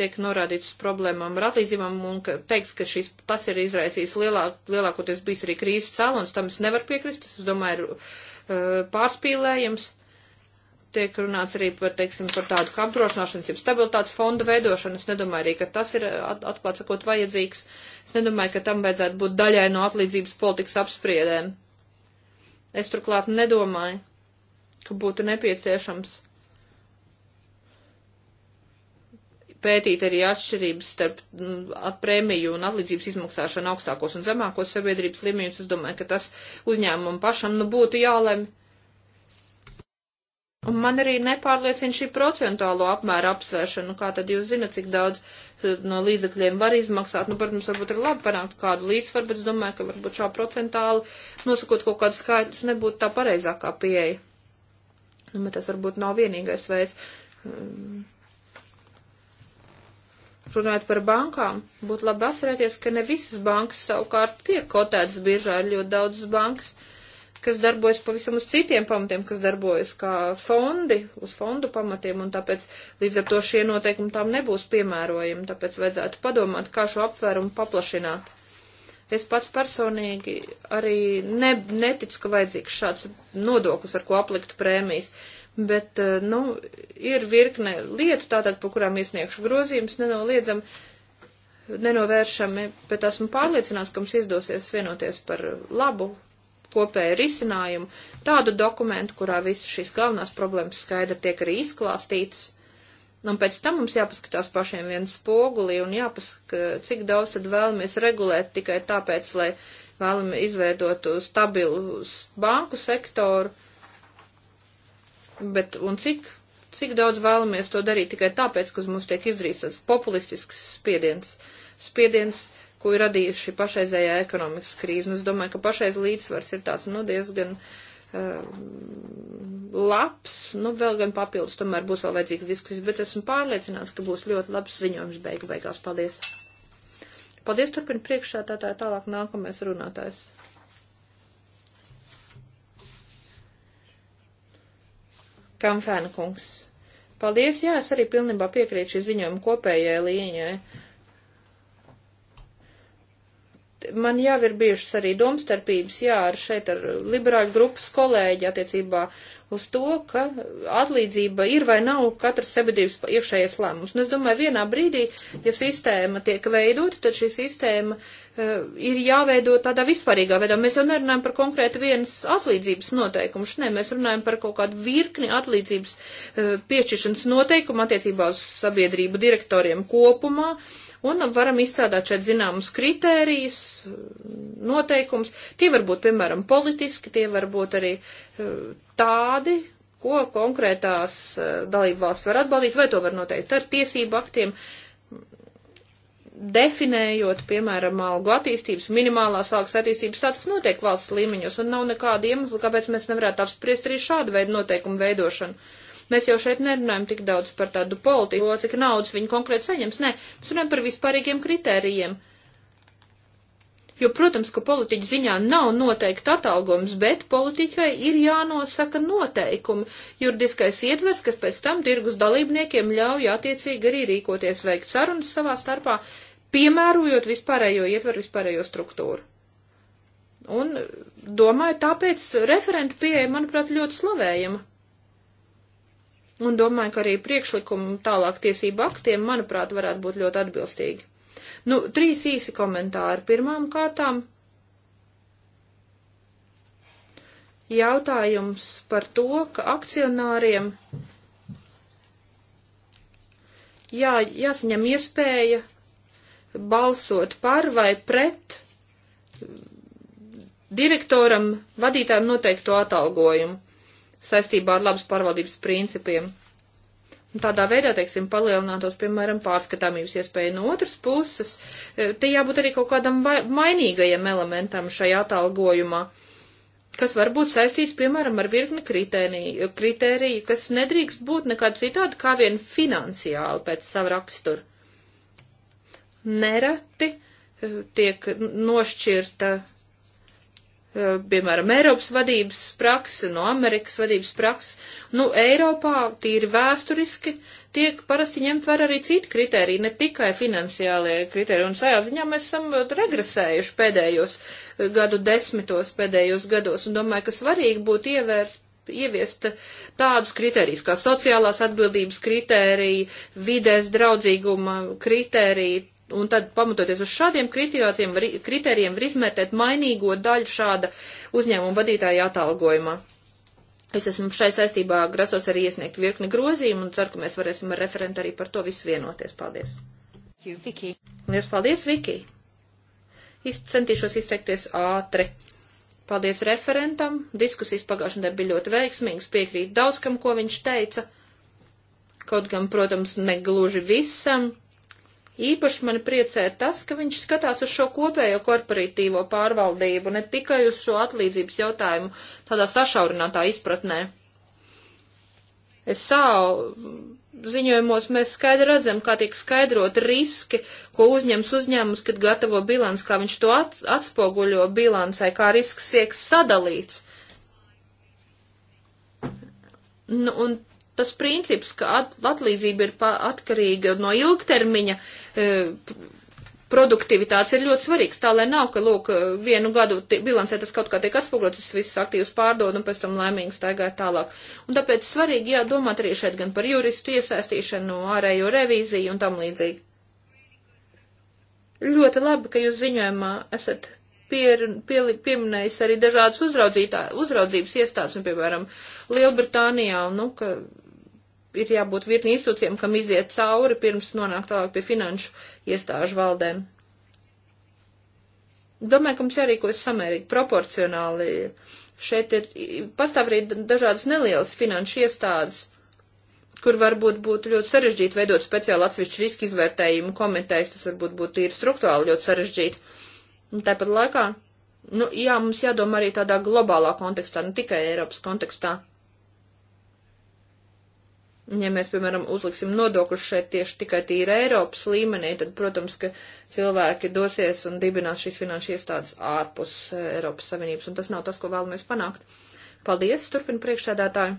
tiek norādīts uz problēmām ar atlīdzībām un ka, teiks, ka šis, tas ir izraisījis lielāk, lielākoties bijis arī krīzes cēlons, tam es nevaru piekrist, tas, es domāju, ir uh, pārspīlējums. Tiek runāts arī par, teiksim, par tādu kā apdrošināšanas, jeb stabilitātes fonda veidošanu. Es nedomāju arī, ka tas ir uh, atklāt sakot vajadzīgs. Es nedomāju, ka tam vajadzētu būt daļai no atlīdzības politikas apspriedēm. Es turklāt nedomāju, ka būtu nepieciešams pētīt arī atšķirības starp nu, prēmiju un atlīdzības izmaksāšanu augstākos un zemākos sabiedrības līmeņus. Es domāju, ka tas uzņēmumam pašam nu, būtu jālem. Un man arī nepārliecina šī procentuālo apmēru apsvēršana. Nu, kā tad jūs zinat, cik daudz eh, no līdzekļiem var izmaksāt? Nu, protams, varbūt ir labi panākt kādu līdzsvaru, bet es domāju, ka varbūt šā procentāli nosakot kaut kādus skaitļus nebūtu tā pareizākā pieeja. Nu, bet tas varbūt nav vienīgais veids. Um, runājot par bankām, būtu labi atcerēties, ka ne visas bankas savukārt tiek kotētas biržā. Ir ļoti daudzas bankas, kas darbojas pavisam uz citiem pamatiem, kas darbojas kā fondi, uz fondu pamatiem, un tāpēc līdz ar to šie noteikumi tām nebūs piemērojami. Tāpēc vajadzētu padomāt, kā šo apvērumu paplašināt. Es pats personīgi arī ne, neticu, ka vajadzīgs šāds nodoklis, ar ko apliktu prēmijas, bet, eh, nu, ir virkne lietu, tātad, par kurām iesniegšu grozījumus, nenoliedzam, nenovēršami, bet esmu pārliecināts, ka mums izdosies vienoties par labu kopēju risinājumu, tādu dokumentu, kurā visas šīs galvenās problēmas skaidri tiek arī izklāstītas Nu, un pēc tam mums jāpaskatās pašiem viens spogulī un jāpaskatās, cik daudz tad vēlamies regulēt tikai tāpēc, lai vēlam izveidot stabilu banku sektoru, bet un cik, cik daudz vēlamies to darīt tikai tāpēc, ka uz mums tiek izdarīts tāds populistisks spiediens, spiediens, ko ir radījuši pašreizējā ekonomikas krīze. Un es domāju, ka pašreiz līdzsvars ir tāds, nu, diezgan uh, Eh, labs, nu vēl gan papildus, tomēr būs vēl vajadzīgs diskusijas, bet esmu pārliecināts, ka būs ļoti labs ziņojums beigu beigās. Paldies! Paldies, turpin priekšā, tā tā tālāk nākamais runātājs. Kamfēna kungs. Paldies, jā, es arī pilnībā piekrītu šī ziņojuma kopējai līnijai man jau ir bijušas arī domstarpības, jā, ar šeit ar liberāļu grupas kolēģi attiecībā uz to, ka atlīdzība ir vai nav katras sabiedrības iekšējais lēmums. Un nu, es domāju, vienā brīdī, ja sistēma tiek veidota, tad šī sistēma uh, ir jāveido tādā vispārīgā veidā. Mēs jau nerunājam par konkrēti vienas atlīdzības noteikumu, nē, mēs runājam par kaut kādu virkni atlīdzības uh, piešķiršanas noteikumu attiecībā uz sabiedrību direktoriem kopumā. Uh, un varam izstrādāt šeit zināmus kritērijus, noteikums. Tie var būt, piemēram, politiski, tie var būt arī eh, tādi, ko konkrētās eh, dalību valsts var atbalstīt, vai to var noteikt ar tiesību aktiem, definējot, piemēram, algu attīstības, minimālās algas attīstības, tā tas notiek valsts līmeņos, un nav nekāda iemesla, kāpēc mēs nevarētu apspriest arī šādu veidu noteikumu veidošanu. Mēs jau šeit nerunājam tik daudz par tādu politiku, cik naudas viņi konkrēti saņems. Nē, mēs runājam par vispārīgiem kritērijiem. Jo, protams, ka politiķa ziņā nav noteikti atalgojums, bet politiķai ir jānosaka noteikumi, juridiskais ietvers, kas pēc tam tirgus dalībniekiem ļauj attiecīgi arī rīkoties, veikt sarunas savā starpā, piemērojot vispārējo ietveru, vispārējo struktūru. Un domāju, tāpēc referentu pieeja, manuprāt, ļoti slavējama un domāju, ka arī priekšlikumu tālāk tiesību aktiem, manuprāt, varētu būt ļoti atbilstīgi. Nu, trīs īsi komentāri. Pirmām kārtām jautājums par to, ka akcionāriem jā, jāsaņem iespēja balsot par vai pret direktoram vadītājiem noteikto atalgojumu saistībā ar labas pārvaldības principiem. Un tādā veidā, teiksim, palielinātos, piemēram, pārskatāmības iespēja no otras puses. E, te jābūt arī kaut kādam mainīgajam elementam šajā atalgojumā kas var būt saistīts, piemēram, ar virkni kritēriju, kritēriju, kas nedrīkst būt nekād citādi kā vien finansiāli pēc savu raksturu. Nereti e, tiek nošķirta Eh, piemēram, Eiropas vadības prakse, no Amerikas vadības prakses. Nu, Eiropā tīri vēsturiski tiek parasti ņemt vērā arī citi kriteriji, ne tikai finansiālie kriteriji, un šajā ziņā mēs esam eh, regresējuši pēdējos eh, gadu desmitos, pēdējos gados, un domāju, ka svarīgi būtu ievērst ieviest tādus kriterijus kā sociālās atbildības kritērija, vides draudzīguma kritērija, Un tad, pamatoties uz šādiem kritērijiem, var, kritērijiem var izmērtēt mainīgo daļu šāda uzņēmuma vadītāja atalgojumā. Es esmu šai saistībā grasos arī iesniegt virkni grozījumu un ceru, ka mēs varēsim ar referentu arī par to visu vienoties. Paldies! Viki. Lielas paldies, Viki! Es centīšos izteikties ātri. Paldies referentam. Diskusijas pagājušajā nedēļā bija ļoti veiksmīgas. Piekrīt daudz kam, ko viņš teica. Kaut gan, protams, negluži visam Īpaši mani priecē tas, ka viņš skatās uz šo kopējo korporatīvo pārvaldību, ne tikai uz šo atlīdzības jautājumu tādā sašaurinātā izpratnē. Es savu ziņojumos mēs skaidri redzam, kā tiek skaidrot riski, ko uzņems uzņēmums, kad gatavo bilans, kā viņš to at, atspoguļo bilancē, kā risks tiek sadalīts. Nu, un tas princips, ka at, atlīdzība ir atkarīga no ilgtermiņa e, produktivitātes ir ļoti svarīgs. Tā lai nav, ka, lūk, vienu gadu bilancē tas kaut kā tiek atspoguļots, tas viss aktīvs pārdod un pēc tam laimīgi staigā tālāk. Un tāpēc svarīgi jādomāt arī šeit gan par juristu iesaistīšanu, ārējo revīziju un tam līdzīgi. Ļoti labi, ka jūs ziņojumā esat pier, pie, pieminējis arī dažādas uzraudzības iestādes, un, nu, piemēram, Lielbritānijā, nu, ka ir jābūt virkni institūcijiem, kam iziet cauri pirms nonākt tālāk pie finanšu iestāžu valdēm. Domāju, ka mums jārīkojas samērīgi, proporcionāli. Šeit ir pastāv arī dažādas nelielas finanšu iestādes, kur varbūt būtu ļoti sarežģīti veidot speciāli atsevišķu riski izvērtējumu komitejas, tas varbūt būtu ir struktūrāli ļoti sarežģīti. Un tāpat laikā, nu jā, mums jādomā arī tādā globālā kontekstā, ne tikai Eiropas kontekstā. Ja mēs, piemēram, uzliksim nodokļus šeit tieši tikai tīri Eiropas līmenī, tad, protams, ka cilvēki dosies un dibinās šīs finanšu iestādes ārpus eh, Eiropas Savienības, un tas nav tas, ko vēlamies panākt. Paldies, turpina priekšsēdētāji.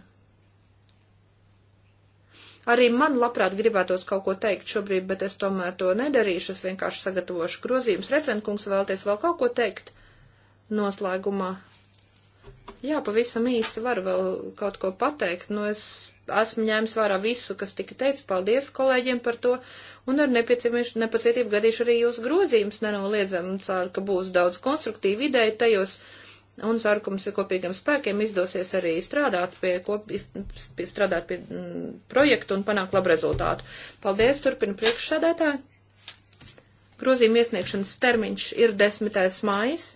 Arī man labprāt gribētos kaut ko teikt šobrīd, bet es tomēr to nedarīšu, es vienkārši sagatavošu grozījumus. Referentkungs vēlties vēl kaut ko teikt noslēgumā. Jā, pavisam īsti varu vēl kaut ko pateikt, nu es esmu ņēmis vērā visu, kas tika teikts. Paldies kolēģiem par to. Un ar nepacietību gadīšu arī jūs grozījums nenoliedzam. Ceru, ka būs daudz konstruktīvu ideju tajos. Un ceru, ka mums ir kopīgiem spēkiem izdosies arī strādāt pie, kop, pie, strādāt pie m, mm, projektu un panākt labu rezultātu. Paldies, turpina priekšsādātāji. Grozījuma iesniegšanas termiņš ir 10. mājas.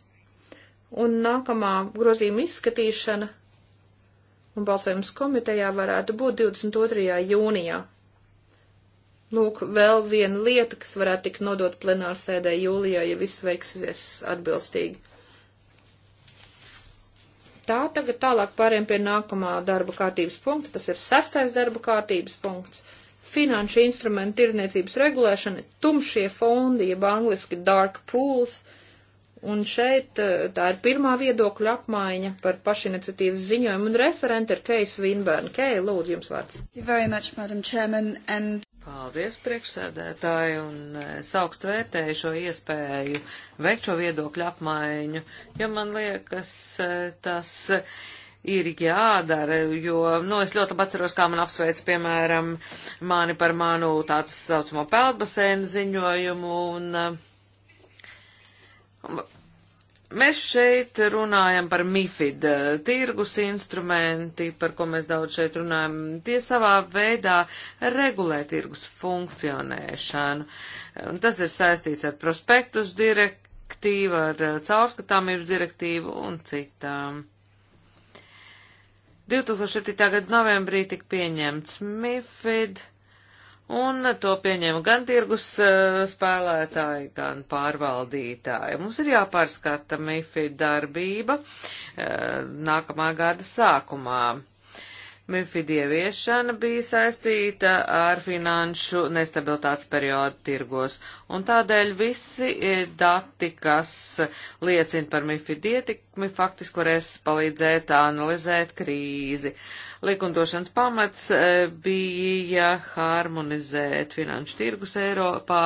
Un nākamā grozījuma izskatīšana un balsojums komitejā varētu būt 22. jūnijā. Lūk, vēl viena lieta, kas varētu tikt nodot plenārsēdē jūlijā, ja viss veiksies atbilstīgi. Tā, tagad tālāk pāriem pie nākamā darba kārtības punkta, tas ir sastais darba kārtības punkts. Finanšu instrumentu tirzniecības regulēšana, tumšie fondi, jeb angliski dark pools, uh, Un šeit eh, tā ir pirmā viedokļa apmaiņa par pašiniciatīvas ziņojumu, un referenti ir Keis Vinbērn. Kei, lūdzu, jums vārds. Much, Chairman, and... Paldies, priekšsēdētāji, un eh, es augstu vērtēju šo iespēju veikt šo viedokļu apmaiņu, jo man liekas, eh, tas ir jādara, jo, nu, es ļoti atceros, kā man apsveic, piemēram, mani par manu tāds saucamo peldbaseinu ziņojumu, un uh, Mēs šeit runājam par MIFID eh, tirgus instrumenti, par ko mēs daudz šeit runājam. Tie savā veidā regulē tirgus funkcionēšanu. Tas ir saistīts ar prospektus direktīvu, ar eh, caurskatāmības direktīvu un citām. 2007. gada novembrī tika pieņemts MIFID un to pieņem gan tirgus eh, spēlētāji, gan pārvaldītāji. Mums ir jāpārskata MIFI darbība eh, nākamā gada sākumā. MIFID ieviešana bija saistīta ar finanšu nestabilitātes periodu tirgos, un tādēļ visi e, dati, kas liecina par MIFID ietekmi, faktiski varēs palīdzēt analizēt krīzi. Likumdošanas pamats e, bija harmonizēt finanšu tirgus Eiropā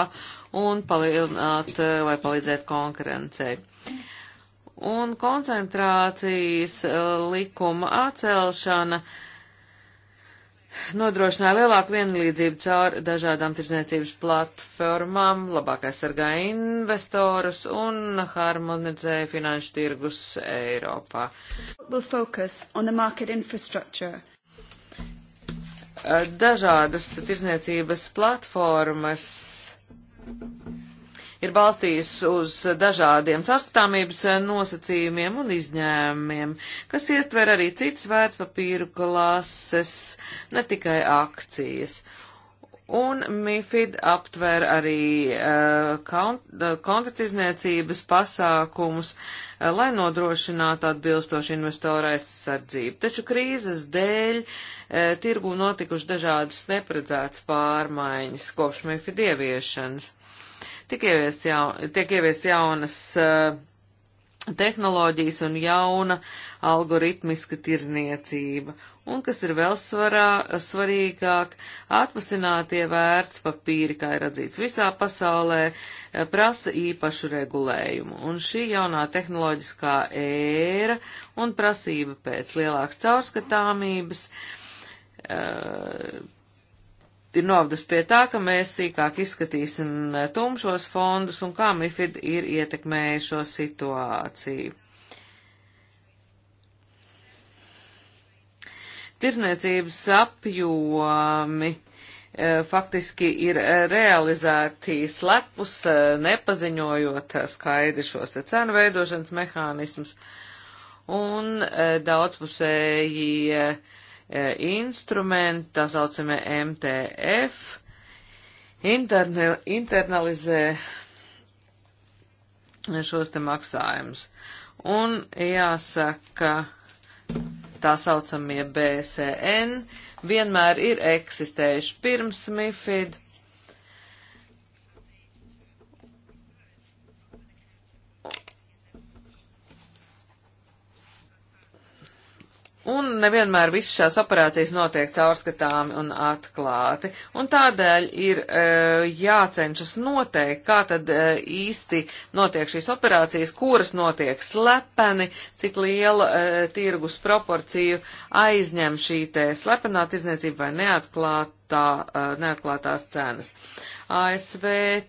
un palielināt vai e, palīdzēt konkurencei un koncentrācijas likuma atcelšana nodrošināja lielāku vienlīdzību caur dažādām tirdzniecības platformām, labāk aizsargāja investorus un harmonizēja finanšu tirgus Eiropā. Dažādas tirdzniecības platformas ir balstījis uz dažādiem saskatāmības nosacījumiem un izņēmumiem, kas iestver arī citas vērtspapīru klases, ne tikai akcijas. Un MIFID aptver arī uh, kont kontratizniecības pasākumus, uh, lai nodrošinātu atbilstošu investoru aizsardzību. Taču krīzes dēļ uh, tirgu notikuši dažādas neparedzētas pārmaiņas kopš MIFID ieviešanas tiek ievies, jaun, tiek ievies jaunas uh, tehnoloģijas un jauna algoritmiska tirzniecība. Un, kas ir vēl svarā, svarīgāk, atpasinātie vērts papīri, kā ir atzīts visā pasaulē, eh, prasa īpašu regulējumu. Un šī jaunā tehnoloģiskā ēra un prasība pēc lielākas caurskatāmības uh, ir novedus pie tā, ka mēs sīkāk izskatīsim eh, tumšos fondus un kā MIFID ir ietekmējušo situāciju. Tirzniecības apjomi eh, faktiski ir realizēti slepus, eh, nepaziņojot skaidri šos te cenu veidošanas mehānismus un daudzpusēji uh, E, instrumenti, tā saucamie MTF, interne, internalizē šos te maksājumus. Un jāsaka, tā saucamie BSN vienmēr ir eksistējuši pirms MIFID, un nevienmēr viss šās operācijas notiek caurskatāmi un atklāti. Un tādēļ ir e, jācenšas noteikt, kā tad e, īsti notiek šīs operācijas, kuras notiek slepeni, cik liela e, tirgus proporciju aizņem šī te slepenā tirzniecība vai neatklāta tā neatklātās cenas. ASV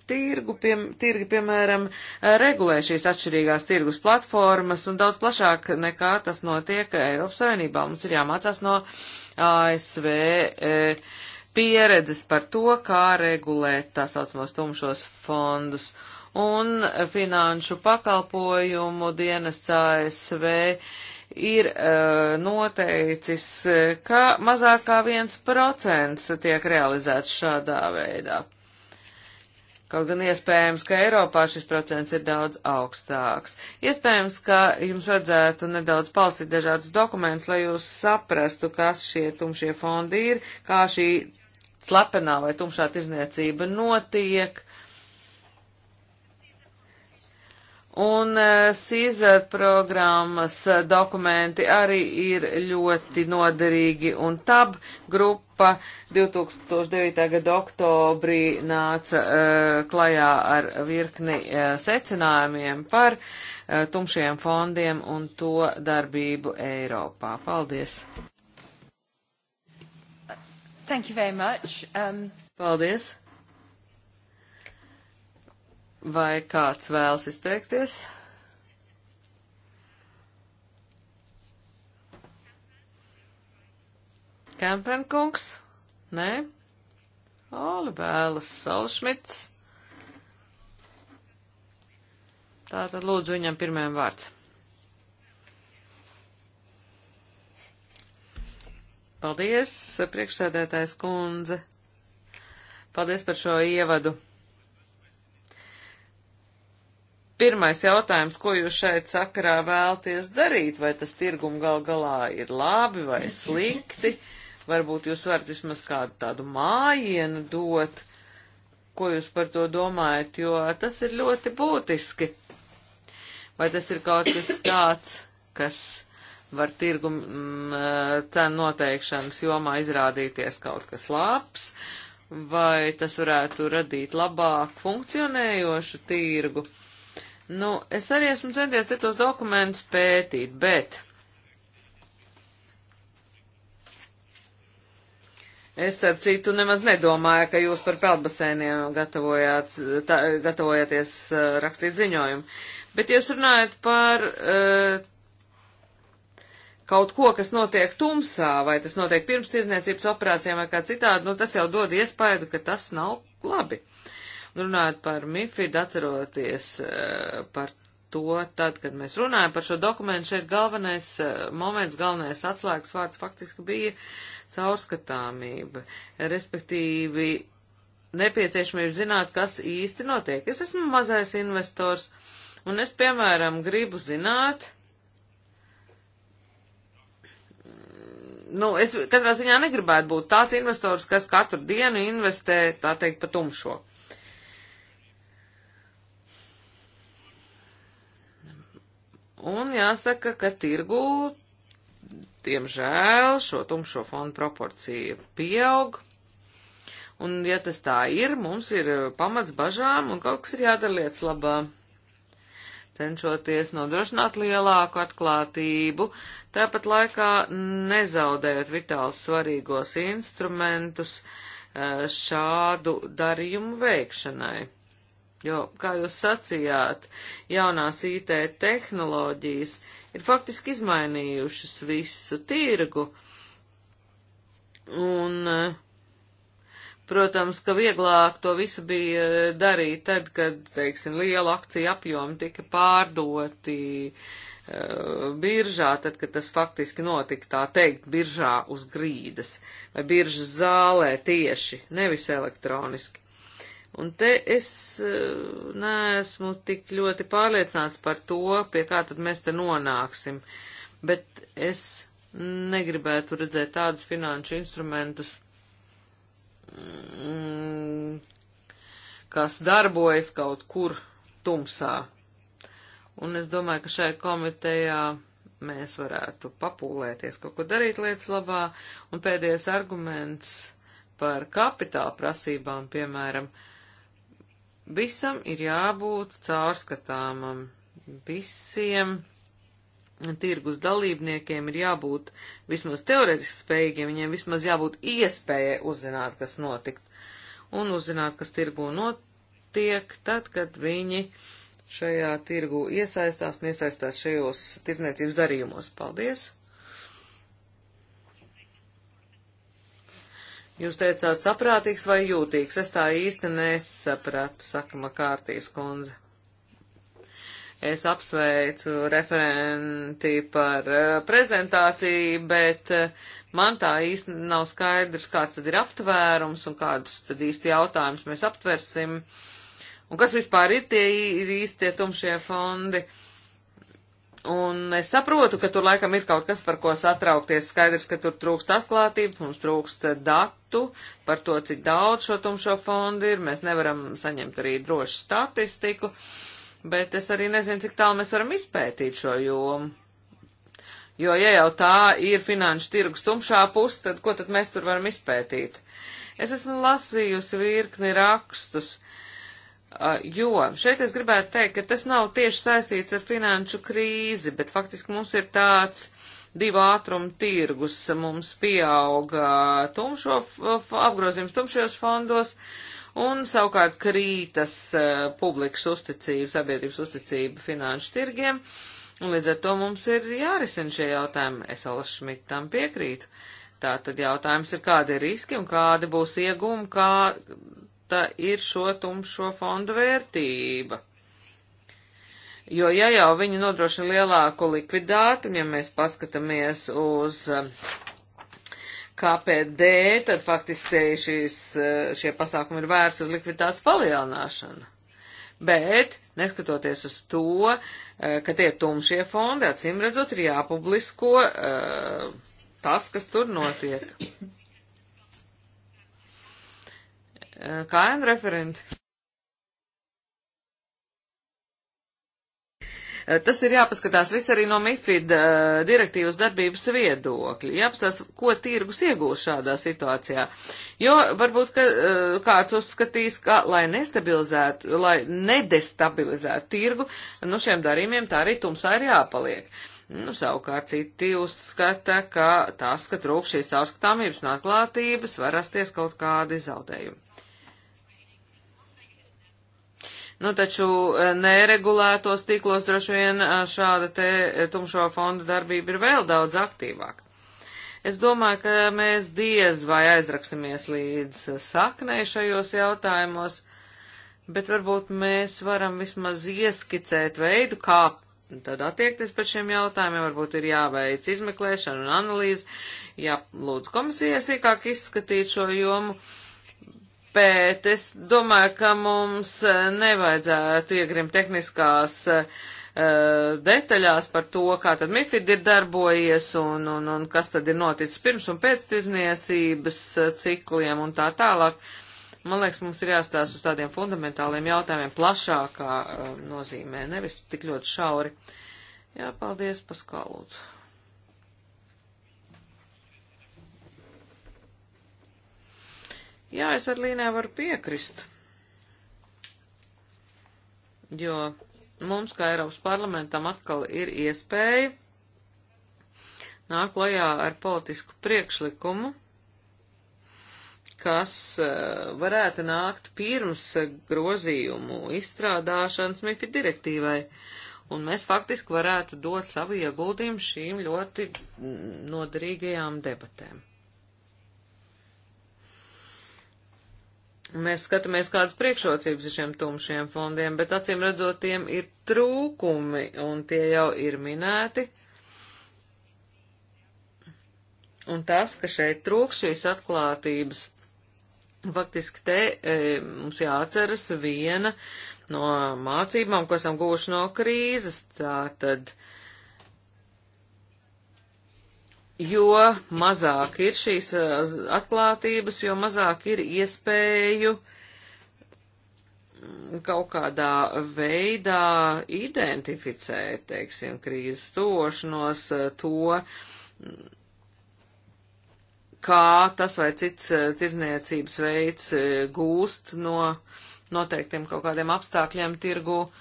tirgu, piem, tirgi, piemēram, regulē šīs atšķirīgās tirgus platformas un daudz plašāk nekā tas notiek Eiropas Savienībā. Mums ir jāmācās no ASV e, pieredzes par to, kā regulēt tā saucamos tumšos fondus. Un finanšu pakalpojumu dienas ASV ir uh, noteicis, eh, ka mazāk kā viens procents tiek realizēts šādā veidā. Kaut gan iespējams, ka Eiropā šis procents ir daudz augstāks. Iespējams, ka jums vajadzētu nedaudz palstīt dažādas dokumentus, lai jūs saprastu, kas šie tumšie fondi ir, kā šī slepenā vai tumšā tirzniecība notiek. Uh, Un e, Caesar programmas dokumenti arī ir ļoti noderīgi, un TAB grupa 2009. gada oktobrī nāca uh, klajā ar virkni uh, secinājumiem par uh, tumšiem fondiem un to darbību Eiropā. Paldies! Thank you very much. Um... Paldies! Vai kāds vēlas izteikties? Kempenkungs? Nē? Oli vēlas Salšmits. Tātad lūdzu viņam pirmajam vārds. Paldies, priekšsēdētājs kundze. Paldies par šo ievadu. Pirmais jautājums, ko jūs šeit sakarā vēlties darīt, vai tas tirgum gal galā ir labi vai slikti, varbūt jūs varat vismaz kādu tādu mājienu dot, ko jūs par to domājat, jo tas ir ļoti būtiski. Vai tas ir kaut kas tāds, kas var tirgum mm, eh, cenu noteikšanas jomā izrādīties kaut kas labs, vai tas varētu radīt labāk funkcionējošu tirgu? Nu, es arī esmu centies te tos dokumentus pētīt, bet Es, starp citu, nemaz nedomāju, ka jūs par peldbasēniem gatavojāt, tā, gatavojaties uh, eh, rakstīt ziņojumu. Bet jūs runājat par uh, kaut ko, kas notiek tumsā, vai tas notiek pirms tirdzniecības operācijām vai kā citādi, nu tas jau dod iespēju, ka tas nav labi. Uh, Runājot par MIFID, atceroties eh, par to, tad, kad mēs runājam par šo dokumentu, šeit galvenais eh, moments, galvenais atslēgas vārds faktiski bija caurskatāmība, respektīvi nepieciešamība zināt, kas īsti notiek. Es esmu mazais investors, un es, piemēram, gribu zināt, Nu, es katrā ziņā negribētu būt tāds investors, kas katru dienu investē, tā teikt, pa tumšo. Uh, Un jāsaka, ka tirgū, diemžēl, šo tumšo fonu proporcija pieaug. Un, ja tas tā ir, mums ir pamats bažām un kaut kas ir jādara lietas labā. Cenšoties nodrošināt lielāku atklātību, tāpat laikā nezaudējot vitāli svarīgos instrumentus eh, šādu darījumu veikšanai. Jo, kā jūs sacījāt, jaunās IT tehnoloģijas ir faktiski izmainījušas visu tirgu. Un, protams, ka vieglāk to visu bija darīt tad, kad, teiksim, liela akcija apjoma tika pārdoti uh, biržā, tad, kad tas faktiski notika, tā teikt, biržā uz grīdas vai biržas zālē tieši, nevis elektroniski. Un te es eh, neesmu tik ļoti pārliecināts par to, pie kā tad mēs te nonāksim, bet es negribētu redzēt tādus finanšu instrumentus, mm, kas darbojas kaut kur tumsā. Un es domāju, ka šai komitejā mēs varētu papūlēties kaut ko darīt lietas labā. Un pēdējais arguments par kapitāla prasībām, piemēram, uh, Visam ir jābūt caurskatāmam. Visiem tirgus dalībniekiem ir jābūt vismaz teoretiski spējīgiem, viņiem vismaz jābūt iespējai uzzināt, kas notikt. Un uzzināt, kas tirgu notiek, tad, kad viņi šajā tirgu iesaistās un iesaistās šajos tirdzniecības darījumos. Paldies! Jūs teicāt saprātīgs vai jūtīgs? Es tā īsti nesapratu, saka Makārtīs kundze. Es apsveicu referenti par eh, prezentāciju, bet eh, man tā īsti nav skaidrs, kāds tad ir aptvērums un kādus tad īsti jautājumus mēs aptversim. Un kas vispār ir tie īstie tumšie fondi? Uh, Un es saprotu, ka tur laikam ir kaut kas, par ko satraukties. Skaidrs, ka tur trūkst atklātības, mums trūkst datu par to, cik daudz šo tumšo fondu ir. Mēs nevaram saņemt arī drošu statistiku, bet es arī nezinu, cik tālu mēs varam izpētīt šo jomu. Jo, ja jau tā ir finanšu tirgus tumšā puse, tad ko tad mēs tur varam izpētīt? Es esmu lasījusi virkni rakstus Jo šeit es gribētu teikt, ka tas nav tieši saistīts ar finanšu krīzi, bet faktiski mums ir tāds divu ātrumu tirgus. Mums pieauga tumšo apgrozījums tumšajos fondos un savukārt krītas e, publikas uzticība, sabiedrības uzticība finanšu tirgiem. Un līdz ar to mums ir jārisina šie jautājumi. Es Olas Šmitam piekrītu. Tātad jautājums ir, kādi ir riski un kādi būs iegumi, kā tā ir šo tumšo fondu vērtība. Jo, ja jau viņi nodrošina lielāku likvidātu, un ja mēs paskatāmies uz um, KPD, tad faktiski šīs, uh, šie pasākumi ir vērts uz likviditātes palielināšanu. Bet, neskatoties uz to, uh, ka tie tumšie fondi, acīm redzot, ir jāpublisko uh, tas, kas tur notiek. Eh, kā ēnu referenti. Eh, tas ir jāpaskatās viss arī no MIFID eh, direktīvas darbības viedokļa. Jāpaskatās, ko tirgus iegūs šādā situācijā. Jo varbūt, ka kāds uzskatīs, ka, lai nestabilizētu, lai nedestabilizētu tirgu, nu šiem darījumiem tā arī tumsā ir jāpaliek. Nu, savukārt citi uzskata, ka tas, ka trūk šīs caurskatāmības un atklātības, var rasties kaut kādi zaudējumi. Nu, taču e, neregulētos tīklos droši vien e, šāda te e, tumšo fonda darbība ir vēl daudz aktīvāka. Es domāju, ka mēs diez vai aizraksimies līdz saknē šajos jautājumos, bet varbūt mēs varam vismaz ieskicēt veidu, kā tad attiekties par šiem jautājumiem, varbūt ir jāveic izmeklēšana un analīze, jālūdz komisijai sīkāk izskatīt šo jomu. Uh, bet es domāju, ka mums e, nevajadzētu iegrimt tehniskās uh, detaļās par to, kā tad MIFID ir darbojies un, un, un kas tad ir noticis pirms un pēc tirzniecības cikliem un tā tālāk. Man liekas, mums ir jāstāsta uz tādiem fundamentāliem jautājumiem plašākā uh, nozīmē, nevis tik ļoti šauri. Jā, paldies, Paskalūdzu. Jā, es ar Līnē varu piekrist, jo mums, kā Eiropas parlamentam, atkal ir iespēja nāk klajā ar politisku priekšlikumu, kas eh, varētu nākt pirms grozījumu izstrādāšanas MIFI direktīvai un mēs faktiski varētu dot savu ieguldījumu šīm ļoti mm, noderīgajām debatēm. Mēs skatāmies, kādas priekšrocības ir šiem tumšiem fondiem, bet acīm redzot, tiem ir trūkumi, un tie jau ir minēti. Un tas, ka šeit trūks šīs atklātības, faktiski te e, mums jāatceras viena no mācībām, ko esam guvuši no krīzes, tā tad e, jo mazāk ir šīs eh, atklātības, jo mazāk ir iespēju mm, kaut kādā veidā identificēt, teiksim, krīzes tošanos, eh, to, mm, kā tas vai cits eh, tirzniecības veids gūst no noteiktiem kaut kādiem apstākļiem tirgu uh,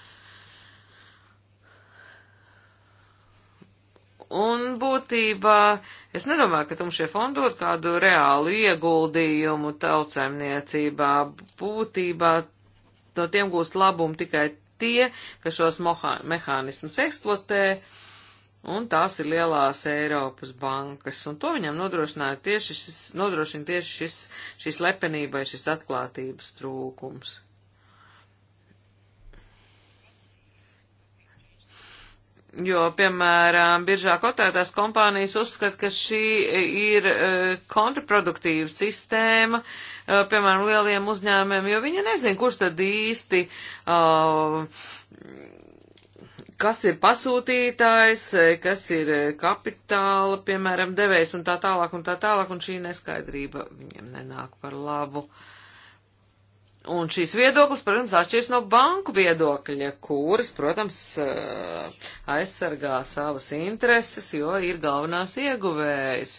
Un būtībā es nedomāju, ka tumšie fondi dod kādu reālu ieguldījumu tautsēmniecībā. Būtībā no tiem gūst labumu tikai tie, kas šos mehānismus eksploatē, un tās ir lielās Eiropas bankas. Un to viņam nodrošināja tieši šis, nodrošina tieši šis, šis lepenībai, šis atklātības trūkums. Jo, piemēram, biržā kotētās kompānijas uzskata, ka šī ir eh, kontraproduktīva sistēma, eh, piemēram, lieliem uzņēmumiem, jo viņi nezin, kurš tad īsti, eh, kas ir pasūtītājs, kas ir kapitāla, piemēram, devējs un tā tālāk un tā tālāk, un šī neskaidrība viņiem nenāk par labu. Uh, Un šīs viedoklis, protams, atšķirs no banku viedokļa, kuras, protams, eh, aizsargā savas intereses, jo ir galvenās ieguvējas.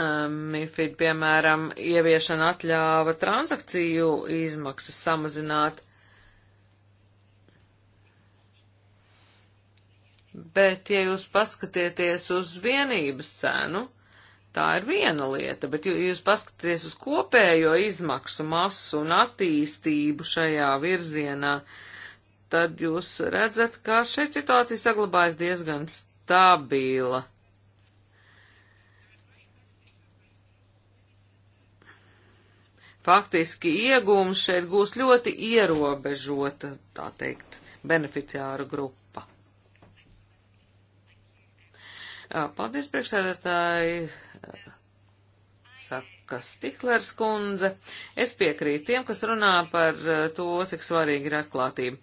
Ehm, MIFID, piemēram, ieviešana atļāva transakciju izmaksas samazināt, bet, ja jūs paskatieties uz vienības cenu, Tā ir viena lieta, bet jūs paskaties uz kopējo izmaksu masu un attīstību šajā virzienā, tad jūs redzat, ka šeit situācija saglabājas diezgan stabila. Faktiski iegūms šeit gūs ļoti ierobežota, tā teikt, beneficiāra grupa. Paldies, priekšsēdētāji! Saka Stiklers kundze, es piekrītu tiem, kas runā par eh, to, cik svarīgi ir atklātība.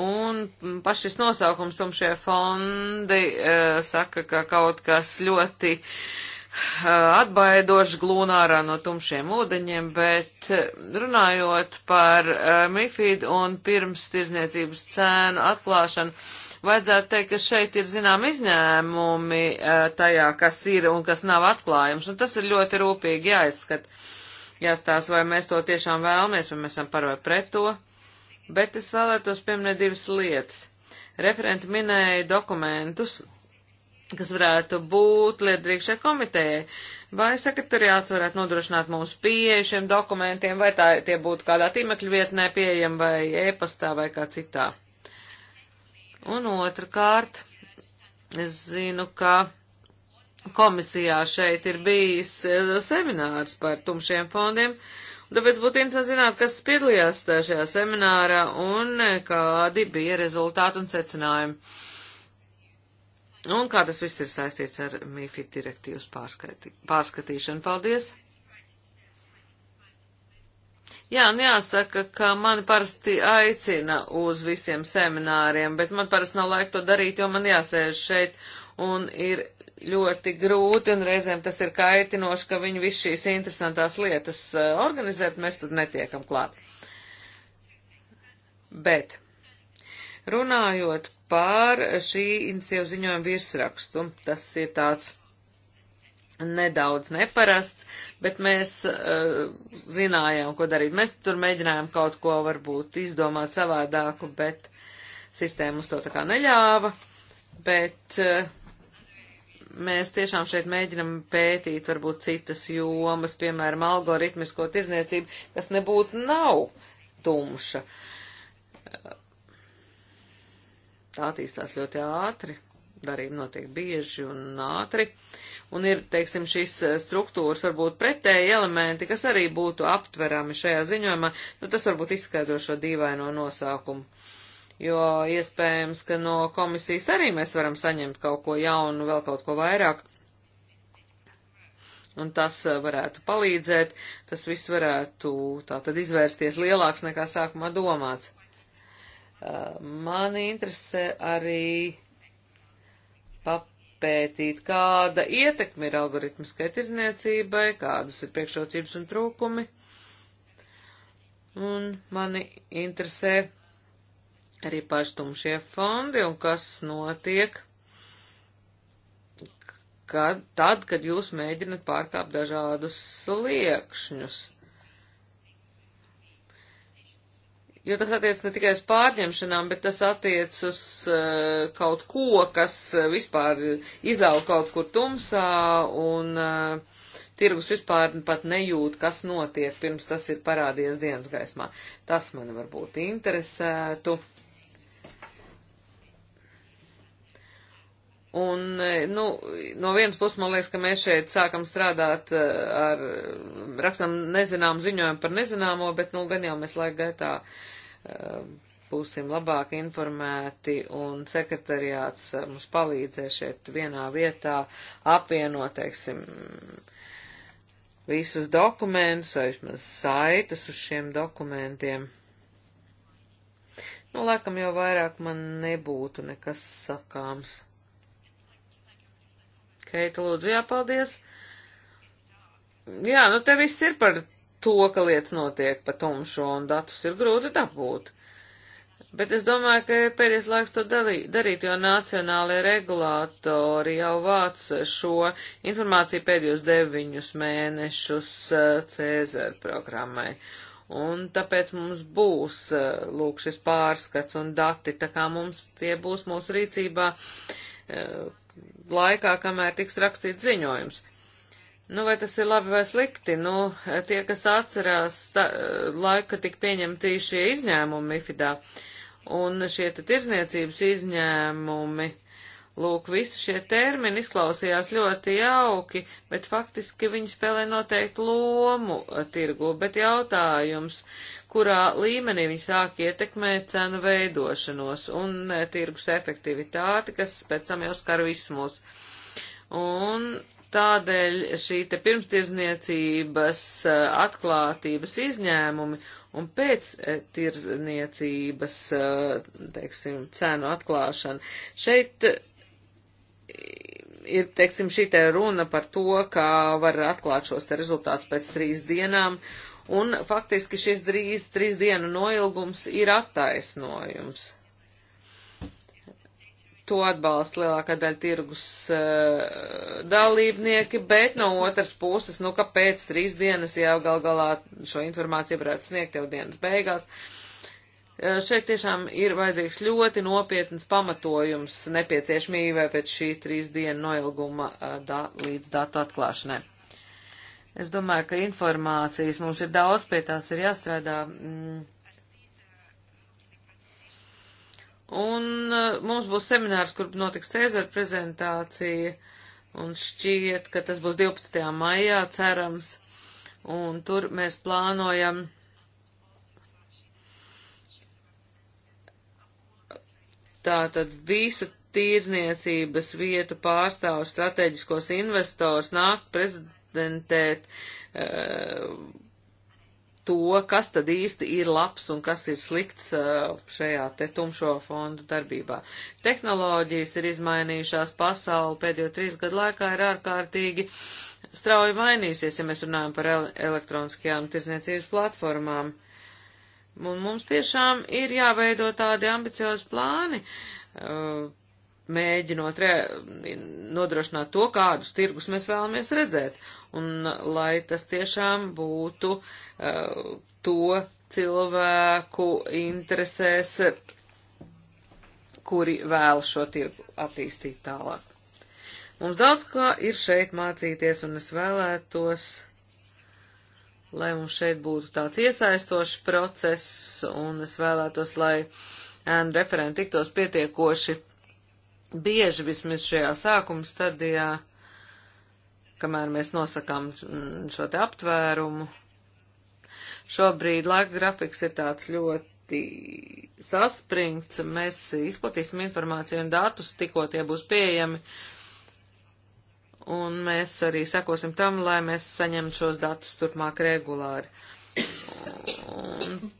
Un pats šis nosaukums tumšie fondi uh, saka, ka kaut kas ļoti uh, eh, atbaidoši glūna ārā no tumšiem ūdeņiem, bet runājot par uh, MIFID un pirms tirzniecības cēnu atklāšanu, vajadzētu teikt, ka šeit ir zinām izņēmumi eh, tajā, kas ir un kas nav atklājums, un tas ir ļoti rūpīgi jāizskata. Jāstāsta, vai mēs to tiešām vēlamies, vai mēs esam par vai pret to, bet es vēlētos pieminēt divas lietas. Referenti minēja dokumentus, kas varētu būt lietderīgšai komitejai, vai sekretariāts varētu nodrošināt mums pieeju šiem dokumentiem, vai tā, tie būtu kādā tīmekļu vietnē pieejami, vai e-pastā, vai kā citā. Un otrkārt, es zinu, ka komisijā šeit ir bijis eh, seminārs par tumšiem fondiem, un tāpēc būtu interesanti zināt, kas piedalījās šajā seminārā un eh, kādi bija rezultāti un secinājumi. Un kā tas viss ir saistīts ar MIFID direktīvas pārskatī, pārskatīšanu. Paldies! Jā, un jāsaka, ka mani parasti aicina uz visiem semināriem, bet man parasti nav laika to darīt, jo man jāsēž šeit un ir ļoti grūti, un reizēm tas ir kaitinoši, ka viņi visu šīs interesantās lietas eh, organizēt, mēs tur netiekam klāt. Bet runājot par šī iniciatīva ziņojuma virsrakstu, tas ir tāds nedaudz neparasts, bet mēs uh, zinājām, ko darīt. Mēs tur mēģinājām kaut ko varbūt izdomāt savādāku, bet sistēma mums to tā kā neļāva. Bet uh, mēs tiešām šeit mēģinam pētīt varbūt citas jomas, piemēram, algoritmisko tirzniecību, kas nebūtu nav tumša. Uh, tā attīstās ļoti ātri darījumi notiek bieži un ātri, un ir, teiksim, šīs eh, struktūras varbūt pretēji elementi, kas arī būtu aptverami šajā ziņojumā, nu tas varbūt izskaidro šo dīvaino nosaukumu. Jo iespējams, ka no komisijas arī mēs varam saņemt kaut ko jaunu, vēl kaut ko vairāk, un tas eh, varētu palīdzēt, tas viss varētu tā tad izvērsties lielāks nekā sākumā domāts. Eh, mani interesē arī papētīt, kāda ietekme ir algoritmiskai tirzniecībai, kādas ir priekšrocības un trūkumi. Un mani interesē arī paštumšie fondi un kas notiek, kad, tad, kad jūs mēģinat pārkāpt dažādus sliekšņus. Jo tas attiec ne tikai uz pārņemšanām, bet tas attiec uz uh, kaut ko, kas eh, vispār izaug kaut kur tumsā un uh, tirgus vispār pat nejūt, kas notiek, pirms tas ir parādījies dienas gaismā. Tas man varbūt interesētu. Uh, Un, e, nu, no vienas puses man liekas, ka mēs šeit sākam strādāt e, ar, rakstam nezinām ziņojumu par nezināmo, bet, nu, gan jau mēs laika gaitā e, būsim labāk informēti un sekretariāts mums palīdzēs šeit vienā vietā apvienot, teiksim, visus dokumentus vai vismaz saitas uz šiem dokumentiem. Nu, laikam jau vairāk man nebūtu nekas sakāms. Keita, lūdzu, jāpaldies. Jā, nu te viss ir par to, ka lietas notiek pa tumšo un datus ir grūti dabūt. Bet es domāju, ka pēdējais laiks to darīt, jo nacionālajie regulātori jau vāc šo informāciju pēdējos deviņus mēnešus eh, Cēzara programmai. Un tāpēc mums būs, eh, lūk, šis pārskats un dati, tā kā mums tie būs mūsu rīcībā eh, laikā, kamēr tiks rakstīts ziņojums. Nu, vai tas ir labi vai slikti? Nu, tie, kas atcerās ta, laika, tik pieņemti šie izņēmumi MIFIDā un šie te tirzniecības izņēmumi, lūk, visi šie termini izklausījās ļoti jauki, bet faktiski viņi spēlē noteiktu lomu tirgu, bet jautājums, kurā līmenī viņi sāk ietekmēt cenu veidošanos un e, tirgus efektivitāti, kas pēc tam jau skar visus mūs. Un tādēļ šī te pirmstirzniecības e, atklātības izņēmumi un pēctirzniecības, e, teiksim, cenu atklāšana. Šeit ir, teiksim, šī te runa par to, kā var atklāt šos te rezultātus pēc trīs dienām. Uh, un faktiski šis drīz trīs dienu noilgums ir attaisnojums. To atbalsta lielākā daļa tirgus uh, dalībnieki, bet no otras puses, nu, kāpēc trīs dienas jau gal galā šo informāciju varētu sniegt jau dienas beigās. Uh, šeit tiešām ir vajadzīgs ļoti nopietns pamatojums nepieciešamībai pēc šī trīs dienu noilguma uh, da, līdz datu atklāšanai. Es domāju, ka informācijas mums ir daudz, pie tās ir jāstrādā. Mm. Un uh, mums būs seminārs, kur notiks Cēzara prezentācija, un šķiet, ka tas būs 12. maijā, cerams, un tur mēs plānojam. Tātad visu tīrzniecības vietu pārstāvu strateģiskos investors nāk prezentāciju patentēt uh, eh, to, kas tad īsti ir labs un kas ir slikts uh, šajā te tumšo fondu darbībā. Tehnoloģijas ir izmainījušās pasauli pēdējo trīs gadu laikā ir ārkārtīgi strauji mainīsies, ja mēs runājam par ele elektroniskajām tirzniecības platformām. Un mums tiešām ir jāveido tādi ambiciozi plāni, uh, mēģinot re, nodrošināt to, kādus tirgus mēs vēlamies redzēt un lai tas tiešām būtu uh, to cilvēku interesēs, kuri vēl šo tirgu attīstīt tālāk. Mums daudz kā ir šeit mācīties, un es vēlētos, lai mums šeit būtu tāds iesaistošs process, un es vēlētos, lai ēnu referenti tiktos pietiekoši bieži vismaz šajā sākuma stadijā kamēr mēs nosakām šo te aptvērumu. Šobrīd laika grafiks ir tāds ļoti saspringts, mēs izplatīsim informāciju un datus, tikko tie būs pieejami, un mēs arī sekosim tam, lai mēs saņemtu šos datus turpmāk regulāri. Un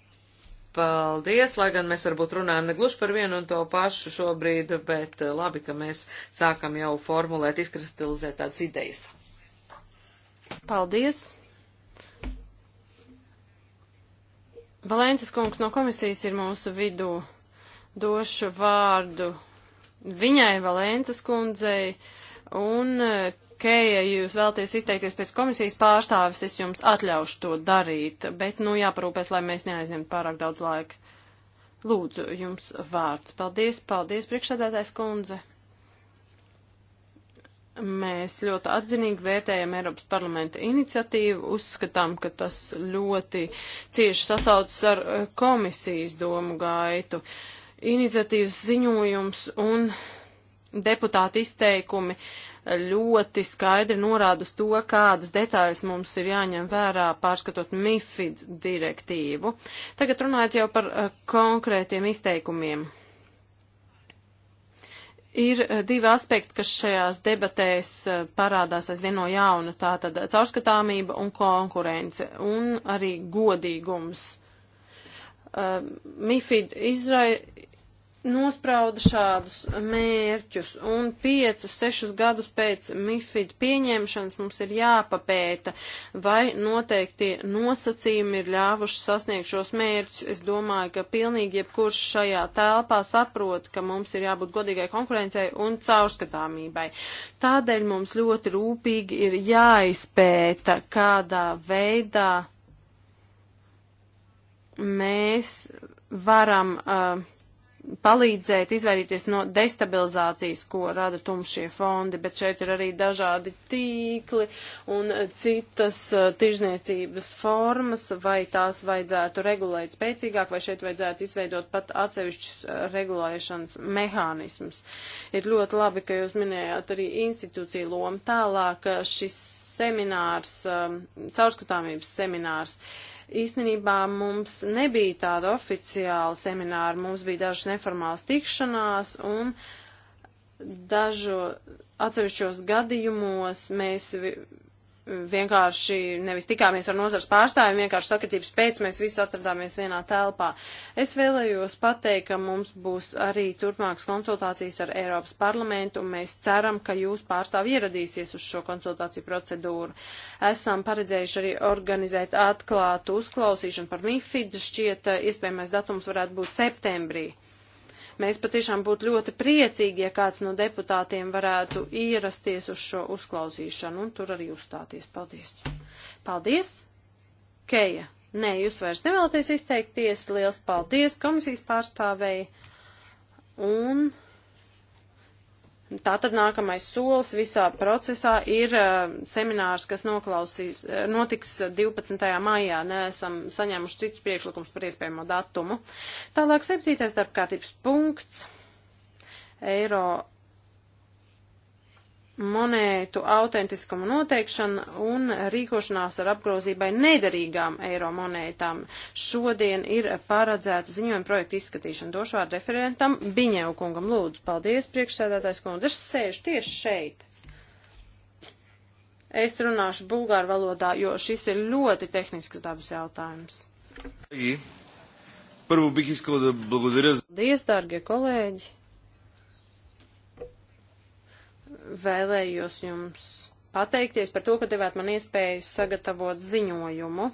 Paldies, lai gan mēs varbūt runājam negluši par vienu un to pašu šobrīd, bet labi, ka mēs sākam jau formulēt, izkristalizēt tādas idejas. Paldies! Valēnces kungs no komisijas ir mūsu vidū. Došu vārdu viņai, Valēnces kundzei, un eh, Keija, ja jūs vēlties izteikties pēc komisijas pārstāvis, es jums atļaušu to darīt, bet, nu, jāparūpēs, lai mēs neaizņemtu pārāk daudz laika. Lūdzu, jums vārds. Paldies, paldies, priekšsēdētājs kundze. Mēs ļoti atzinīgi vērtējam Eiropas parlamenta iniciatīvu, uzskatām, ka tas ļoti cieši sasaucas ar eh, komisijas domu gaitu. Iniciatīvas ziņojums un deputāti izteikumi ļoti skaidri norāda uz to, kādas detaļas mums ir jāņem vērā pārskatot MIFID direktīvu. Tagad runājot jau par eh, konkrētiem izteikumiem. Ir eh, divi aspekti, kas šajās debatēs eh, parādās aizvien no jauna - tātad caurskatāmība un konkurence, un arī godīgums. Uh, MIFID izrai, nosprauda šādus mērķus, un piecus, sešus gadus pēc MIFID pieņemšanas mums ir jāpapēta, vai noteikti nosacījumi ir ļāvuši sasniegt šos mērķus. Es domāju, ka pilnīgi jebkurš šajā telpā saprot, ka mums ir jābūt godīgai konkurencei un caurskatāmībai. Tādēļ mums ļoti rūpīgi ir jāizpēta, kādā veidā mēs varam uh, palīdzēt izvairīties no destabilizācijas, ko rada tumšie fondi, bet šeit ir arī dažādi tīkli un citas uh, tirzniecības formas, vai tās vajadzētu regulēt spēcīgāk, vai šeit vajadzētu izveidot pat atsevišķus uh, regulēšanas mehānismus. Ir ļoti labi, ka jūs minējāt arī institūciju lomu tālāk, uh, šis seminārs, um, caurskatāmības seminārs, uh, Īstenībā mums nebija tāda oficiāla semināra, mums bija dažas neformālas tikšanās un dažu atsevišķos gadījumos mēs vienkārši nevis tikāmies ar nozars pārstāvjiem, vienkārši sakritības pēc mēs visi atradāmies vienā telpā. Es vēlējos pateikt, ka mums būs arī turpmākas konsultācijas ar Eiropas parlamentu, un mēs ceram, ka jūs pārstāvi ieradīsies uz šo konsultāciju procedūru. Esam paredzējuši arī organizēt atklātu uzklausīšanu par MIFID, šķiet, iespējamais datums varētu būt septembrī. Mēs patiešām būtu ļoti priecīgi, ja kāds no deputātiem varētu ierasties uz šo uzklausīšanu un tur arī uzstāties. Paldies! Paldies! Keja! Nē, jūs vairs nevēlaties izteikties. Liels paldies komisijas pārstāvēji! Un Tātad nākamais solis visā procesā ir uh, seminārs, kas noklausīs, eh, notiks 12. maijā. Neesam saņēmuši citus priekšlikums par iespējamo datumu. Tālāk septītais darbkārtības punkts. Eiro monētu autentiskumu noteikšana un rīkošanās ar apgrozībai nederīgām eiro monētām. Šodien ir paredzēta ziņojuma projekta izskatīšana. Došu vārdu referentam Biņēvu kungam. Lūdzu, paldies, priekšsēdētājs kundze. Es sēžu tieši šeit. Es runāšu bulgāru valodā, jo šis ir ļoti tehnisks dabas jautājums. Paldies, dārgie kolēģi! vēlējos jums pateikties par to, ka devāt man iespēju sagatavot ziņojumu.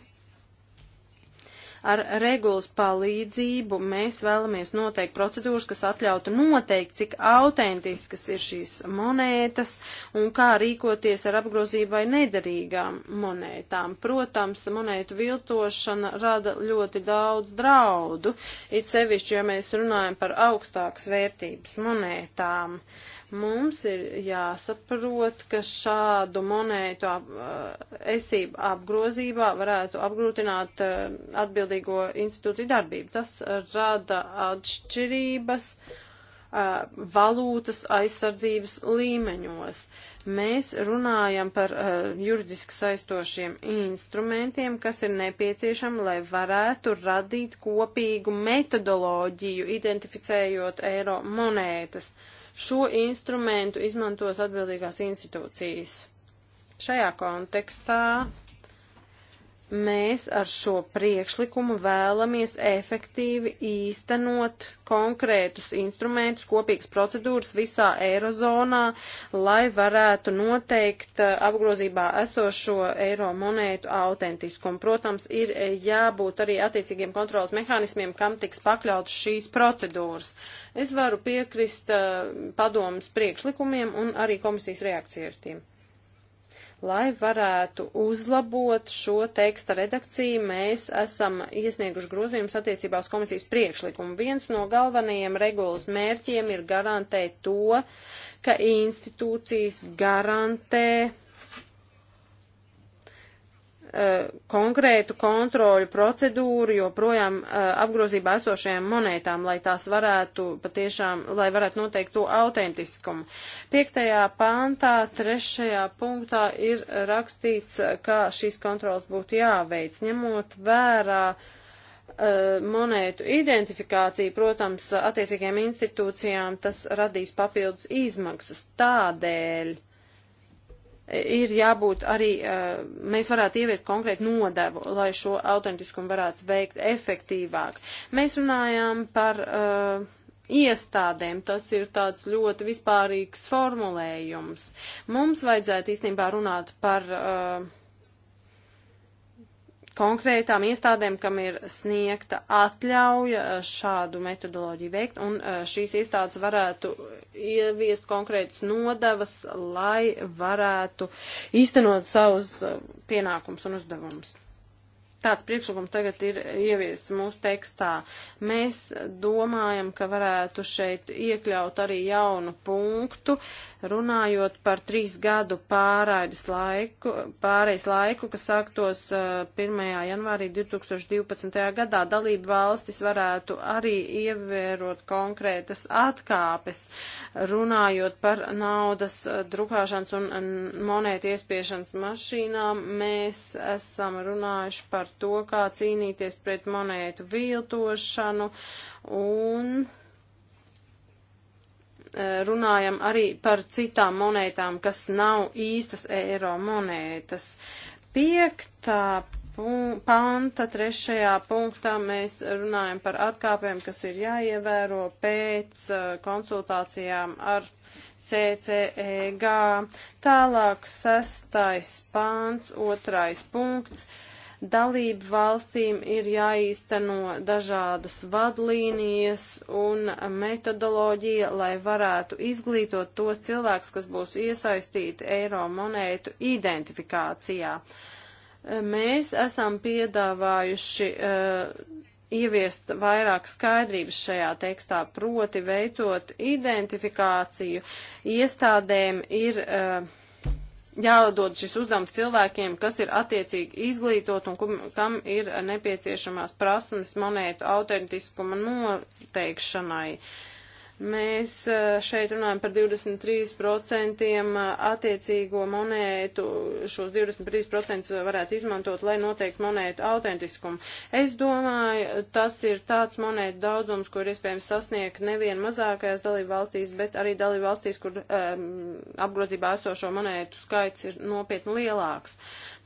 Ar regulas palīdzību mēs vēlamies noteikt procedūras, kas atļautu noteikt, cik autentiskas ir šīs monētas un kā rīkoties ar apgrozībai nederīgām monētām. Protams, monētu viltošana rada ļoti daudz draudu, it sevišķi, ja mēs runājam par augstākas vērtības monētām. Uh, Mums ir jāsaprot, ka šādu monētu ap, esību apgrozībā varētu apgrūtināt atbildīgo institūciju darbību. Tas rada atšķirības valūtas aizsardzības līmeņos. Mēs runājam par uh, juridiski saistošiem instrumentiem, kas ir nepieciešami, lai varētu radīt kopīgu metodoloģiju, identificējot eiro monētas. Uh, Šo instrumentu izmantos atbildīgās institūcijas. Šajā kontekstā mēs ar šo priekšlikumu vēlamies efektīvi īstenot konkrētus instrumentus, kopīgas procedūras visā eirozonā, lai varētu noteikt eh, apgrozībā esošo eiro monētu autentiskumu. Protams, ir eh, jābūt arī attiecīgiem kontrolas mehānismiem, kam tiks pakļauts šīs procedūras. Es varu piekrist eh, padomas priekšlikumiem un arī komisijas reakcijai uz tiem. Lai varētu uzlabot šo teksta redakciju, mēs esam iesnieguši grozījumus attiecībā uz komisijas priekšlikumu. Viens no galvenajiem regulas mērķiem ir garantēt to, ka institūcijas garantē Eh, konkrētu kontroļu procedūru joprojām eh, apgrozībā esošajām monētām, lai tās varētu patiešām, lai varētu noteikt to autentiskumu. Piektajā pāntā, trešajā punktā ir rakstīts, kā šīs kontrolas būtu jāveic, ņemot vērā eh, monētu identifikācija, protams, attiecīgajām institūcijām tas radīs papildus izmaksas. Tādēļ ir jābūt arī, eh, mēs varētu ieviest konkrētu nodevu, lai šo autentiskumu varētu veikt efektīvāk. Mēs runājām par uh, iestādēm, tas ir tāds ļoti vispārīgs formulējums. Mums vajadzētu īstenībā runāt par uh, konkrētām iestādēm, kam ir sniegta atļauja eh, šādu metodoloģiju veikt, un eh, šīs iestādes varētu ieviest konkrētas nodevas, lai varētu īstenot savus eh, pienākums un uzdevumus. Tāds priekšlikums tagad ir ieviests mūsu tekstā. Mēs domājam, ka varētu šeit iekļaut arī jaunu punktu, uh, Runājot par trīs gadu pārējas laiku, pārējais laiku, kas sāktos 1. janvārī 2012. gadā, dalību valstis varētu arī ievērot konkrētas atkāpes, runājot par naudas drukāšanas un monētu iespiešanas mašīnām. Mēs esam runājuši par to, kā cīnīties pret monētu viltošanu un Eh, runājam arī par citām monētām, kas nav īstas eiro monētas. Piektā panta trešajā punktā mēs runājam par atkāpēm, kas ir jāievēro pēc eh, konsultācijām ar CCEG. Tālāk sastais pants, otrais punkts. Uh, Dalību valstīm ir jāīsteno dažādas vadlīnijas un metodoloģija, lai varētu izglītot tos cilvēkus, kas būs iesaistīti eiro monētu identifikācijā. Mēs esam piedāvājuši uh, ieviest vairāk skaidrības šajā tekstā, proti veicot identifikāciju, iestādēm ir uh, jādod šis uzdevums cilvēkiem, kas ir attiecīgi izglītot un kum, kam ir nepieciešamās prasmes monētu autentiskumu noteikšanai. Uh, Mēs eh, šeit runājam par 23% eh, attiecīgo monētu, šos 23% varētu izmantot, lai noteikti monētu autentiskumu. Es domāju, tas ir tāds monētu daudzums, kur iespējams sasniegt nevien mazākajās dalību valstīs, bet arī dalību valstīs, kur um, apgrozībā esošo monētu skaits ir nopietni lielāks.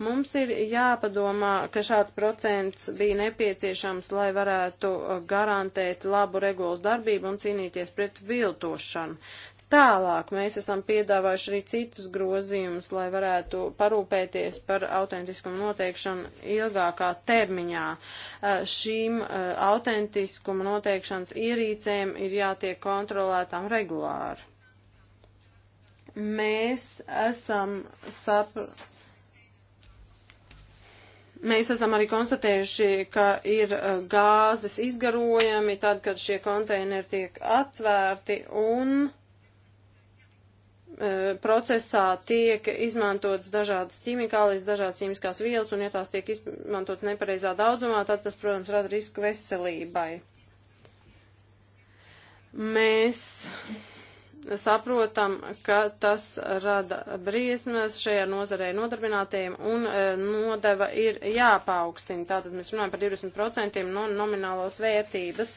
Mums ir jāpadomā, ka šāds procents bija nepieciešams, lai varētu eh, garantēt labu regulas darbību un cīnīties pret viltošanu. Tālāk mēs esam piedāvājuši arī citus grozījumus, lai varētu parūpēties par autentiskumu noteikšanu ilgākā termiņā. Eh, šīm eh, autentiskumu noteikšanas ierīcēm ir jātiek kontrolētām regulāri. Mēs esam sapratuši Mēs esam arī konstatējuši, ka ir uh, gāzes izgarojami tad, kad šie konteineri tiek atvērti un uh, procesā tiek izmantotas dažādas ķīmikālijas, dažādas ķīmiskās vielas, un ja tās tiek izmantotas nepareizā daudzumā, tad tas, protams, rada risku veselībai. Mēs saprotam, ka tas rada briesmas šajā nozarē nodarbinātajiem un e, nodeva ir jāpaukstina. Tātad mēs runājam par 20% no nominālās vērtības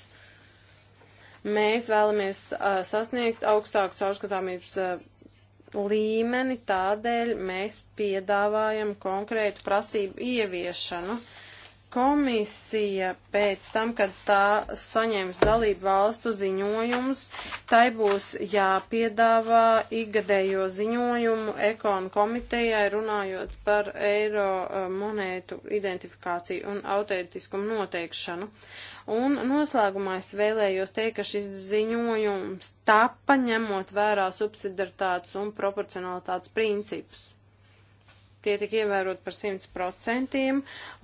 mēs vēlamies uh, sasniegt augstāku caurskatāmības uh, līmeni, tādēļ mēs piedāvājam konkrētu prasību ieviešanu. Uh, komisija pēc tam, kad tā saņems dalību valstu ziņojumus, tai būs jāpiedāvā ikgadējo ziņojumu ekonu komitejai runājot par eiro eh, monētu identifikāciju un autentiskumu noteikšanu. Un noslēgumā es vēlējos teikt, ka šis ziņojums tapa ņemot vērā subsidaritātes un proporcionalitātes principus tie tika ievērot par 100%,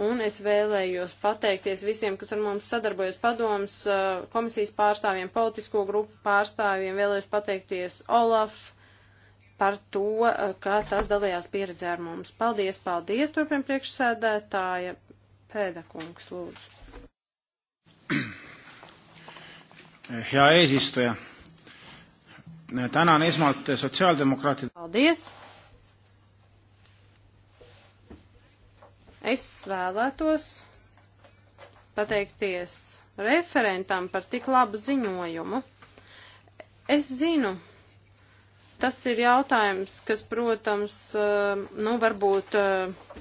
un es vēlējos pateikties visiem, kas ar mums sadarbojas padoms, uh, komisijas pārstāvjiem, politisko grupu pārstāvjiem, vēlējos pateikties Olaf par to, uh, kā tas dalījās pieredzē ar mums. Paldies, paldies, turpin priekšsēdētāja Pēdakungs, lūdzu. Hea eesistuja, tänan esmalt sotsiaaldemokraatide. Paldies Es vēlētos pateikties referentam par tik labu ziņojumu. Es zinu, tas ir jautājums, kas, protams, eh, nu, varbūt eh,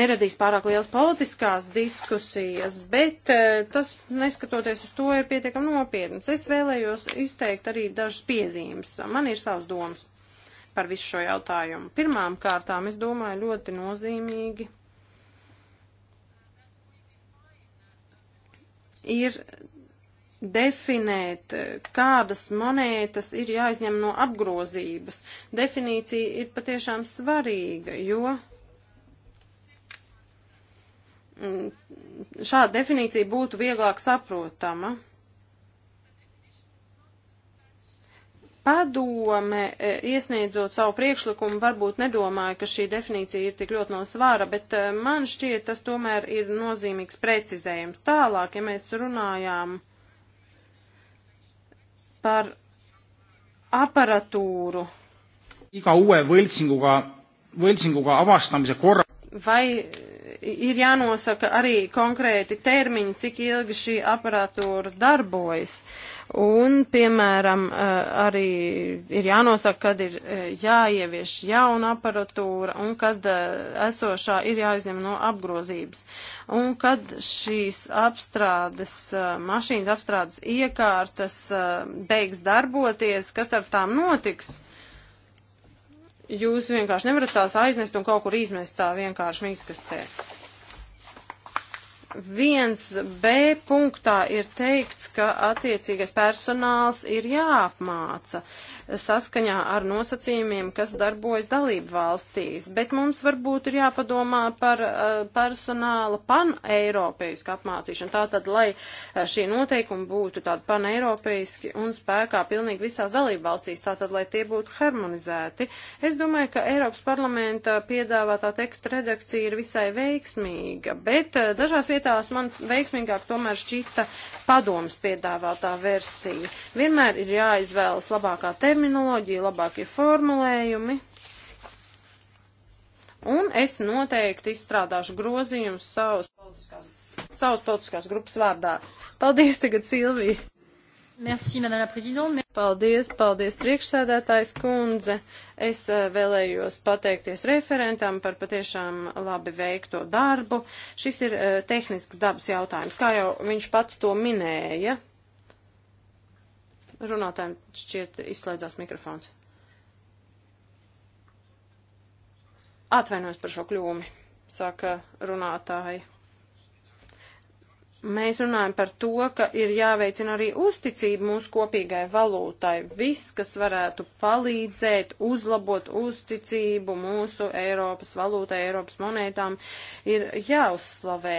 neradīs pārāk liels politiskās diskusijas, bet eh, tas, neskatoties uz to, ir pietiekami nopietns. Es vēlējos izteikt arī dažas piezīmes. Man ir savs domas par visu šo jautājumu. Pirmām kārtām, es domāju, ļoti nozīmīgi ir definēt, kādas monētas ir jāizņem no apgrozības. Definīcija ir patiešām svarīga, jo mm, šāda definīcija būtu vieglāk saprotama. padome, e, iesniedzot savu priekšlikumu, varbūt nedomāja, ka šī definīcija ir tik ļoti no svāra, bet e, man šķiet, tas tomēr ir nozīmīgs precizējums. Tālāk, ja mēs runājām par aparatūru. Iga uue võltsinguga, võltsinguga avastamise korra. Vai ir jānosaka arī konkrēti termiņi, cik ilgi šī aparatūra darbojas. Un, piemēram, eh, arī ir jānosaka, kad ir eh, jāievieš jauna aparatūra un kad eh, esošā ir jāizņem no apgrozības. Un kad šīs apstrādes, mašīnas apstrādes iekārtas beigs darboties, kas ar tām notiks? Jūs vienkārši nevarat tās aiznest un kaut kur izmest tā vienkārši mīkstastē. 1b punktā ir teikts, ka attiecīgais personāls ir jāapmāca saskaņā ar nosacījumiem, kas darbojas dalību valstīs, bet mums varbūt ir jāpadomā par uh, personāla paneiropeisku apmācīšanu, tātad, lai eh, šie noteikumi būtu tādi paneiropeiski un spēkā pilnīgi visās dalību valstīs, tātad, lai tie būtu harmonizēti. Es domāju, ka Eiropas parlamenta piedāvātā teksta redakcija ir visai veiksmīga, bet uh, dažās vietās skaitās man veiksmīgāk tomēr šķita padomas piedāvātā versija. Vienmēr ir jāizvēlas labākā terminoloģija, labākie formulējumi. Un es noteikti izstrādāšu grozījumus savus politiskās, savus politiskās grupas vārdā. Paldies tagad, Silvija! Merci, Madame la Présidente. Paldies, paldies priekšsēdētājs kundze. Es eh, vēlējos pateikties referentam par patiešām labi veikto darbu. Šis ir uh, tehnisks dabas jautājums, kā jau viņš pats to minēja. Runātājiem šķiet izslēdzās mikrofons. Atvainojos par šo kļūmi, saka runātāji mēs runājam par to, ka ir jāveicina arī uzticība mūsu kopīgai valūtai. Viss, kas varētu palīdzēt uzlabot uzticību mūsu Eiropas valūtai, Eiropas monētām, ir jāuzslavē.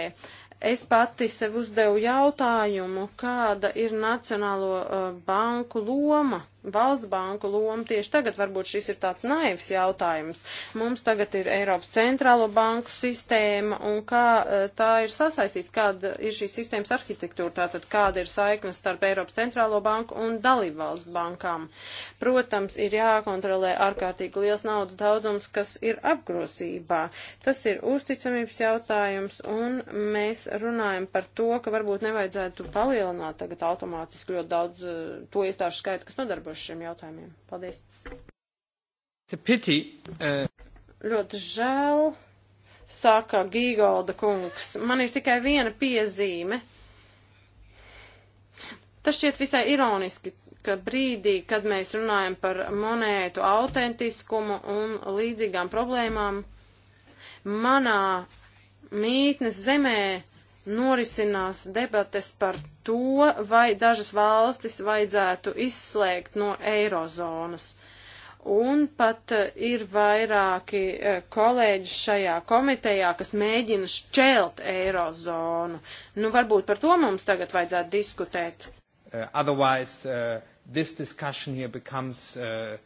Es pati sev uzdevu jautājumu, kāda ir Nacionālo uh, banku loma valsts banku loma tieši tagad varbūt šis ir tāds naivs jautājums. Mums tagad ir Eiropas centrālo banku sistēma un kā eh, tā ir sasaistīta, kāda ir šīs sistēmas arhitektūra, tātad kāda ir saikne starp Eiropas centrālo banku un dalību valsts bankām. Protams, ir jākontrolē ārkārtīgi liels naudas daudzums, kas ir apgrozībā. Tas ir uzticamības jautājums un mēs runājam par to, ka varbūt nevajadzētu palielināt tagad automātiski ļoti daudz eh, to iestāžu skaitu, kas nodarbojas uz šiem jautājumiem. Paldies. Pity, uh... Ļoti žēl, saka Gīgolda kungs. Man ir tikai viena piezīme. Tas šķiet visai ironiski, ka brīdī, kad mēs runājam par monētu autentiskumu un līdzīgām problēmām, manā mītnes zemē norisinās debates par to, vai dažas valstis vajadzētu izslēgt no eirozonas. Un pat eh, ir vairāki eh, kolēģi šajā komitejā, kas mēģina šķelt eirozonu. Nu, varbūt par to mums tagad vajadzētu diskutēt. Uh, otherwise, uh, this discussion here becomes uh,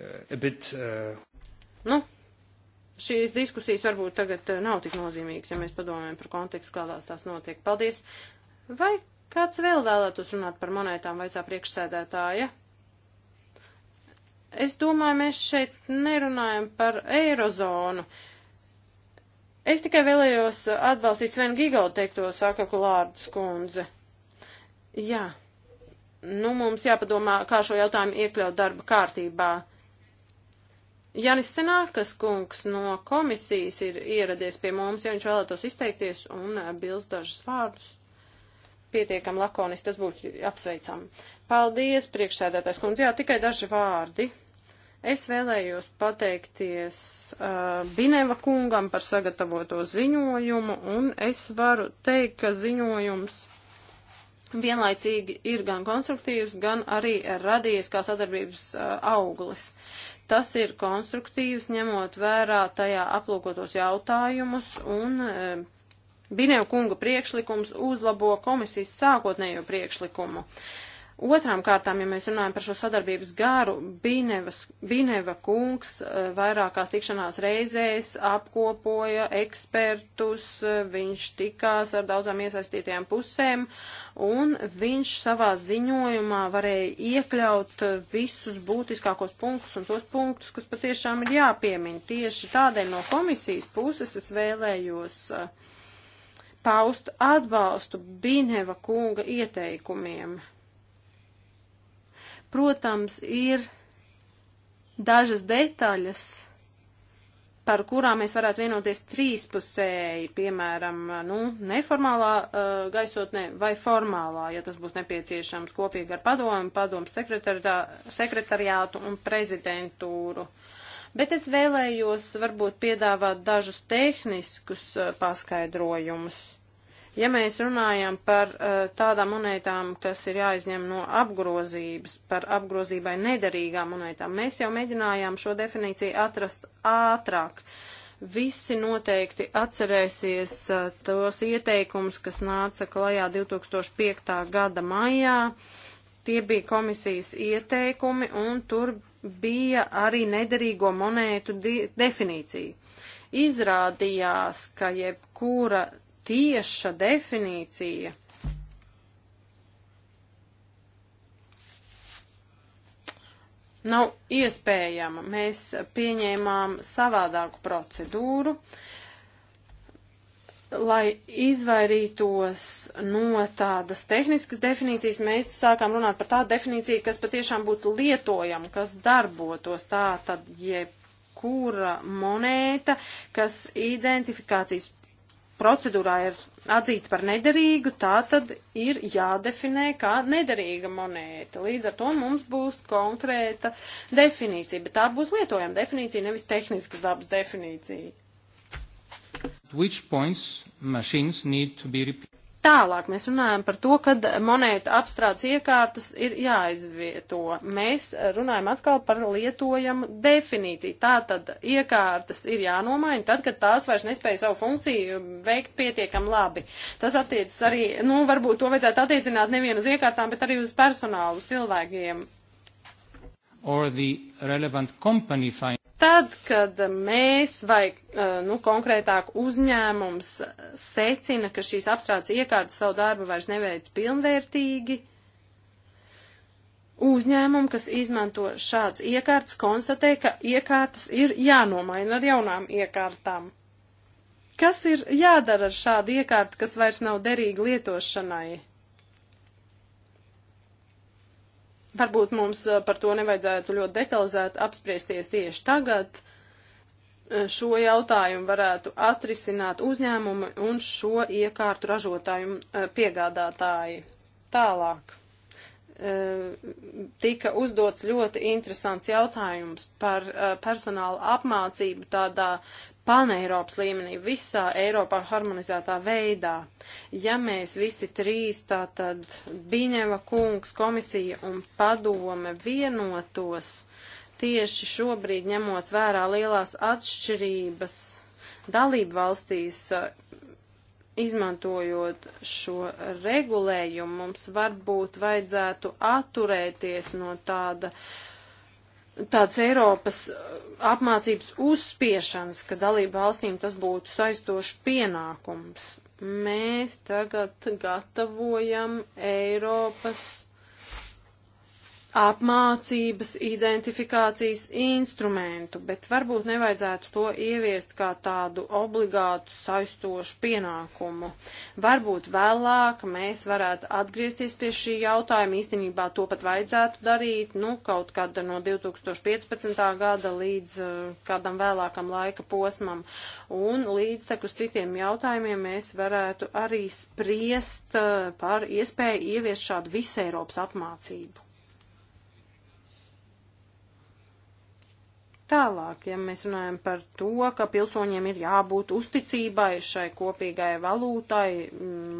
uh a bit. Uh... Nu, šīs diskusijas varbūt tagad eh, nav tik nozīmīgas, ja mēs padomājam par kontekstu, kādās tās notiek. Paldies! Vai Kāds vēl vēlētos runāt par monētām, vaicā priekšsēdētāja? Es domāju, mēs šeit nerunājam par eirozonu. Es tikai vēlējos atbalstīt Svenu Gigalu teikto, saka Kulārdas kundze. Jā. Nu, mums jāpadomā, kā šo jautājumu iekļaut darba kārtībā. Janis Senākas kungs no komisijas ir ieradies pie mums, ja viņš vēlētos izteikties un bilst dažus vārdus pietiekam lakoniski, tas būtu apsveicami. Paldies, priekšsēdētājs kundze. Jā, tikai daži vārdi. Es vēlējos pateikties uh, Bineva kungam par sagatavoto ziņojumu, un es varu teikt, ka ziņojums vienlaicīgi ir gan konstruktīvs, gan arī radies kā sadarbības uh, auglis. Tas ir konstruktīvs, ņemot vērā tajā aplūkotos jautājumus un uh, Binev kunga priekšlikums uzlabo komisijas sākotnējo priekšlikumu. Otrām kārtām, ja mēs runājam par šo sadarbības garu, Binevas, Bineva kungs eh, vairākās tikšanās reizēs apkopoja ekspertus, eh, viņš tikās ar daudzām iesaistītajām pusēm, un viņš savā ziņojumā varēja iekļaut eh, visus būtiskākos punktus un tos punktus, kas patiešām ir jāpiemiņ. Tieši tādēļ no komisijas puses es vēlējos uh, paust atbalstu Bineva kunga ieteikumiem. Protams, ir dažas detaļas, par kurām mēs varētu vienoties trīspusēji, piemēram, nu, neformālā uh, gaisotnē vai formālā, ja tas būs nepieciešams kopīgi ar padomu, padomu sekretariātu un prezidentūru. Uh, bet es vēlējos varbūt piedāvāt dažus tehniskus eh, paskaidrojumus. Ja mēs runājam par uh, tādām monētām, kas ir jāizņem no apgrozības, par apgrozībai nederīgām monētām, mēs jau mēģinājām šo definīciju atrast ātrāk. Visi noteikti atcerēsies uh, tos ieteikumus, kas nāca klajā 2005. gada maijā. Tie bija komisijas ieteikumi, un tur bija arī nederīgo monētu definīcija. Izrādījās, ka jebkura tieša definīcija nav iespējama. Mēs pieņēmām savādāku procedūru. Uh, lai izvairītos no tādas tehniskas definīcijas, mēs sākām runāt par tādu definīciju, kas patiešām būtu lietojama, kas darbotos tā tad jebkura monēta, kas identifikācijas procedūrā ir atzīta par nederīgu, tā tad ir jādefinē kā nederīga monēta. Līdz ar to mums būs konkrēta definīcija, bet tā būs lietojama definīcija, nevis tehniskas dabas definīcija. Tālāk mēs runājam par to, kad monētu apstrādes iekārtas ir jāizvieto. Mēs runājam atkal par lietojamu definīciju. Tātad iekārtas ir jānomaina tad, kad tās vairs nespēja savu funkciju veikt pietiekam labi. Tas attiecas arī, nu, varbūt to vajadzētu attiecināt nevien uz iekārtām, bet arī uz personālu, uz cilvēkiem. Or the relevant company finance Tad, kad mēs vai uh, nu, konkrētāk uzņēmums secina, ka šīs apstrādes iekārtas savu darbu vairs neveic pilnvērtīgi, uzņēmumi, kas izmanto šāds iekārtas, konstatē, ka iekārtas ir jānomaina ar jaunām iekārtām. Kas ir jādara ar šādu iekārtu, kas vairs nav derīga lietošanai? Varbūt mums eh, par to nevajadzētu ļoti detalizēti apspriesties tieši tagad. Eh, šo jautājumu varētu atrisināt uzņēmumi un šo iekārtu ražotāju eh, piegādātāji. Tālāk tika uzdots ļoti interesants jautājums par personāla apmācību tādā paneiropas līmenī, visā Eiropā harmonizētā veidā. Ja mēs visi trīs, tātad Biņeva kungs, komisija un padome vienotos tieši šobrīd ņemot vērā lielās atšķirības dalību valstīs, eh, izmantojot šo regulējumu, mums varbūt vajadzētu atturēties no tāda uh, tāds Eiropas uh, apmācības uzspiešanas, ka dalību valstīm tas būtu saistošs pienākums. Mēs tagad gatavojam Eiropas apmācības, identifikācijas instrumentu, bet varbūt nevajadzētu to ieviest kā tādu obligātu saistošu pienākumu. Varbūt vēlāk mēs varētu atgriezties pie šī jautājuma, īstenībā to pat vajadzētu darīt, nu, kaut kad no 2015. gada līdz uh, kādam vēlākam laika posmam, un līdz tak uz citiem jautājumiem mēs varētu arī spriest uh, par iespēju ieviest šādu visēropas apmācību. Tālāk, ja mēs runājam par to, ka pilsoņiem ir jābūt uzticībai šai kopīgai valūtai,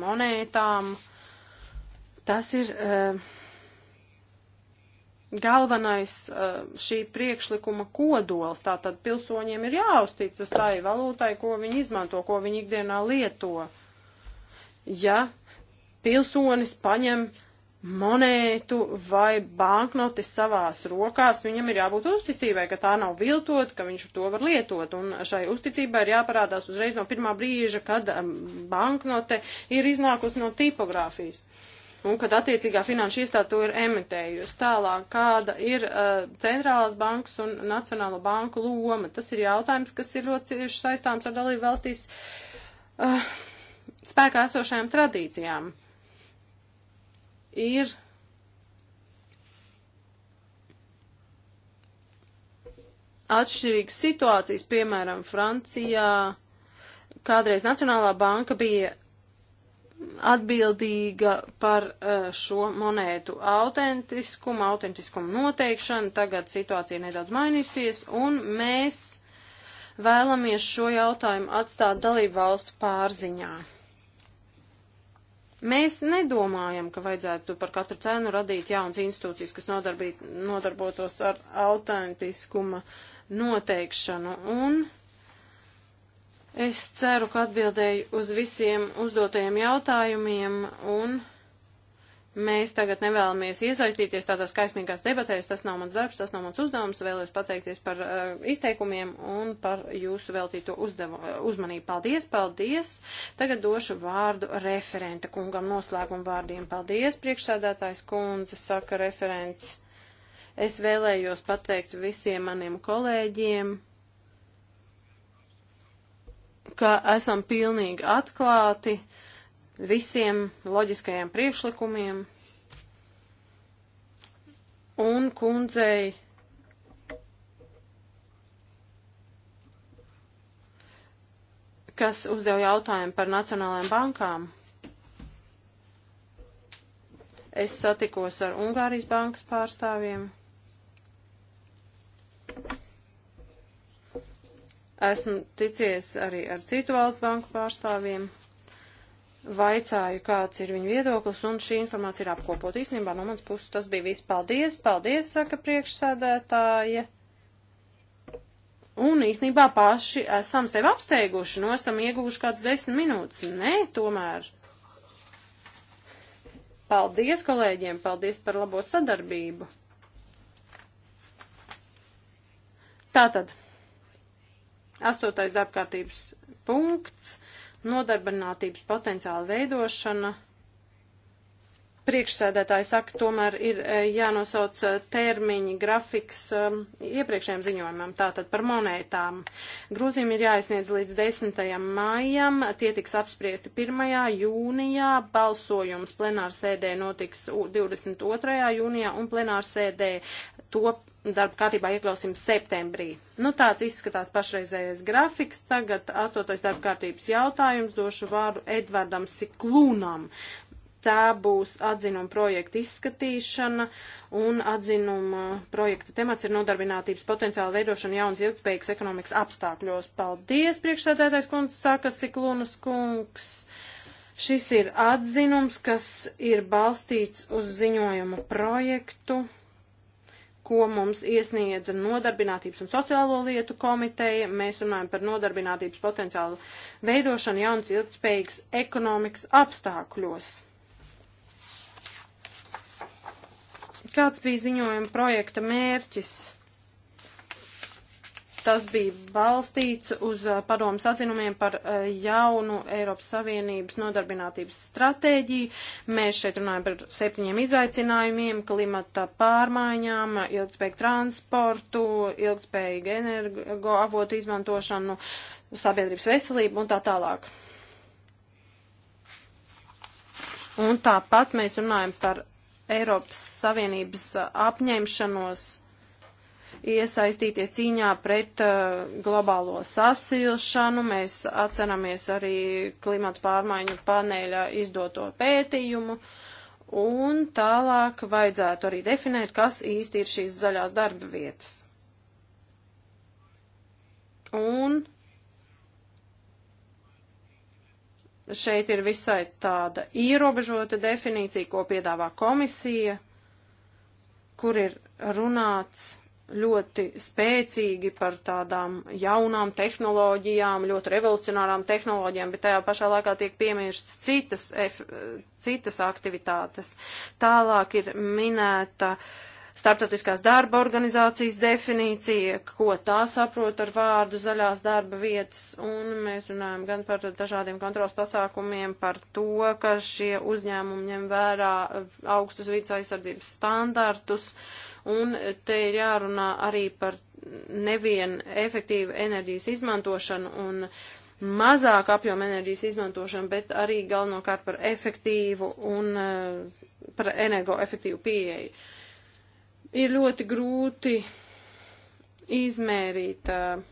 monētām, tas ir uh, galvenais uh, šī priekšlikuma kodols. Tātad pilsoņiem ir jāuzticas tai valūtai, ko viņi izmanto, ko viņi ikdienā lieto. Ja pilsonis paņem uh, monētu vai banknoti savās rokās, viņam ir jābūt uzticībai, ka tā nav viltot, ka viņš to var lietot. Un šai uzticībai ir jāparādās uzreiz no pirmā brīža, kad um, banknote ir iznākusi no tipogrāfijas. Un kad attiecīgā finanšu iestāde to ir emitējusi. Tālāk, kāda ir uh, centrālās bankas un nacionālo banku loma? Tas ir jautājums, kas ir ļoti cieši saistāms ar dalību valstīs uh, spēkā esošajām tradīcijām. Uh, ir atšķirīgas situācijas, piemēram, Francijā kādreiz Nacionālā banka bija atbildīga par eh, šo monētu autentiskumu, autentiskumu noteikšanu. Tagad situācija nedaudz mainīsies, un mēs vēlamies šo jautājumu atstāt dalību valstu pārziņā. Mēs nedomājam, ka vajadzētu par katru cenu radīt jaunas institūcijas, kas nodarbīt, nodarbotos ar autentiskuma noteikšanu. Un es ceru, ka atbildēju uz visiem uzdotajiem jautājumiem un. Mēs tagad nevēlamies iesaistīties tādās kaismīgās debatēs, tas nav mans darbs, tas nav mans uzdevums. Vēlos pateikties par uh, izteikumiem un par jūsu veltīto uzdevu, eh, uzmanību. Paldies, paldies! Tagad došu vārdu referenta kungam noslēgumu vārdiem. Paldies, priekšsēdētājs kundze, saka referents. Es vēlējos pateikt visiem maniem kolēģiem, ka esam pilnīgi atklāti. Uh, visiem loģiskajiem priekšlikumiem. Un kundzei kas uzdeva jautājumu par nacionālajām bankām. Es satikos ar Ungārijas bankas pārstāvjiem. Esmu ticies arī ar citu valstu banku pārstāvjiem vaicāju, kāds ir viņu viedoklis, un šī informācija ir apkopot. Īstenībā no manas puses tas bija viss. Paldies, paldies, saka priekšsēdētāja. Un īstenībā paši esam sevi apsteiguši, no nu, esam ieguvuši kāds desmit minūtes. Nē, tomēr. Paldies kolēģiem, paldies par labo sadarbību. Tātad, astotais darbkārtības punkts nodarbinātības potenciāla veidošana. Priekšsēdētāji saka, tomēr ir e, jānosauc e, termiņi, grafiks e, iepriekšējiem ziņojumam, tātad par monētām. Grūzījumi ir jāizniedz līdz 10. maijam, tie tiks apspriesti 1. jūnijā, balsojums plenārsēdē notiks 22. jūnijā un plenārsēdē top darba kārtībā iekļausim septembrī. Nu, tāds izskatās pašreizējais grafiks. Tagad astotais darba kārtības jautājums došu vārdu Edvardam Siklūnam. Tā būs atzinuma projekta izskatīšana un atzinuma projekta temats ir nodarbinātības potenciāla veidošana jaunas ilgspējīgas ekonomikas apstākļos. Paldies, priekšsēdētais kundze, saka Siklūnas kungs. Šis ir atzinums, kas ir balstīts uz ziņojumu projektu ko mums iesniedza Nodarbinātības un sociālo lietu komiteja. Mēs runājam par nodarbinātības potenciālu veidošanu jaunas ilgspējīgas ekonomikas apstākļos. Kāds bija ziņojuma projekta mērķis? tas bija balstīts uz padomas atzinumiem par jaunu Eiropas Savienības nodarbinātības stratēģiju. Mēs šeit runājam par septiņiem izaicinājumiem - klimata pārmaiņām, ilgspējīgu transportu, ilgspējīgu energoavotu izmantošanu, sabiedrības veselību un tā tālāk. Un tāpat mēs runājam par Eiropas Savienības apņemšanos iesaistīties cīņā pret uh, globālo sasilšanu. Mēs atceramies arī klimatu pārmaiņu paneļa izdoto pētījumu. Un tālāk vajadzētu arī definēt, kas īsti ir šīs zaļās darba vietas. Un šeit ir visai tāda ierobežota definīcija, ko piedāvā komisija, kur ir runāts ļoti spēcīgi par tādām jaunām tehnoloģijām, ļoti revolucionārām tehnoloģijām, bet tajā pašā laikā tiek piemirstas citas, citas aktivitātes. Tālāk ir minēta Startautiskās darba organizācijas definīcija, ko tā saprot ar vārdu zaļās darba vietas, un mēs runājam gan par dažādiem kontrols pasākumiem, par to, ka šie uzņēmumi ņem vērā augstus vidas aizsardzības standartus, uh, un te ir jārunā arī par nevien efektīvu enerģijas izmantošanu un mazāk apjomu enerģijas izmantošanu, bet arī galvenokārt par efektīvu un eh, par energoefektīvu pieeju. Ir ļoti grūti izmērīt uh,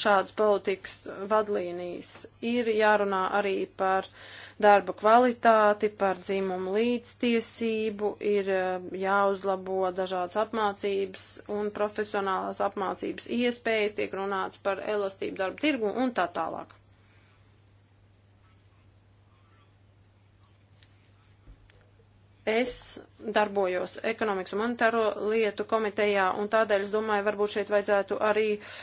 šādas politikas vadlīnijas. Ir jārunā arī par darba kvalitāti, par dzimumu līdztiesību, ir eh, jāuzlabo dažādas apmācības un profesionālās apmācības iespējas, tiek runāts par elastību darba tirgu un tā tālāk. Es darbojos ekonomikas un monetāro lietu komitejā, un tādēļ es domāju, varbūt šeit vajadzētu arī uh,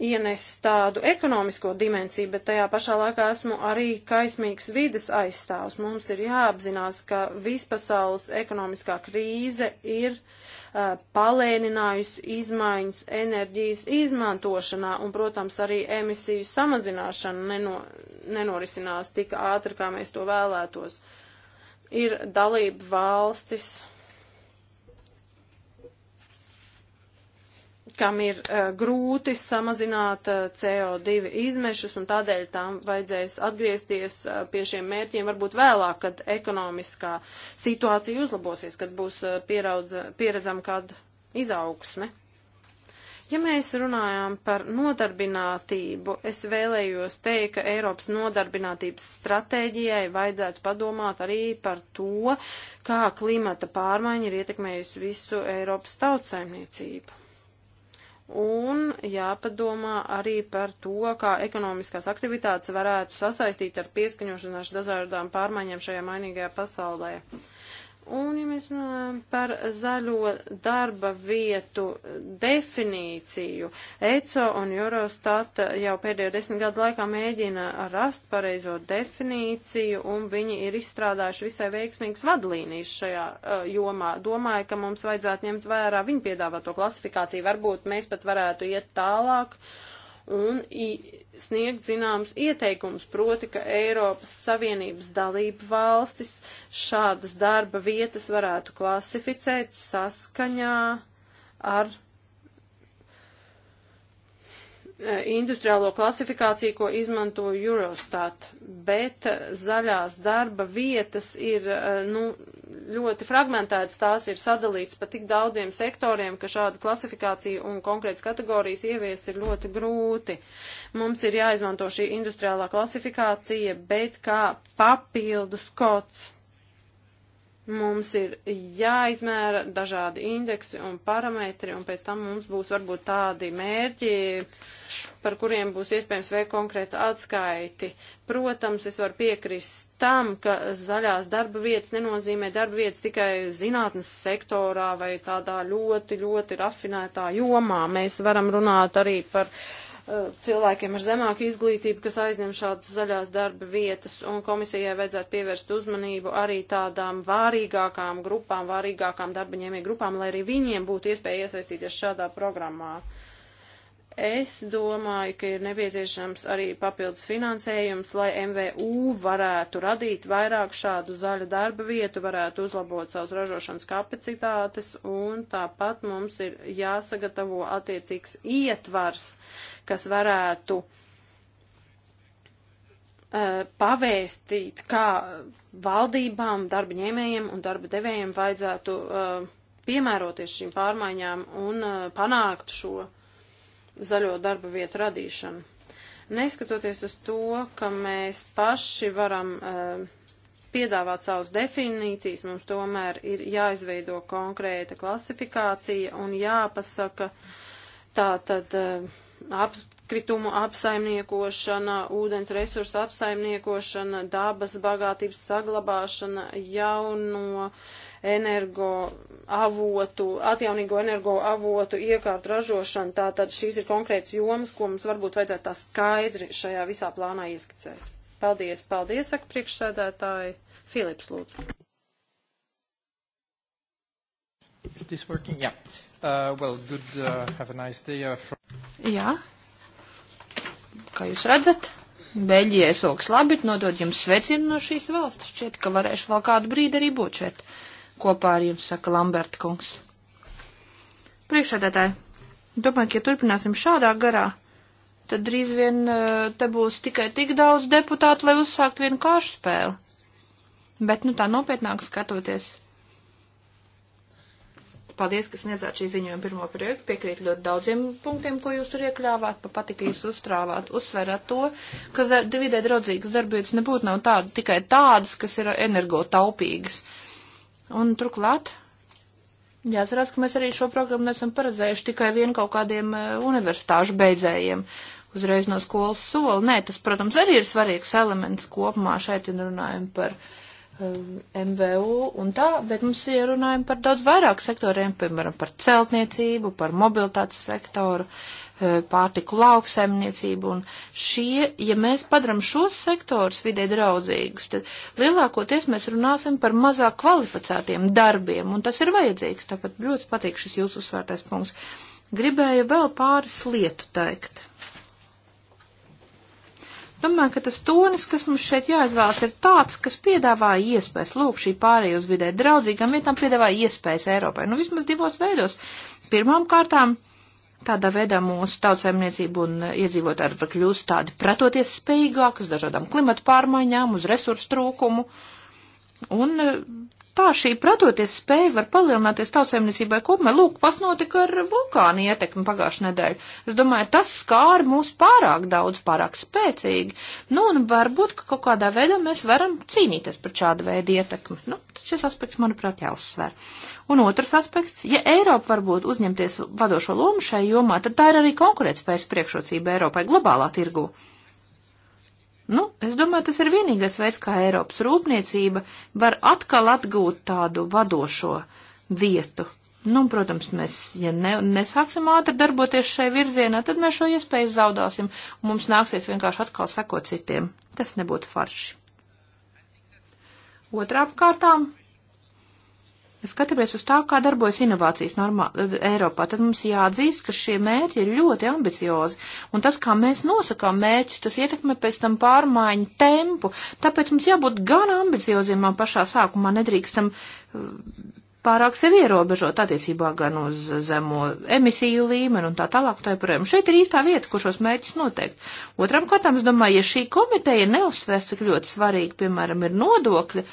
ienes tādu ekonomisko dimensiju, bet tajā pašā laikā esmu arī kaismīgs vides aizstāvs. Mums ir jāapzinās, ka vispasaules ekonomiskā krīze ir uh, palēninājusi izmaiņas enerģijas izmantošanā, un, protams, arī emisiju samazināšana neno, nenorisinās tik ātri, kā mēs to vēlētos. Ir dalība valstis kam ir uh, grūti samazināt uh, eh, CO2 izmešus, un tādēļ tām vajadzēs atgriezties uh, pie šiem mērķiem varbūt vēlāk, kad ekonomiskā situācija uzlabosies, kad būs uh, pieraudz, pieredzama kāda izaugsme. Ja mēs runājām par nodarbinātību, es vēlējos teikt, ka Eiropas nodarbinātības stratēģijai vajadzētu padomāt arī par to, kā klimata pārmaiņa ir ietekmējusi visu Eiropas tautsaimniecību un jāpadomā arī par to, kā ekonomiskās aktivitātes varētu sasaistīt ar pieskaņošanās dažādām pārmaiņām šajā mainīgajā pasaulē. Uh, Un, ja mēs runājam par zaļo darba vietu definīciju, ECO un Eurostat jau pēdējo desmit gadu laikā mēģina rast pareizo definīciju, un viņi ir izstrādājuši visai veiksmīgas vadlīnijas šajā uh, jomā. Domāju, ka mums vajadzētu ņemt vērā viņu piedāvāto klasifikāciju. Varbūt mēs pat varētu iet tālāk. Uh, un sniegt zināmus ieteikumus, proti, ka Eiropas Savienības dalību valstis šādas darba vietas varētu klasificēt saskaņā ar industriālo klasifikāciju, ko izmanto Eurostat, bet zaļās darba vietas ir eh, nu, ļoti fragmentētas, tās ir sadalītas pa tik daudziem sektoriem, ka šāda klasifikācija un konkrētas kategorijas ieviest ir ļoti grūti. Mums ir jāizmanto šī industriālā klasifikācija, bet kā papildus kods. Mums ir jāizmēra dažādi indeksi un parametri, un pēc tam mums būs varbūt tādi mērķi, par kuriem būs iespējams veikt konkrēta atskaiti. Protams, es varu piekrist tam, ka zaļās darba vietas nenozīmē darba vietas tikai zinātnes sektorā vai tādā ļoti, ļoti rafinētā jomā. Mēs varam runāt arī par uh, Eh, cilvēkiem ar zemāku izglītību, kas aizņem šādas zaļās darba vietas, un komisijai vajadzētu pievērst uzmanību arī tādām vārīgākām grupām, vārīgākām darbaņēmie grupām, lai arī viņiem būtu iespēja iesaistīties šādā programmā. Es domāju, ka ir nepieciešams arī papildus finansējums, lai MVU varētu radīt vairāk šādu zaļu darba vietu, varētu uzlabot savas ražošanas kapacitātes, un tāpat mums ir jāsagatavo attiecīgs ietvars uh, kas varētu pavēstīt, kā valdībām, darba ņēmējiem un darba devējiem vajadzētu piemēroties šīm pārmaiņām un panākt šo zaļo darba vietu radīšanu. Neskatoties uz to, ka mēs paši varam piedāvāt savus definīcijas, mums tomēr ir jāizveido konkrēta klasifikācija un jāpasaka tā tad. Uh, apkritumu apsaimniekošana, ūdens resursu apsaimniekošana, dabas bagātības saglabāšana, jauno energo avotu, atjaunīgo energo avotu iekārtu ražošana. Tātad šīs ir konkrētas jomas, ko mums varbūt vajadzētu tā skaidri šajā visā plānā ieskicēt. Paldies, paldies, saka priekšsēdētāji. Filips, lūdzu. Is this working? Yeah. Uh, well, good, uh, have a nice day. Uh, from... Jā. Kā jūs redzat, Beļģija esauks labi, nodod jums sveicienu no šīs valsts. Šķiet, ka varēšu vēl kādu brīdi arī būt šeit. Kopā ar jums saka Lamberta kungs. Priekšsēdētāji, domāju, ka ja turpināsim šādā garā, tad drīz vien uh, te būs tikai tik daudz deputātu, lai uzsākt vienkāršu spēli. Bet, nu, tā nopietnāk skatoties, Paldies, ka sniedzāt šī ziņojuma pirmo projektu. Piekrīt ļoti daudziem punktiem, ko jūs tur iekļāvāt. Pa patika jūs uzstrāvāt, uzsverat to, ka vidē draudzīgas darbības nebūtu nav tāda, tikai tādas, kas ir energotaupīgas. Un turklāt, jāsarās, ka mēs arī šo programmu nesam paredzējuši tikai vien kaut kādiem e, universitāšu beidzējiem uzreiz no skolas soli. Nē, tas, protams, arī ir svarīgs elements kopumā. Šeit runājam par. Uh, um, MVU un tā, bet mums ierunājam par daudz vairāk sektoriem, piemēram, par celtniecību, par mobilitātes sektoru, eh, pārtiku lauksaimniecību, un šie, ja mēs padaram šos sektorus vidē draudzīgus, tad lielākoties mēs runāsim par mazāk kvalificētiem darbiem, un tas ir vajadzīgs, tāpat ļoti patīk šis jūsu uzsvērtais punkts. Gribēju vēl pāris lietu teikt. Domāju, ka tas tonis, kas mums šeit jāizvēlas, ir tāds, kas piedāvā iespējas, lūk, šī pārējai uz vidē draudzīgām vietām piedāvā iespējas Eiropai. Nu, vismaz divos veidos. Pirmām kārtām, tādā veidā mūsu tautsēmniecība un iedzīvotāji var kļūst tādi pretoties spējīgāki uz dažādām klimatu pārmaiņām, uz resursu trūkumu. Un Tā šī pratoties spēja var palielināties tautsēmniecībai kopumā. Lūk, kas notika ar vulkānu ietekmi pagājušajā nedēļā. Es domāju, tas skāra mūs pārāk daudz, pārāk spēcīgi. Nu, un varbūt, ka kaut kādā veidā mēs varam cīnīties par šādu veidu ietekmi. Nu, šis aspekts, manuprāt, jāuzsver. Un otrs aspekts, ja Eiropa var būt uzņemties vadošo lomu šai jomā, tad tā ir arī konkurētspējas priekšrocība Eiropai globālā tirgū. Nu, es domāju, tas ir vienīgais veids, kā Eiropas rūpniecība var atkal atgūt tādu vadošo vietu. Nu, protams, mēs, ja ne, nesāksim ātri darboties šai virzienā, tad mēs šo iespēju zaudāsim, un mums nāksies vienkārši atkal sekot citiem. Tas nebūtu farši. Otrām kārtām Ja skatāmies uz tā, kā darbojas inovācijas normā, e, Eiropā, tad mums jāatzīst, ka šie mērķi ir ļoti ambiciozi, un tas, kā mēs nosakām mērķus, tas ietekmē pēc tam pārmaiņu tempu, tāpēc mums jābūt gan ambicioziem pašā sākumā, nedrīkstam e, pārāk sevi ierobežot attiecībā gan uz zemo emisiju līmeni un tā tālāk. Tā joprojām. Šeit ir īstā vieta, kur šos mērķus noteikt. Otram kārtām, es domāju, ja šī komiteja neuzsvērs, cik ļoti svarīgi, piemēram, ir nodokļi,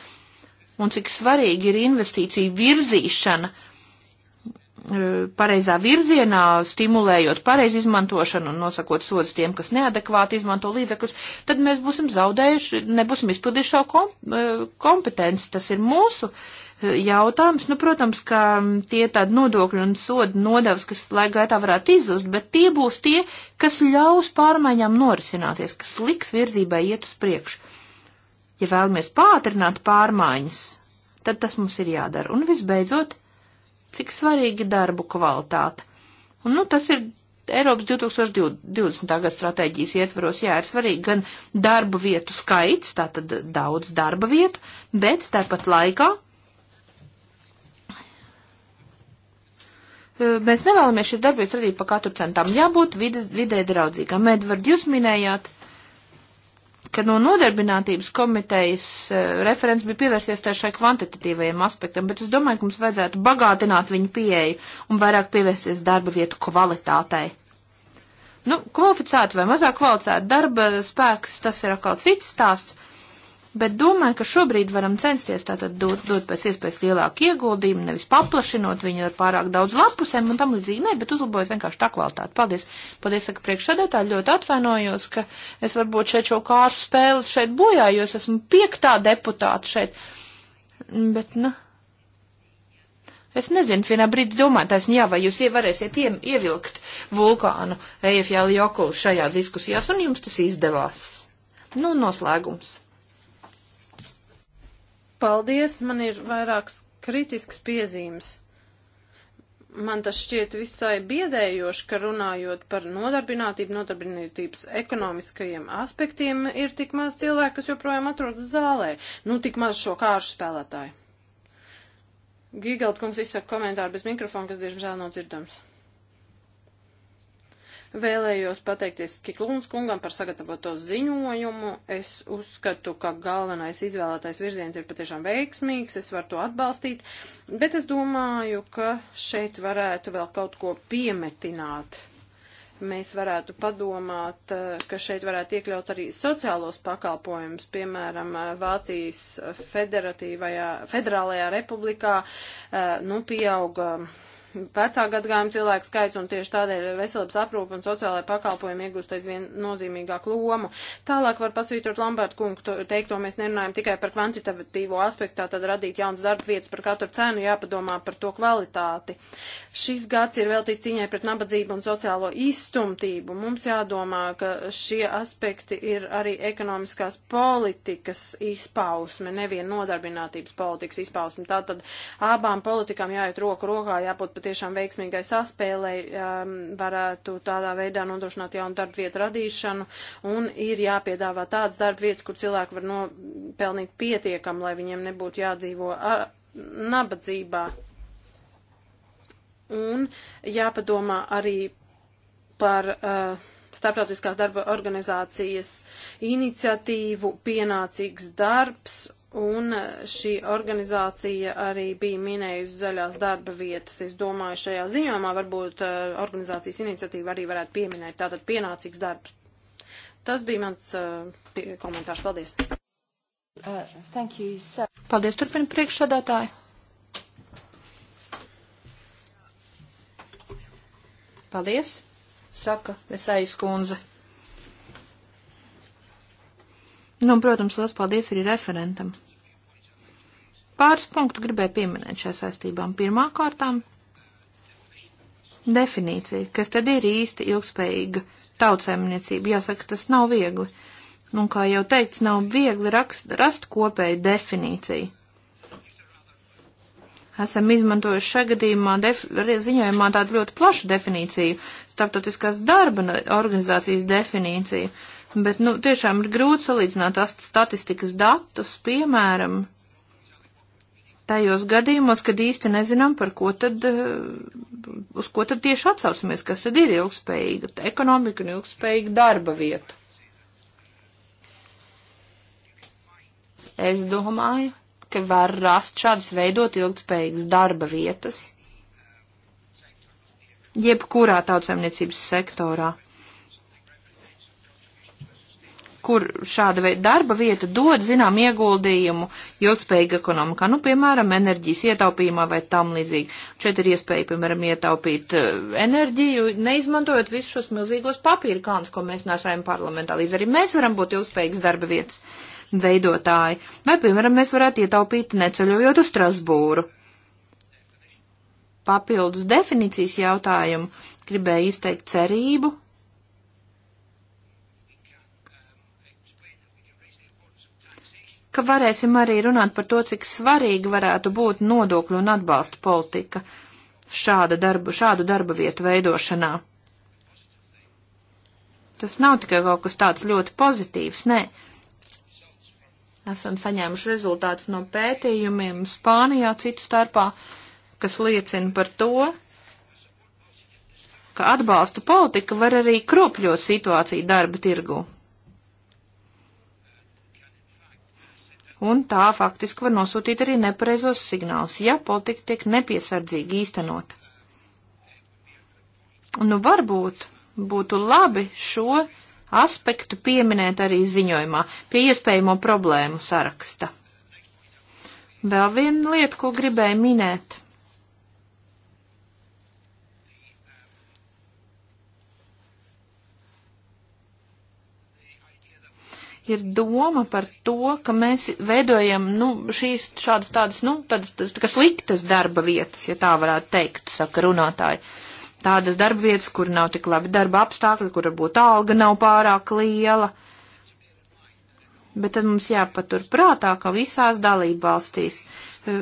un cik svarīgi ir investīcija virzīšana e, pareizā virzienā, stimulējot pareizi izmantošanu un nosakot sodus tiem, kas neadekvāti izmanto līdzekļus, tad mēs būsim zaudējuši, nebūsim izpildījuši savu kom e, kompetenci. Tas ir mūsu e, jautājums. Nu, protams, ka tie tādi nodokļi un sodu nodevs, kas laika gaitā varētu izzust, bet tie būs tie, kas ļaus pārmaiņām norisināties, kas liks virzībai iet uz priekšu. Ja vēlamies pātrināt pārmaiņas, tad tas mums ir jādara. Un visbeidzot, cik svarīga darbu kvalitāte. Un, nu, tas ir Eiropas 2020. gada stratēģijas ietvaros, jā, ir svarīgi gan darba vietu skaits, tātad daudz darba vietu, bet tāpat laikā e, mēs nevēlamies šīs darbības radīt pa katru centām. Jābūt vides, vidē draudzīgām. Edvard, jūs minējāt ka no nodarbinātības komitejas e, referents bija pievērsies tā šai kvantitatīvajam aspektam, bet es domāju, ka mums vajadzētu bagātināt viņu pieeju un vairāk pievērsties darba vietu kvalitātei. Nu, kvalificēta vai mazāk kvalificēta darba spēks, tas ir atkal cits stāsts, bet domāju, ka šobrīd varam censties tātad dot, dot pēc iespējas lielāku ieguldījumu, nevis paplašinot viņu ar pārāk daudz lapusēm un tam līdzīgi, ne, bet uzlabojot vienkārši tā kvalitāti. Paldies, paldies, saka priekšsēdētāji, ļoti atvainojos, ka es varbūt šeit šo kāršu spēles šeit bojā, jo es esmu piektā deputāta šeit, bet, nu. Es nezinu, vienā brīdī domāju, taisn nu jā, vai jūs varēsiet ie, ievilkt vulkānu EFJL Joku šajās diskusijās, un jums tas izdevās. Nu, noslēgums. Paldies, man ir vairākas kritiskas piezīmes. Man tas šķiet visai biedējoši, ka runājot par nodarbinātību, nodarbinātības ekonomiskajiem aspektiem, ir tik maz cilvēku, kas joprojām atrodas zālē. Nu, tik maz šo kāršu spēlētāju. Gigalt kungs izsaka komentāru bez mikrofona, kas diemžēl nav dzirdams. Vēlējos pateikties Kiklūns kungam par sagatavoto ziņojumu. Es uzskatu, ka galvenais izvēlētais virziens ir patiešām veiksmīgs, es varu to atbalstīt, bet es domāju, ka šeit varētu vēl kaut ko piemetināt mēs varētu padomāt, eh, ka šeit varētu iekļaut arī sociālos pakalpojumus, piemēram, eh, Vācijas federatīvajā, federālajā republikā, eh, nu, pieauga vecā gadgājuma cilvēku skaits, un tieši tādēļ veselības aprūpa un sociālai pakalpojumi iegūst aizvien nozīmīgāku lomu. Tālāk var pasvītrot Lambert kungu teikto, mēs nerunājam tikai par kvantitatīvo aspektu, tad radīt jaunas darba vietas par katru cenu, jāpadomā par to kvalitāti. Šis gads ir veltīts cīņai pret nabadzību un sociālo izstumtību. Mums jādomā, ka šie aspekti ir arī ekonomiskās politikas izpausme, nevien nodarbinātības politikas izpausme. Tātad abām politikām jāiet roku rokā, jābūt patiešām veiksmīgai saspēlei um, varētu tādā veidā nodrošināt jaunu darbu vietu radīšanu un ir jāpiedāvā tāds darba vietas, kur cilvēki var nopelnīt pietiekam, lai viņiem nebūtu jādzīvo ar, nabadzībā. Un jāpadomā arī par. Uh, Starptautiskās darba organizācijas iniciatīvu pienācīgs darbs Un šī organizācija arī bija minējusi zaļās darba vietas. Es domāju, šajā ziņojumā varbūt uh, organizācijas iniciatīva arī varētu pieminēt. Tātad pienācīgs darbs. Tas bija mans uh, komentārs. Paldies. Uh, thank you, sir. Paldies, turpina priekšsādātāji. Paldies, saka Vesājas kundze. Nu, un, protams, liels paldies arī referentam. Pāris punktu gribēju pieminēt šajā saistībām. Pirmā kārtām - definīcija, kas tad ir īsti ilgspējīga tautsēmniecība. Jāsaka, tas nav viegli. Un, kā jau teikts, nav viegli rakst, rast kopēju definīciju. Esam izmantojuši šajā gadījumā ziņojumā tādu ļoti plašu definīciju, starptautiskās darba organizācijas definīciju Bet, nu, tiešām ir grūti salīdzināt statistikas datus, piemēram, tajos gadījumos, kad īsti nezinām, par ko tad, eh, uz ko tad tieši atsausimies, kas tad ir ilgspējīga ekonomika un ilgspējīga darba vieta. Es domāju, ka var rast šādas veidot ilgspējīgas darba vietas jebkurā tautsēmniecības sektorā kur šāda veida darba vieta dod, zinām, ieguldījumu ilgspējīga ekonomikā, nu, piemēram, enerģijas ietaupījumā vai tam līdzīgi. Šeit ir iespēja, piemēram, ietaupīt eh, enerģiju, neizmantojot visus šos milzīgos papīra kalnus, ko mēs nesājam parlamentā. Līdz arī mēs varam būt ilgspējīgas darba vietas veidotāji. Vai, piemēram, mēs varētu ietaupīt neceļojot uz Strasbūru. Papildus definīcijas jautājumu gribēju izteikt cerību, ka varēsim arī runāt par to, cik svarīgi varētu būt nodokļu un atbalsta politika šāda darba, šādu darba vietu veidošanā. Tas nav tikai kaut kas tāds ļoti pozitīvs, nē. Esam saņēmuši rezultātus no pētījumiem Spānijā citu starpā, kas liecina par to, ka atbalsta politika var arī kropļot situāciju darba tirgu. un tā faktiski var nosūtīt arī nepareizos signālus, ja politika tiek nepiesardzīgi īstenota. Nu, varbūt būtu labi šo aspektu pieminēt arī ziņojumā pie iespējamo problēmu saraksta. Vēl viena lieta, ko gribēju minēt. ir doma par to, ka mēs veidojam, nu, šīs šādas tādas, nu, tādas, tādas tā sliktas darba vietas, ja tā varētu teikt, saka runātāji. Tādas darba vietas, kur nav tik labi darba apstākļi, kur varbūt alga nav pārāk liela. Bet tad mums jāpatur prātā, ka visās dalību valstīs eh,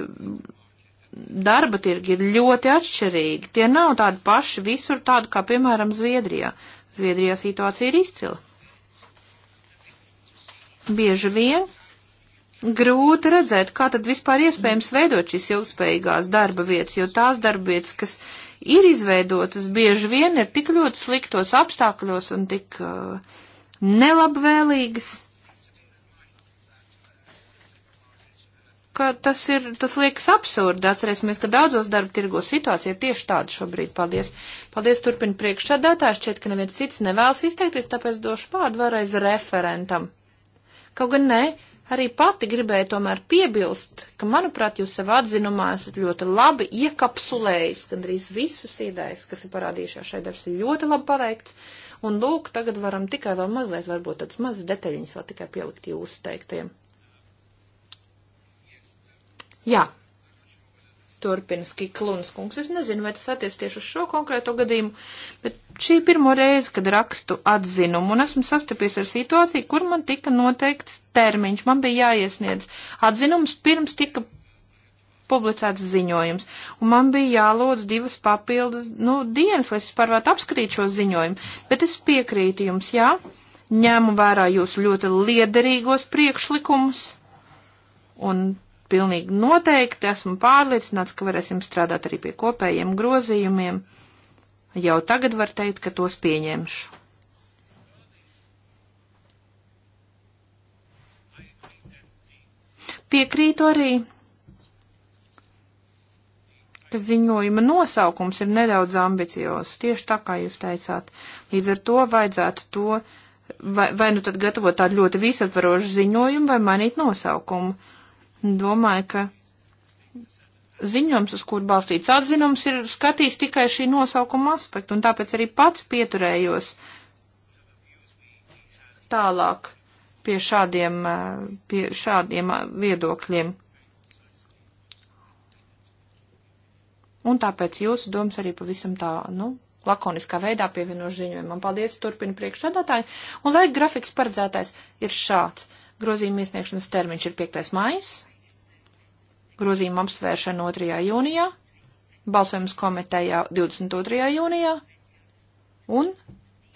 darba tirgi ir ļoti atšķirīgi. Tie nav tādi paši visur tādi, kā, piemēram, Zviedrijā. Zviedrijā situācija ir izcila bieži vien grūti redzēt, kā tad vispār iespējams veidot šīs ilgspējīgās darba vietas, jo tās darba vietas, kas ir izveidotas, bieži vien ir tik ļoti sliktos apstākļos un tik uh, nelabvēlīgas. ka tas ir, tas liekas absurdi. Atcerēsimies, ka daudzos darba tirgos situācija ir tieši tāda šobrīd. Paldies. Paldies, turpina priekšsēdētājs. Šķiet, ka neviens cits nevēlas izteikties, tāpēc došu vārdu vēlreiz referentam. Kaut gan nē, arī pati gribēju tomēr piebilst, ka, manuprāt, jūs savā atzinumā esat ļoti labi iekapsulējis gandrīz visas idejas, kas ir parādījušās šeit darbs, ir ļoti labi paveikts. Un lūk, tagad varam tikai vēl mazliet, varbūt tāds mazs detaļiņas vēl tikai pielikt jūsu teiktiem. Jā. Turpina Skiklunas kungs. Es nezinu, vai tas attiec tieši uz šo konkrēto gadījumu, bet Šī pirmo reize, kad rakstu atzinumu, un esmu sastapies ar situāciju, kur man tika noteikts termiņš. Man bija jāiesniedz atzinums pirms tika publicēts ziņojums, un man bija jālūdz divas papildus, nu, dienas, lai es vispār varētu apskatīt šo ziņojumu. Bet es piekrītu jums, jā, ņēmu vērā jūsu ļoti liederīgos priekšlikumus, un pilnīgi noteikti esmu pārliecināts, ka varēsim strādāt arī pie kopējiem grozījumiem. Jau tagad var teikt, ka tos pieņemšu. Piekrītu arī, ka ziņojuma nosaukums ir nedaudz ambiciozs, tieši tā kā jūs teicāt. Līdz ar to vajadzētu to, vai, vai nu tad gatavot tādu ļoti visaptvarošu ziņojumu, vai mainīt nosaukumu. Domāju, ka ziņojums, uz kur balstīts atzinums, ir skatījis tikai šī nosaukuma aspektu, un tāpēc arī pats pieturējos tālāk pie šādiem, eh, pie šādiem eh, viedokļiem. Un tāpēc jūsu domas arī pavisam tā, nu, lakoniskā veidā pievienošu ziņojumam. Paldies, turpina priekšsādātāji. Un laika grafiks paredzētais ir šāds. Grozījuma iesniegšanas termiņš ir 5. maijs, grozījuma apsvēršana 2. jūnijā, balsojums komitejā 22. jūnijā un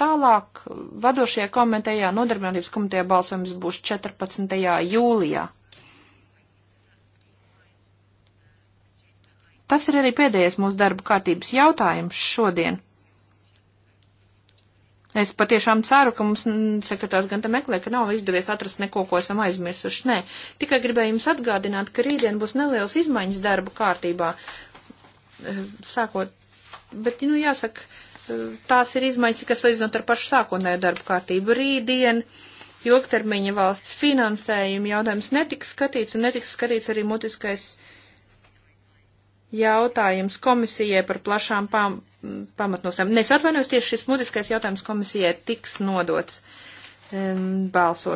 tālāk vadošajā komitejā, nodarbinātības komitejā balsojums būs 14. jūlijā. Tas ir arī pēdējais mūsu darba kārtības jautājums šodien. Es patiešām ceru, ka mums sekretārs gan te meklē, ka nav izdevies atrast neko, ko esam aizmirsuši. Nē, tikai gribēju jums atgādināt, ka rītdien būs nelielas izmaiņas darbu kārtībā. Eh, sākot, bet, nu, jāsaka, eh, tās ir izmaiņas, kas salīdzinot ar pašu sākotnēju darbu kārtību. Rītdien ilgtermiņa valsts finansējuma jautājums netiks skatīts un netiks skatīts arī mutiskais jautājums komisijai par plašām pām pamatnostājumu. Nes atvainojos, tieši šis mutiskais jautājums komisijai tiks nodots balsot.